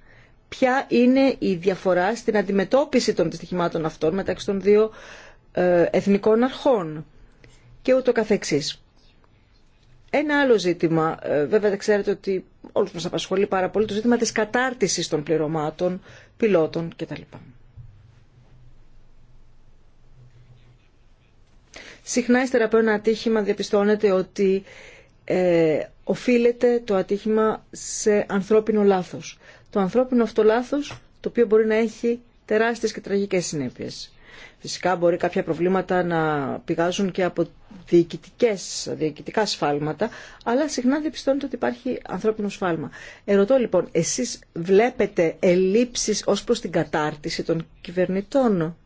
Ποια είναι η διαφορά στην αντιμετώπιση των δυστυχημάτων αυτών μεταξύ των δύο ε, εθνικών αρχών και ούτω καθεξής. Ένα άλλο ζήτημα, ε, βέβαια δεν ξέρετε ότι όλους μας απασχολεί πάρα πολύ, το ζήτημα της κατάρτισης των πληρωμάτων, πιλότων κτλ. Συχνά ύστερα από ένα ατύχημα διαπιστώνεται ότι ε, οφείλεται το ατύχημα σε ανθρώπινο λάθος. Το ανθρώπινο αυτό λάθος, το οποίο μπορεί να έχει τεράστιες και τραγικές συνέπειες. Φυσικά μπορεί κάποια προβλήματα να πηγάζουν και από διοικητικά σφάλματα, αλλά συχνά διαπιστώνεται ότι υπάρχει ανθρώπινο σφάλμα. Ερωτώ λοιπόν, εσείς βλέπετε ελλείψεις ως προς την κατάρτιση των κυβερνητών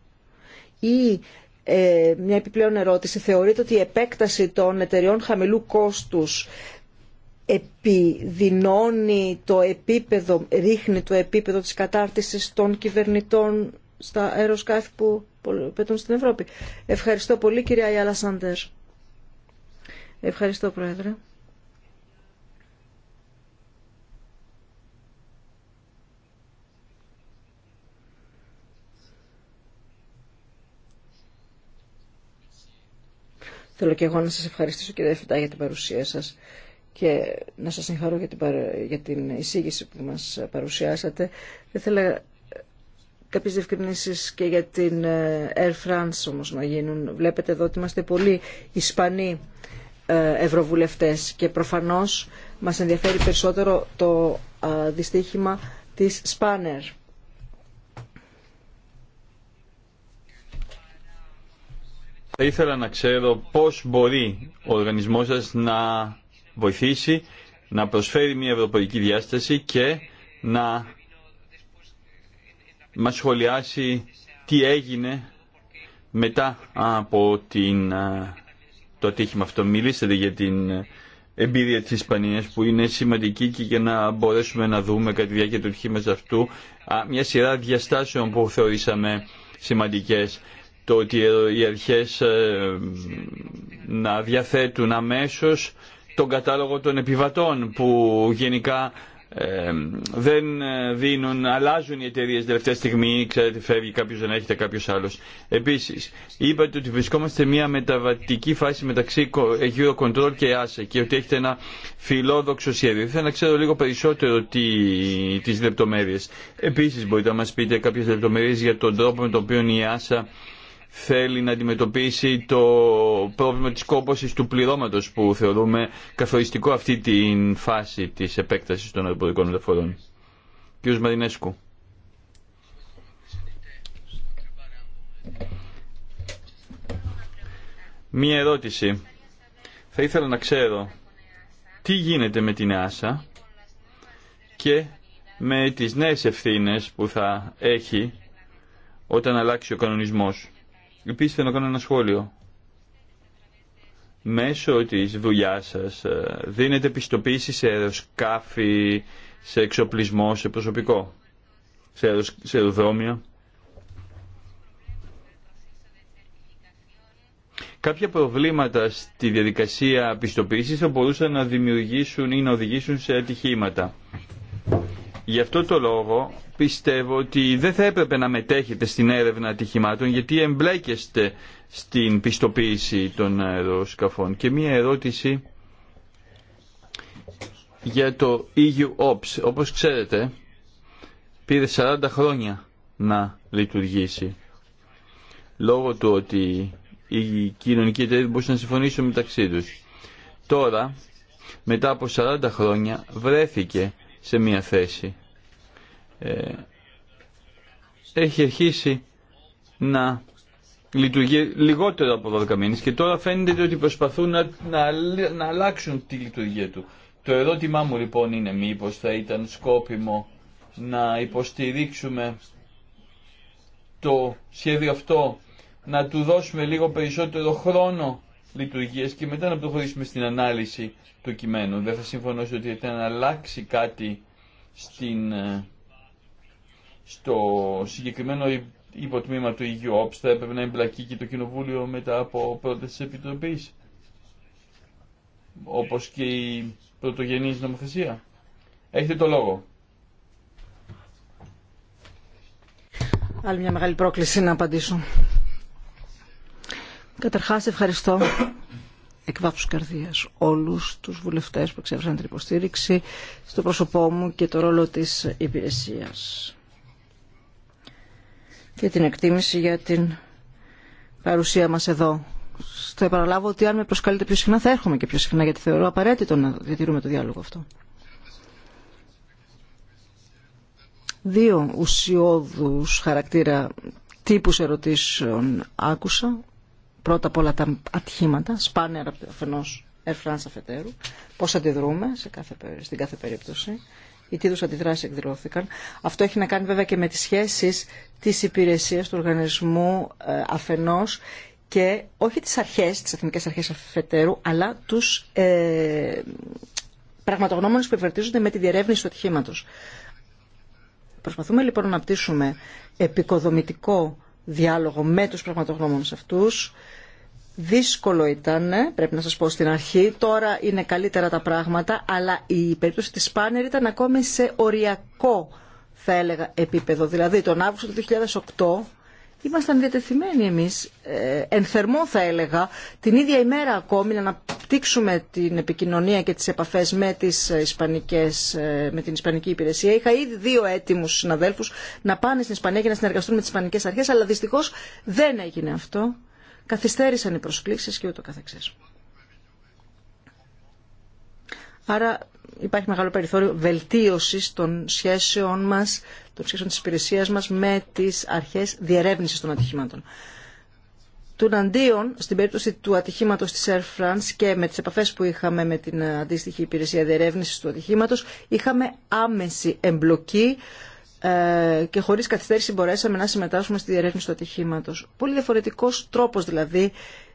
ή ε, μια επιπλέον ερώτηση, θεωρείτε ότι η επέκταση των εταιριών χαμηλού κόστους επιδεινώνει το επίπεδο, ρίχνει το επίπεδο της κατάρτισης των κυβερνητών στα αεροσκάφη που πετούν στην Ευρώπη. Ευχαριστώ πολύ κυρία Ιάλα Σάντερ. Ευχαριστώ Πρόεδρε. Θέλω και εγώ να σας ευχαριστήσω κύριε Φιτά για την παρουσία σας και να σας συγχαρώ για την, για εισήγηση που μας παρουσιάσατε. θέλω Κάποιες διευκρινήσεις και για την ε, Air France όμως να γίνουν. Βλέπετε εδώ ότι είμαστε πολλοί Ισπανοί ε, ευρωβουλευτές και προφανώς μας ενδιαφέρει περισσότερο το ε, δυστύχημα της Spanner. Θα ήθελα να ξέρω πώς μπορεί ο οργανισμός σας να βοηθήσει να προσφέρει μια ευρωπαϊκή διάσταση και να μας σχολιάσει τι έγινε μετά από την, το ατύχημα αυτό. Μιλήσατε για την εμπειρία της Ισπανίας που είναι σημαντική και για να μπορέσουμε να δούμε κατά τη διάρκεια του ατυχήματος αυτού μια σειρά διαστάσεων που θεωρήσαμε σημαντικές το ότι οι αρχές ε, να διαθέτουν αμέσως τον κατάλογο των επιβατών που γενικά δεν ε, δίνουν, αλλάζουν οι εταιρείε τελευταία στιγμή, ξέρετε φεύγει κάποιο, δεν έχετε κάποιο άλλο. Επίση, είπατε ότι βρισκόμαστε μια μεταβατική φάση μεταξύ Eurocontrol και ASA και ότι έχετε ένα φιλόδοξο σχέδιο. Θέλω να ξέρω λίγο περισσότερο τι, τις Επίση, Επίσης μπορείτε να μα πείτε κάποιε λεπτομέρειε για τον τρόπο με τον οποίο η ASA θέλει να αντιμετωπίσει το πρόβλημα της κόπωσης του πληρώματος που θεωρούμε καθοριστικό αυτή τη φάση της επέκτασης των αεροπορικών μεταφορών. Κ. Μαρινέσκου. Μία ερώτηση. Θα ήθελα να ξέρω τι γίνεται με την ΆΣΑ και με τις νέες ευθύνες που θα έχει όταν αλλάξει ο κανονισμός. Επίση, θέλω να κάνω ένα σχόλιο. Μέσω της δουλειά σα ε, δίνετε πιστοποίηση σε αεροσκάφη, σε εξοπλισμό, σε προσωπικό, σε αεροδρόμια. Κάποια προβλήματα στη διαδικασία πιστοποίησης θα μπορούσαν να δημιουργήσουν ή να οδηγήσουν σε ατυχήματα. Γι' αυτό το λόγο πιστεύω ότι δεν θα έπρεπε να μετέχετε στην έρευνα ατυχημάτων γιατί εμπλέκεστε στην πιστοποίηση των αεροσκαφών. Και μία ερώτηση για το EU Ops. Όπως ξέρετε, πήρε 40 χρόνια να λειτουργήσει. Λόγω του ότι οι κοινωνικοί εταιρείε μπορούσαν να συμφωνήσουν μεταξύ τους. Τώρα, μετά από 40 χρόνια, βρέθηκε σε μία θέση. Ε, έχει αρχίσει να λειτουργεί λιγότερο από 12 μήνες και τώρα φαίνεται ότι προσπαθούν να, να, να αλλάξουν τη λειτουργία του. Το ερώτημά μου λοιπόν είναι μήπως θα ήταν σκόπιμο να υποστηρίξουμε το σχέδιο αυτό, να του δώσουμε λίγο περισσότερο χρόνο λειτουργία και μετά να προχωρήσουμε στην ανάλυση του κειμένου. Δεν θα συμφωνώ ότι ήταν να αλλάξει κάτι στην, ε, στο συγκεκριμένο υποτμήμα του Υγειού οπς θα έπρεπε να εμπλακεί και το Κοινοβούλιο μετά από πρόταση της Επιτροπής όπως και η πρωτογενής νομοθεσία. Έχετε το λόγο. Άλλη μια μεγάλη πρόκληση να απαντήσω. Καταρχάς ευχαριστώ εκ βάθους καρδίας όλους τους βουλευτές που εξέφεραν την υποστήριξη στο πρόσωπό μου και το ρόλο της υπηρεσίας και την εκτίμηση για την παρουσία μας εδώ. Θα επαναλάβω ότι αν με προσκαλείτε πιο συχνά θα έρχομαι και πιο συχνά γιατί θεωρώ απαραίτητο να διατηρούμε το διάλογο αυτό. Δύο ουσιώδους χαρακτήρα τύπους ερωτήσεων άκουσα πρώτα απ' όλα τα ατυχήματα, σπάνια αφενός Air France αφετέρου, πώς αντιδρούμε σε κάθε, στην κάθε περίπτωση ή τι είδους αντιδράσεις εκδηλώθηκαν. Αυτό έχει να κάνει βέβαια και με τις σχέσεις της υπηρεσίας του οργανισμού ε, αφενός και όχι τις αρχές, τις εθνικές αρχές αφετέρου, αλλά τους ε, πραγματογνώμονες που ευερτίζονται με τη διερεύνηση του ατυχήματος. Προσπαθούμε λοιπόν να πτήσουμε επικοδομητικό διάλογο με τους πραγματογνώμονες αυτούς. Δύσκολο ήταν, πρέπει να σας πω στην αρχή, τώρα είναι καλύτερα τα πράγματα, αλλά η περίπτωση της Πάνερ ήταν ακόμη σε οριακό, θα έλεγα, επίπεδο. Δηλαδή τον Αύγουστο του 2008 Ήμασταν διατεθειμένοι εμείς, ε, θα έλεγα, την ίδια ημέρα ακόμη να αναπτύξουμε την επικοινωνία και τις επαφές με, ε, ε, με την Ισπανική Υπηρεσία. Είχα ήδη δύο έτοιμους συναδέλφους να πάνε στην Ισπανία και να συνεργαστούν με τις Ισπανικές Αρχές, αλλά δυστυχώς δεν έγινε αυτό. Καθυστέρησαν οι προσκλήσεις και ούτω καθεξής. Άρα υπάρχει μεγάλο περιθώριο βελτίωσης των σχέσεων μας των σχέσεων τη υπηρεσία μας με τις αρχές διερεύνηση των ατυχημάτων. Τουναντίον, στην περίπτωση του ατυχήματο τη Air France και με τι επαφέ που είχαμε με την αντίστοιχη υπηρεσία διερεύνηση του ατυχήματο, είχαμε άμεση εμπλοκή ε, και χωρί καθυστέρηση μπορέσαμε να συμμετάσχουμε στη διερεύνηση του ατυχήματο. Πολύ διαφορετικό τρόπο δηλαδή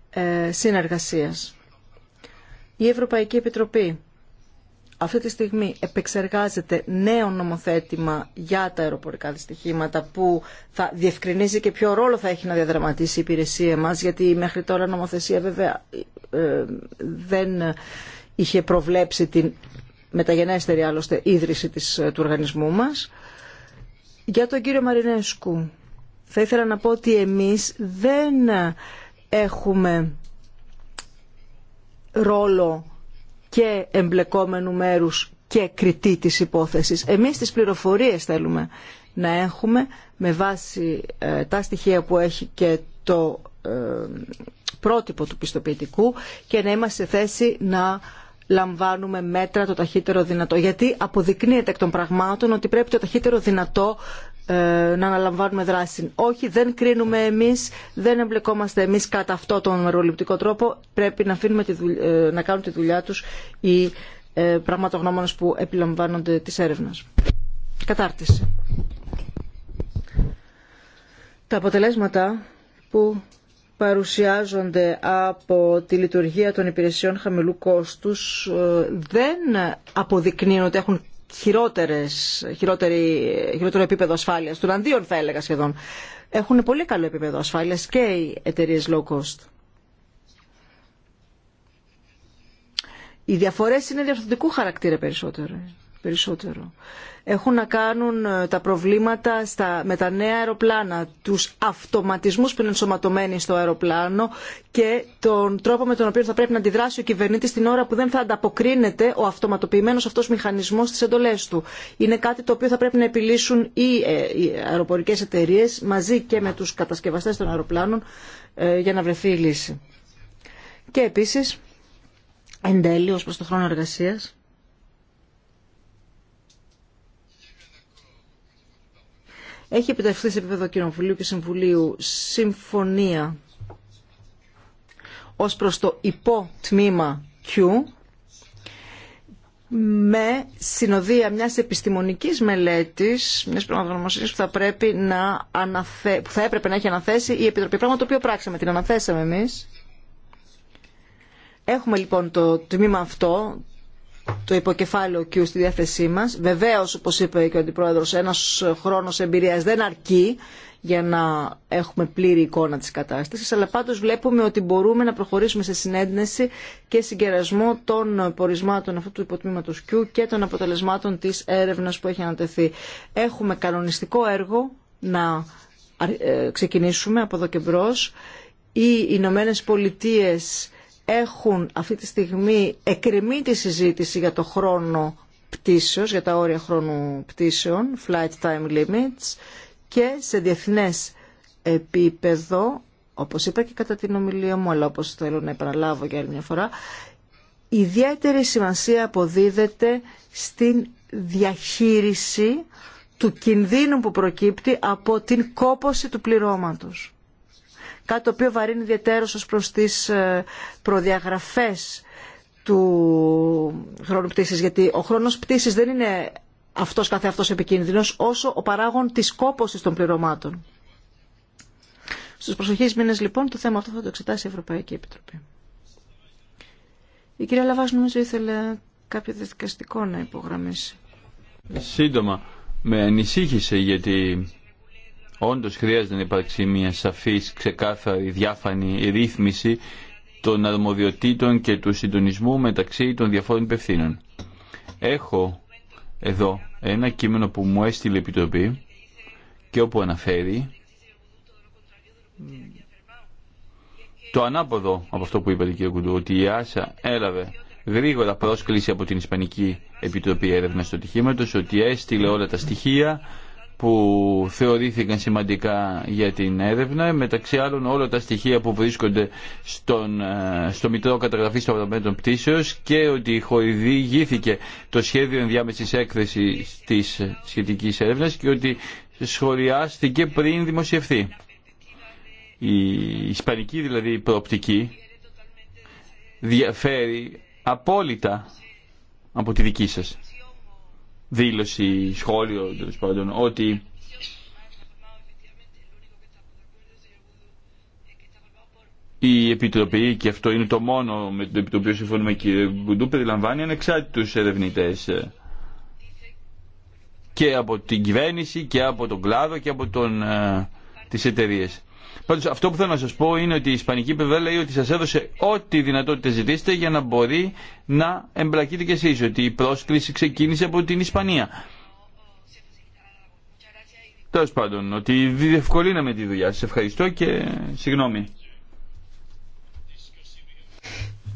ε, συνεργασία. Η Ευρωπαϊκή Επιτροπή αυτή τη στιγμή επεξεργάζεται νέο νομοθέτημα για τα αεροπορικά δυστυχήματα που θα διευκρινίζει και ποιο ρόλο θα έχει να διαδραματίσει η υπηρεσία μας γιατί μέχρι τώρα νομοθεσία βέβαια ε, δεν είχε προβλέψει την μεταγενέστερη άλλωστε ίδρυση της, ε, του οργανισμού μας. Για τον κύριο Μαρινέσκου θα ήθελα να πω ότι εμείς δεν έχουμε ρόλο και εμπλεκόμενου μέρους και κριτή της υπόθεσης. Εμείς τις πληροφορίες θέλουμε να έχουμε με βάση ε, τα στοιχεία που έχει και το ε, πρότυπο του πιστοποιητικού και να είμαστε σε θέση να λαμβάνουμε μέτρα το ταχύτερο δυνατό. Γιατί αποδεικνύεται εκ των πραγμάτων ότι πρέπει το ταχύτερο δυνατό ε, να αναλαμβάνουμε δράση. Όχι, δεν κρίνουμε εμείς, δεν εμπλεκόμαστε εμείς κατά αυτό τον μεροληπτικό τρόπο. Πρέπει να, αφήνουμε ε, να κάνουν τη δουλειά τους οι ε, πραγματογνώμονες που επιλαμβάνονται της έρευνας. Κατάρτιση. Τα αποτελέσματα που παρουσιάζονται από τη λειτουργία των υπηρεσιών χαμηλού κόστους ε, δεν αποδεικνύουν ότι έχουν χειρότερο επίπεδο ασφάλειας, του αντίον θα έλεγα σχεδόν, έχουν πολύ καλό επίπεδο ασφάλειας και οι εταιρείε low cost. Οι διαφορέ είναι διαφορετικού χαρακτήρα περισσότερο περισσότερο. Έχουν να κάνουν ε, τα προβλήματα στα, με τα νέα αεροπλάνα, τους αυτοματισμούς που είναι ενσωματωμένοι στο αεροπλάνο και τον τρόπο με τον οποίο θα πρέπει να αντιδράσει ο κυβερνήτης την ώρα που δεν θα ανταποκρίνεται ο αυτοματοποιημένος αυτός μηχανισμός στις εντολές του. Είναι κάτι το οποίο θα πρέπει να επιλύσουν οι, ε, αεροπορικές εταιρείε μαζί και με τους κατασκευαστές των αεροπλάνων ε, για να βρεθεί η λύση. Και επίσης, εν τέλει, ως προς το χρόνο εργασίας, Έχει επιτευχθεί σε επίπεδο Κοινοβουλίου και Συμβουλίου συμφωνία ως προς το τμήμα Q με συνοδεία μιας επιστημονικής μελέτης, μιας πραγματογνωμοσύνης που θα, πρέπει να που θα έπρεπε να έχει αναθέσει η Επιτροπή. Πράγμα το οποίο πράξαμε, την αναθέσαμε εμείς. Έχουμε λοιπόν το τμήμα αυτό το υποκεφάλαιο Q στη διάθεσή μας. Βεβαίως, όπως είπε και ο Αντιπρόεδρος, ένας χρόνος εμπειρίας δεν αρκεί για να έχουμε πλήρη εικόνα της κατάστασης, αλλά πάντως βλέπουμε ότι μπορούμε να προχωρήσουμε σε συνέντευξη και συγκερασμό των πορισμάτων αυτού του υποτμήματος Q και των αποτελεσμάτων της έρευνας που έχει ανατεθεί. Έχουμε κανονιστικό έργο να ε, ξεκινήσουμε από εδώ και μπρος. Οι Ηνωμένε Πολιτείες έχουν αυτή τη στιγμή εκκρεμεί τη συζήτηση για το χρόνο πτήσεως, για τα όρια χρόνου πτήσεων, flight time limits, και σε διεθνές επίπεδο, όπως είπα και κατά την ομιλία μου, αλλά όπως θέλω να επαναλάβω για άλλη μια φορά, ιδιαίτερη σημασία αποδίδεται στην διαχείριση του κινδύνου που προκύπτει από την κόπωση του πληρώματος κάτι το οποίο βαρύνει ιδιαίτερο ως προς τις ε, προδιαγραφές του χρόνου πτήσης, γιατί ο χρόνος πτήσης δεν είναι αυτός αυτός επικίνδυνος, όσο ο παράγων της κόπωσης των πληρωμάτων. Στους προσοχείς μήνες λοιπόν το θέμα αυτό θα το εξετάσει η Ευρωπαϊκή Επιτροπή. Η κυρία Λαβάς νομίζω ήθελε κάποιο διαδικαστικό να υπογραμμίσει. Σύντομα, με ανησύχησε γιατί Όντω χρειάζεται να υπάρξει μια σαφή, ξεκάθαρη, διάφανη ρύθμιση των αρμοδιοτήτων και του συντονισμού μεταξύ των διαφόρων υπευθύνων. Έχω εδώ ένα κείμενο που μου έστειλε η Επιτροπή και όπου αναφέρει το ανάποδο από αυτό που είπε ο κ. Κουντού, ότι η Άσα έλαβε γρήγορα πρόσκληση από την Ισπανική Επιτροπή έρευνα του Τυχήματο, ότι έστειλε όλα τα στοιχεία που θεωρήθηκαν σημαντικά για την έρευνα, μεταξύ άλλων όλα τα στοιχεία που βρίσκονται στον, ε, στο Μητρό Καταγραφή των Οργανωμένων Πτήσεως και ότι χορηγήθηκε το σχέδιο ενδιάμεσης έκθεσης της σχετικής έρευνας και ότι σχολιάστηκε πριν δημοσιευθεί. Η ισπανική δηλαδή προοπτική διαφέρει απόλυτα από τη δική σας δήλωση, σχόλιο τέλο πάντων, ότι η Επιτροπή, και αυτό είναι το μόνο με το οποίο συμφωνούμε κύριε Μπουντού, περιλαμβάνει ανεξάρτητους ερευνητές και από την κυβέρνηση και από τον κλάδο και από τον, ε, τις εταιρείες. Πάντω, αυτό που θέλω να σα πω είναι ότι η Ισπανική Πεβέλα λέει ότι σα έδωσε ό,τι δυνατότητε ζητήσετε για να μπορεί να εμπλακείτε κι εσεί. ότι η πρόσκληση ξεκίνησε από την Ισπανία. Τέλο πάντων, ότι διευκολύναμε τη δουλειά. Σα ευχαριστώ και συγγνώμη.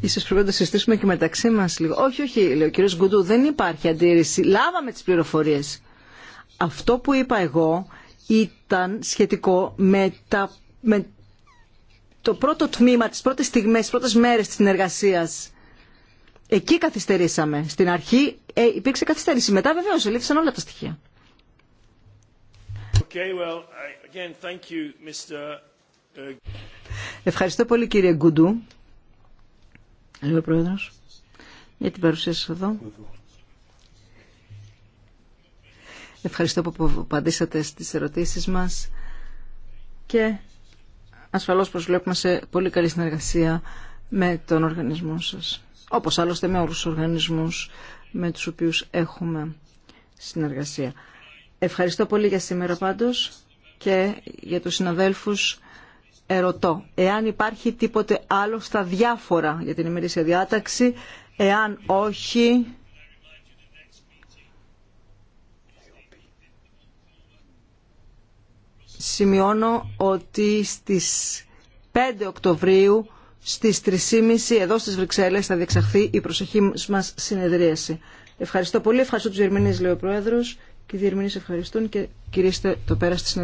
Ίσως πρέπει να το συζητήσουμε και μεταξύ μας λίγο. Όχι, όχι, λέει ο κύριος Γκουντού, δεν υπάρχει αντίρρηση. Λάβαμε τις πληροφορίες. Αυτό που είπα εγώ ήταν σχετικό με τα με το πρώτο τμήμα, τις πρώτες στιγμές, τις πρώτες μέρες της συνεργασίας. Εκεί καθυστερήσαμε. Στην αρχή ε, υπήρξε καθυστέρηση. Μετά βεβαίως ελήφθησαν όλα τα στοιχεία. Okay, well, again, thank you, Mr. Ε, Ευχαριστώ πολύ κύριε Γκουντού, λέει Πρόεδρος, για την παρουσία σας εδώ. Ευχαριστώ που απαντήσατε στις ερωτήσεις μας και ασφαλώς προσβλέπουμε σε πολύ καλή συνεργασία με τον οργανισμό σας. Όπως άλλωστε με όλους τους οργανισμούς με τους οποίους έχουμε συνεργασία. Ευχαριστώ πολύ για σήμερα πάντως και για τους συναδέλφους ερωτώ. Εάν υπάρχει τίποτε άλλο στα διάφορα για την ημερήσια διάταξη, εάν όχι σημειώνω ότι στις 5 Οκτωβρίου στις 3.30 εδώ στις Βρυξέλλες θα διεξαχθεί η προσεχή μας συνεδρίαση. Ευχαριστώ πολύ, ευχαριστώ τους διερμηνείς, λέει ο Πρόεδρος, και οι διερμηνείς ευχαριστούν και κυρίστε το πέρα στη